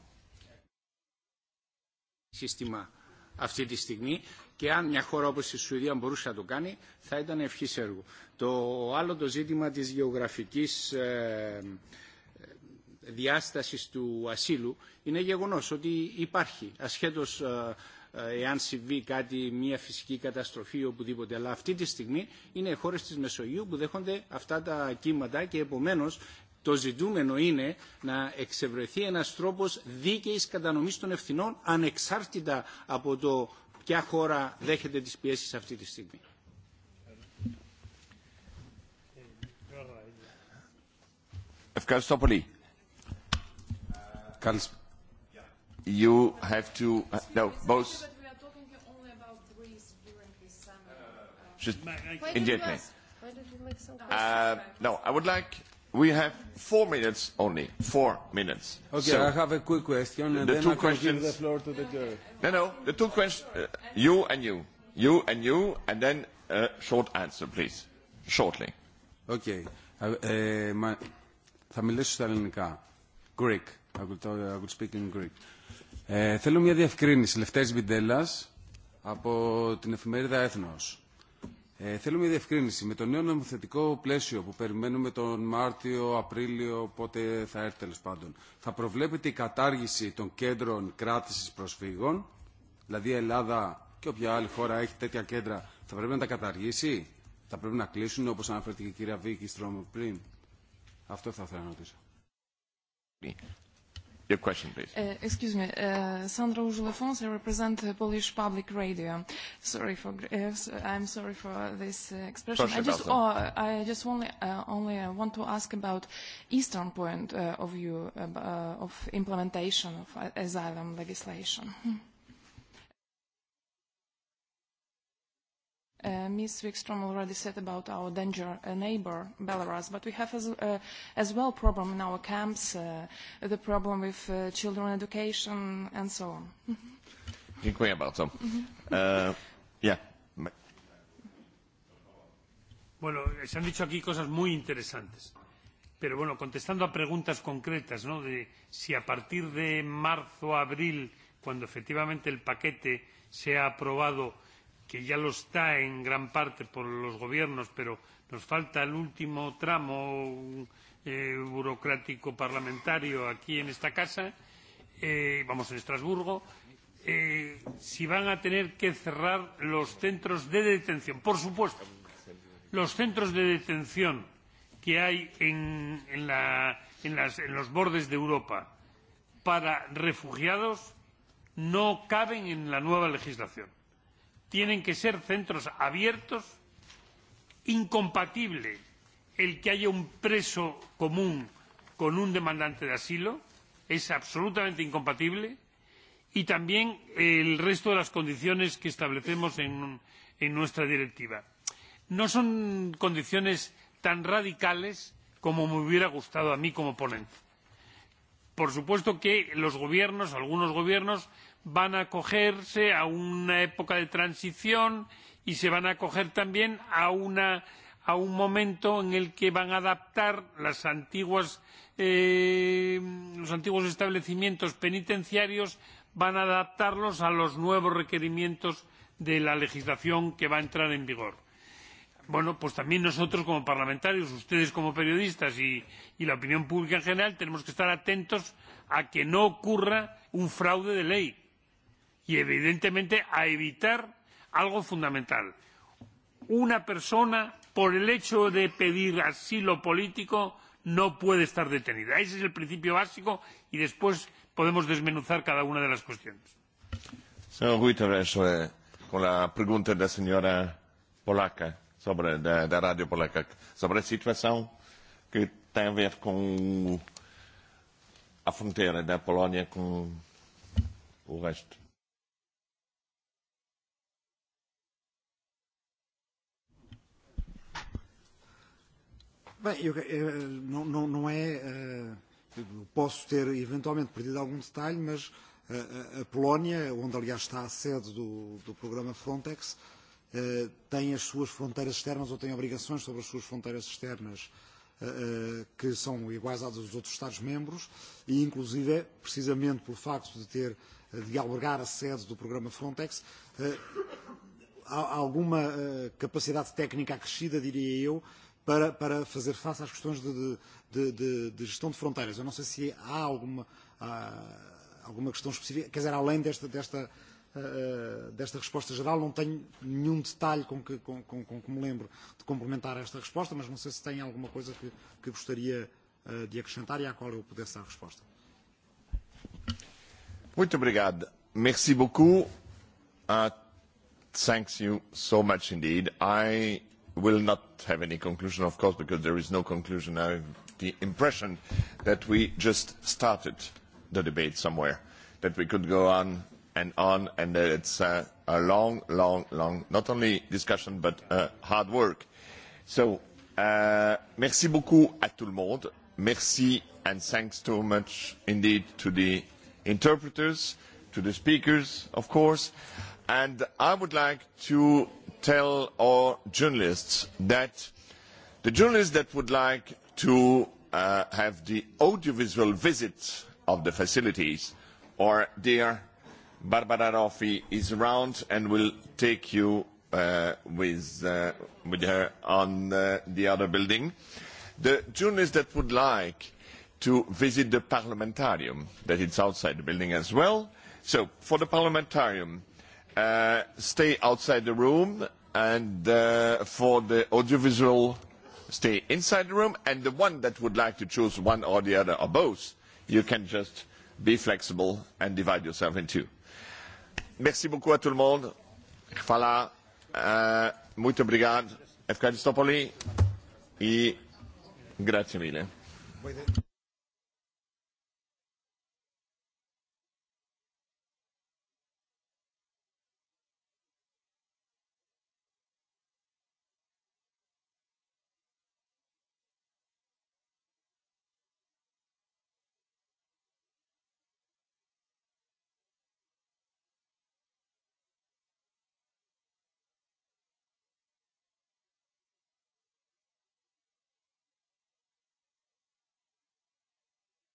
S6: σύστημα αυτή τη στιγμή και αν μια χώρα όπως η Σουηδία μπορούσε να το κάνει θα ήταν ευχής έργο. Το άλλο το ζήτημα της γεωγραφικής ε, διάστασης του ασύλου είναι γεγονός ότι υπάρχει ασχέτως ε, εάν συμβεί κάτι, μια φυσική καταστροφή ή οπουδήποτε. Αλλά αυτή τη στιγμή είναι οι χώρες της Μεσογείου που δέχονται αυτά τα κύματα και επομένως Το ζητούμενο είναι να εξευρεθεί ένας τρόπος δίκαιης κατανομής των ευθυνών ανεξάρτητα από το ποια χώρα δέχεται τις πιέσεις αυτή τη στιγμή. Ευχαριστώ
S1: πολύ. You have to Uh, no both. Just immediately. Uh, no, I would like We have four minutes only. Four minutes. Okay, so, I
S11: have a quick question, and the then two I can questions, give the floor to the girl.
S1: No, no, the two questions. Uh, you and you. You and you, and then a short answer, please. Shortly.
S11: Okay. Ε, μα, θα μιλήσω στα ελληνικά. Greek. I will, I will speak in Greek.
S1: Ε, θέλω μια διευκρίνηση.
S11: Λευτέρης Βιντέλλας από την εφημερίδα Έθνος. Ε, μια διευκρίνηση. Με το νέο νομοθετικό πλαίσιο που περιμένουμε τον Μάρτιο, Απρίλιο, πότε θα έρθει τέλο πάντων, θα προβλέπεται η κατάργηση των κέντρων κράτηση προσφύγων, δηλαδή η Ελλάδα και όποια άλλη χώρα έχει τέτοια κέντρα, θα πρέπει να τα καταργήσει, θα πρέπει να κλείσουν όπω αναφέρθηκε η κυρία Βίκη Στρώμου πριν. Αυτό θα ήθελα να ρωτήσω.
S1: Your question, please.
S10: Uh, excuse me, uh, Sandra Urzulefons,
S3: I represent uh, Polish Public Radio. Sorry for, uh, I'm sorry for this uh, expression. I just, uh, I just only, uh, only uh, want to ask about Eastern point uh, of view uh, of implementation of asylum legislation. Hmm. Ms. Wikström
S9: already said about our danger neighbor, Belarus, but we have as, uh, as well problem in our camps, uh, the problem with uh, children education and so on.
S1: Dziękuję bardzo. yeah.
S2: Bueno, se han dicho aquí cosas muy interesantes. Pero bueno, contestando a preguntas concretas, ¿no? De si a partir de marzo, abril, cuando efectivamente el paquete se ha aprobado, que ya lo está en gran parte por los gobiernos, pero nos falta el último tramo eh, burocrático parlamentario aquí en esta casa, eh, vamos en Estrasburgo, eh, si van a tener que cerrar los centros de detención. Por supuesto, los centros de detención que hay en, en, la, en, las, en los bordes de Europa para refugiados no caben en la nueva legislación tienen que ser centros abiertos, incompatible el que haya un preso común con un demandante de asilo, es absolutamente incompatible, y también el resto de las condiciones que establecemos en, nuestra directiva. No son condiciones tan radicales como me hubiera gustado a mí como ponente. Por supuesto que los gobiernos, algunos gobiernos, van a acogerse a una época de transición y se van a acoger también a, una, a un momento en el que van a adaptar las antiguas, eh, los antiguos establecimientos penitenciarios van a adaptarlos a los nuevos requerimientos de la legislación que va a entrar en vigor. Bueno, pues también nosotros como parlamentarios, ustedes como periodistas y, y la opinión pública en general tenemos que estar atentos a que no ocurra un fraude de ley y evidentemente a evitar algo fundamental una persona por el hecho de pedir asilo político no puede estar detenida. Ese es el principio básico y después podemos desmenuzar cada una de las cuestiones.
S1: Señor es, con la pregunta de la señora polaca, sobre, de, de Radio Polaca, sobre la situación que tiene a ver con la frontera de Polonia con el resto
S4: Bem, eu, eu, não, não, não é. Uh, posso ter eventualmente perdido algum detalhe, mas a, a Polónia, onde aliás está a sede do, do programa Frontex, uh, tem as suas fronteiras externas ou tem obrigações sobre as suas fronteiras externas que são iguais às dos outros Estados-membros e, inclusive, precisamente pelo facto de ter de albergar a sede do programa Frontex, há alguma capacidade técnica acrescida, diria eu, para, para fazer face às questões de, de, de, de gestão de fronteiras. Eu não sei se há alguma, alguma questão específica, quer dizer, além desta, desta, desta resposta geral, não tenho nenhum detalhe com que, com, com, com que me lembro de complementar esta resposta, mas não sei se tem alguma coisa que, que gostaria de acrescentar e à qual eu pudesse dar resposta.
S1: Muito obrigado. Merci beaucoup. Uh, thanks you so much indeed. I will not have any conclusion, of course, because there is no conclusion. I have the impression that we just started the debate somewhere, that we could go on and on, and that it's uh, a long, long, long, not only discussion, but uh, hard work. So, uh, merci beaucoup à tout le monde. Merci and thanks too much indeed to the interpreters, to the speakers, of course and i would like to tell our journalists that the journalists that would like to have the audiovisual visit of the facilities or dear barbara raffi is around and will take you with her on the other building the journalists that would like to visit the parliamentarium that is outside the building as well so for the parliamentarium stay outside the room, and for the audiovisual, stay inside the room. And the one that would like to choose one or the other or both, you can just be flexible and divide yourself in two. Merci beaucoup à tout le monde. Muito obrigado. Efkaristopoli. E grazie mille.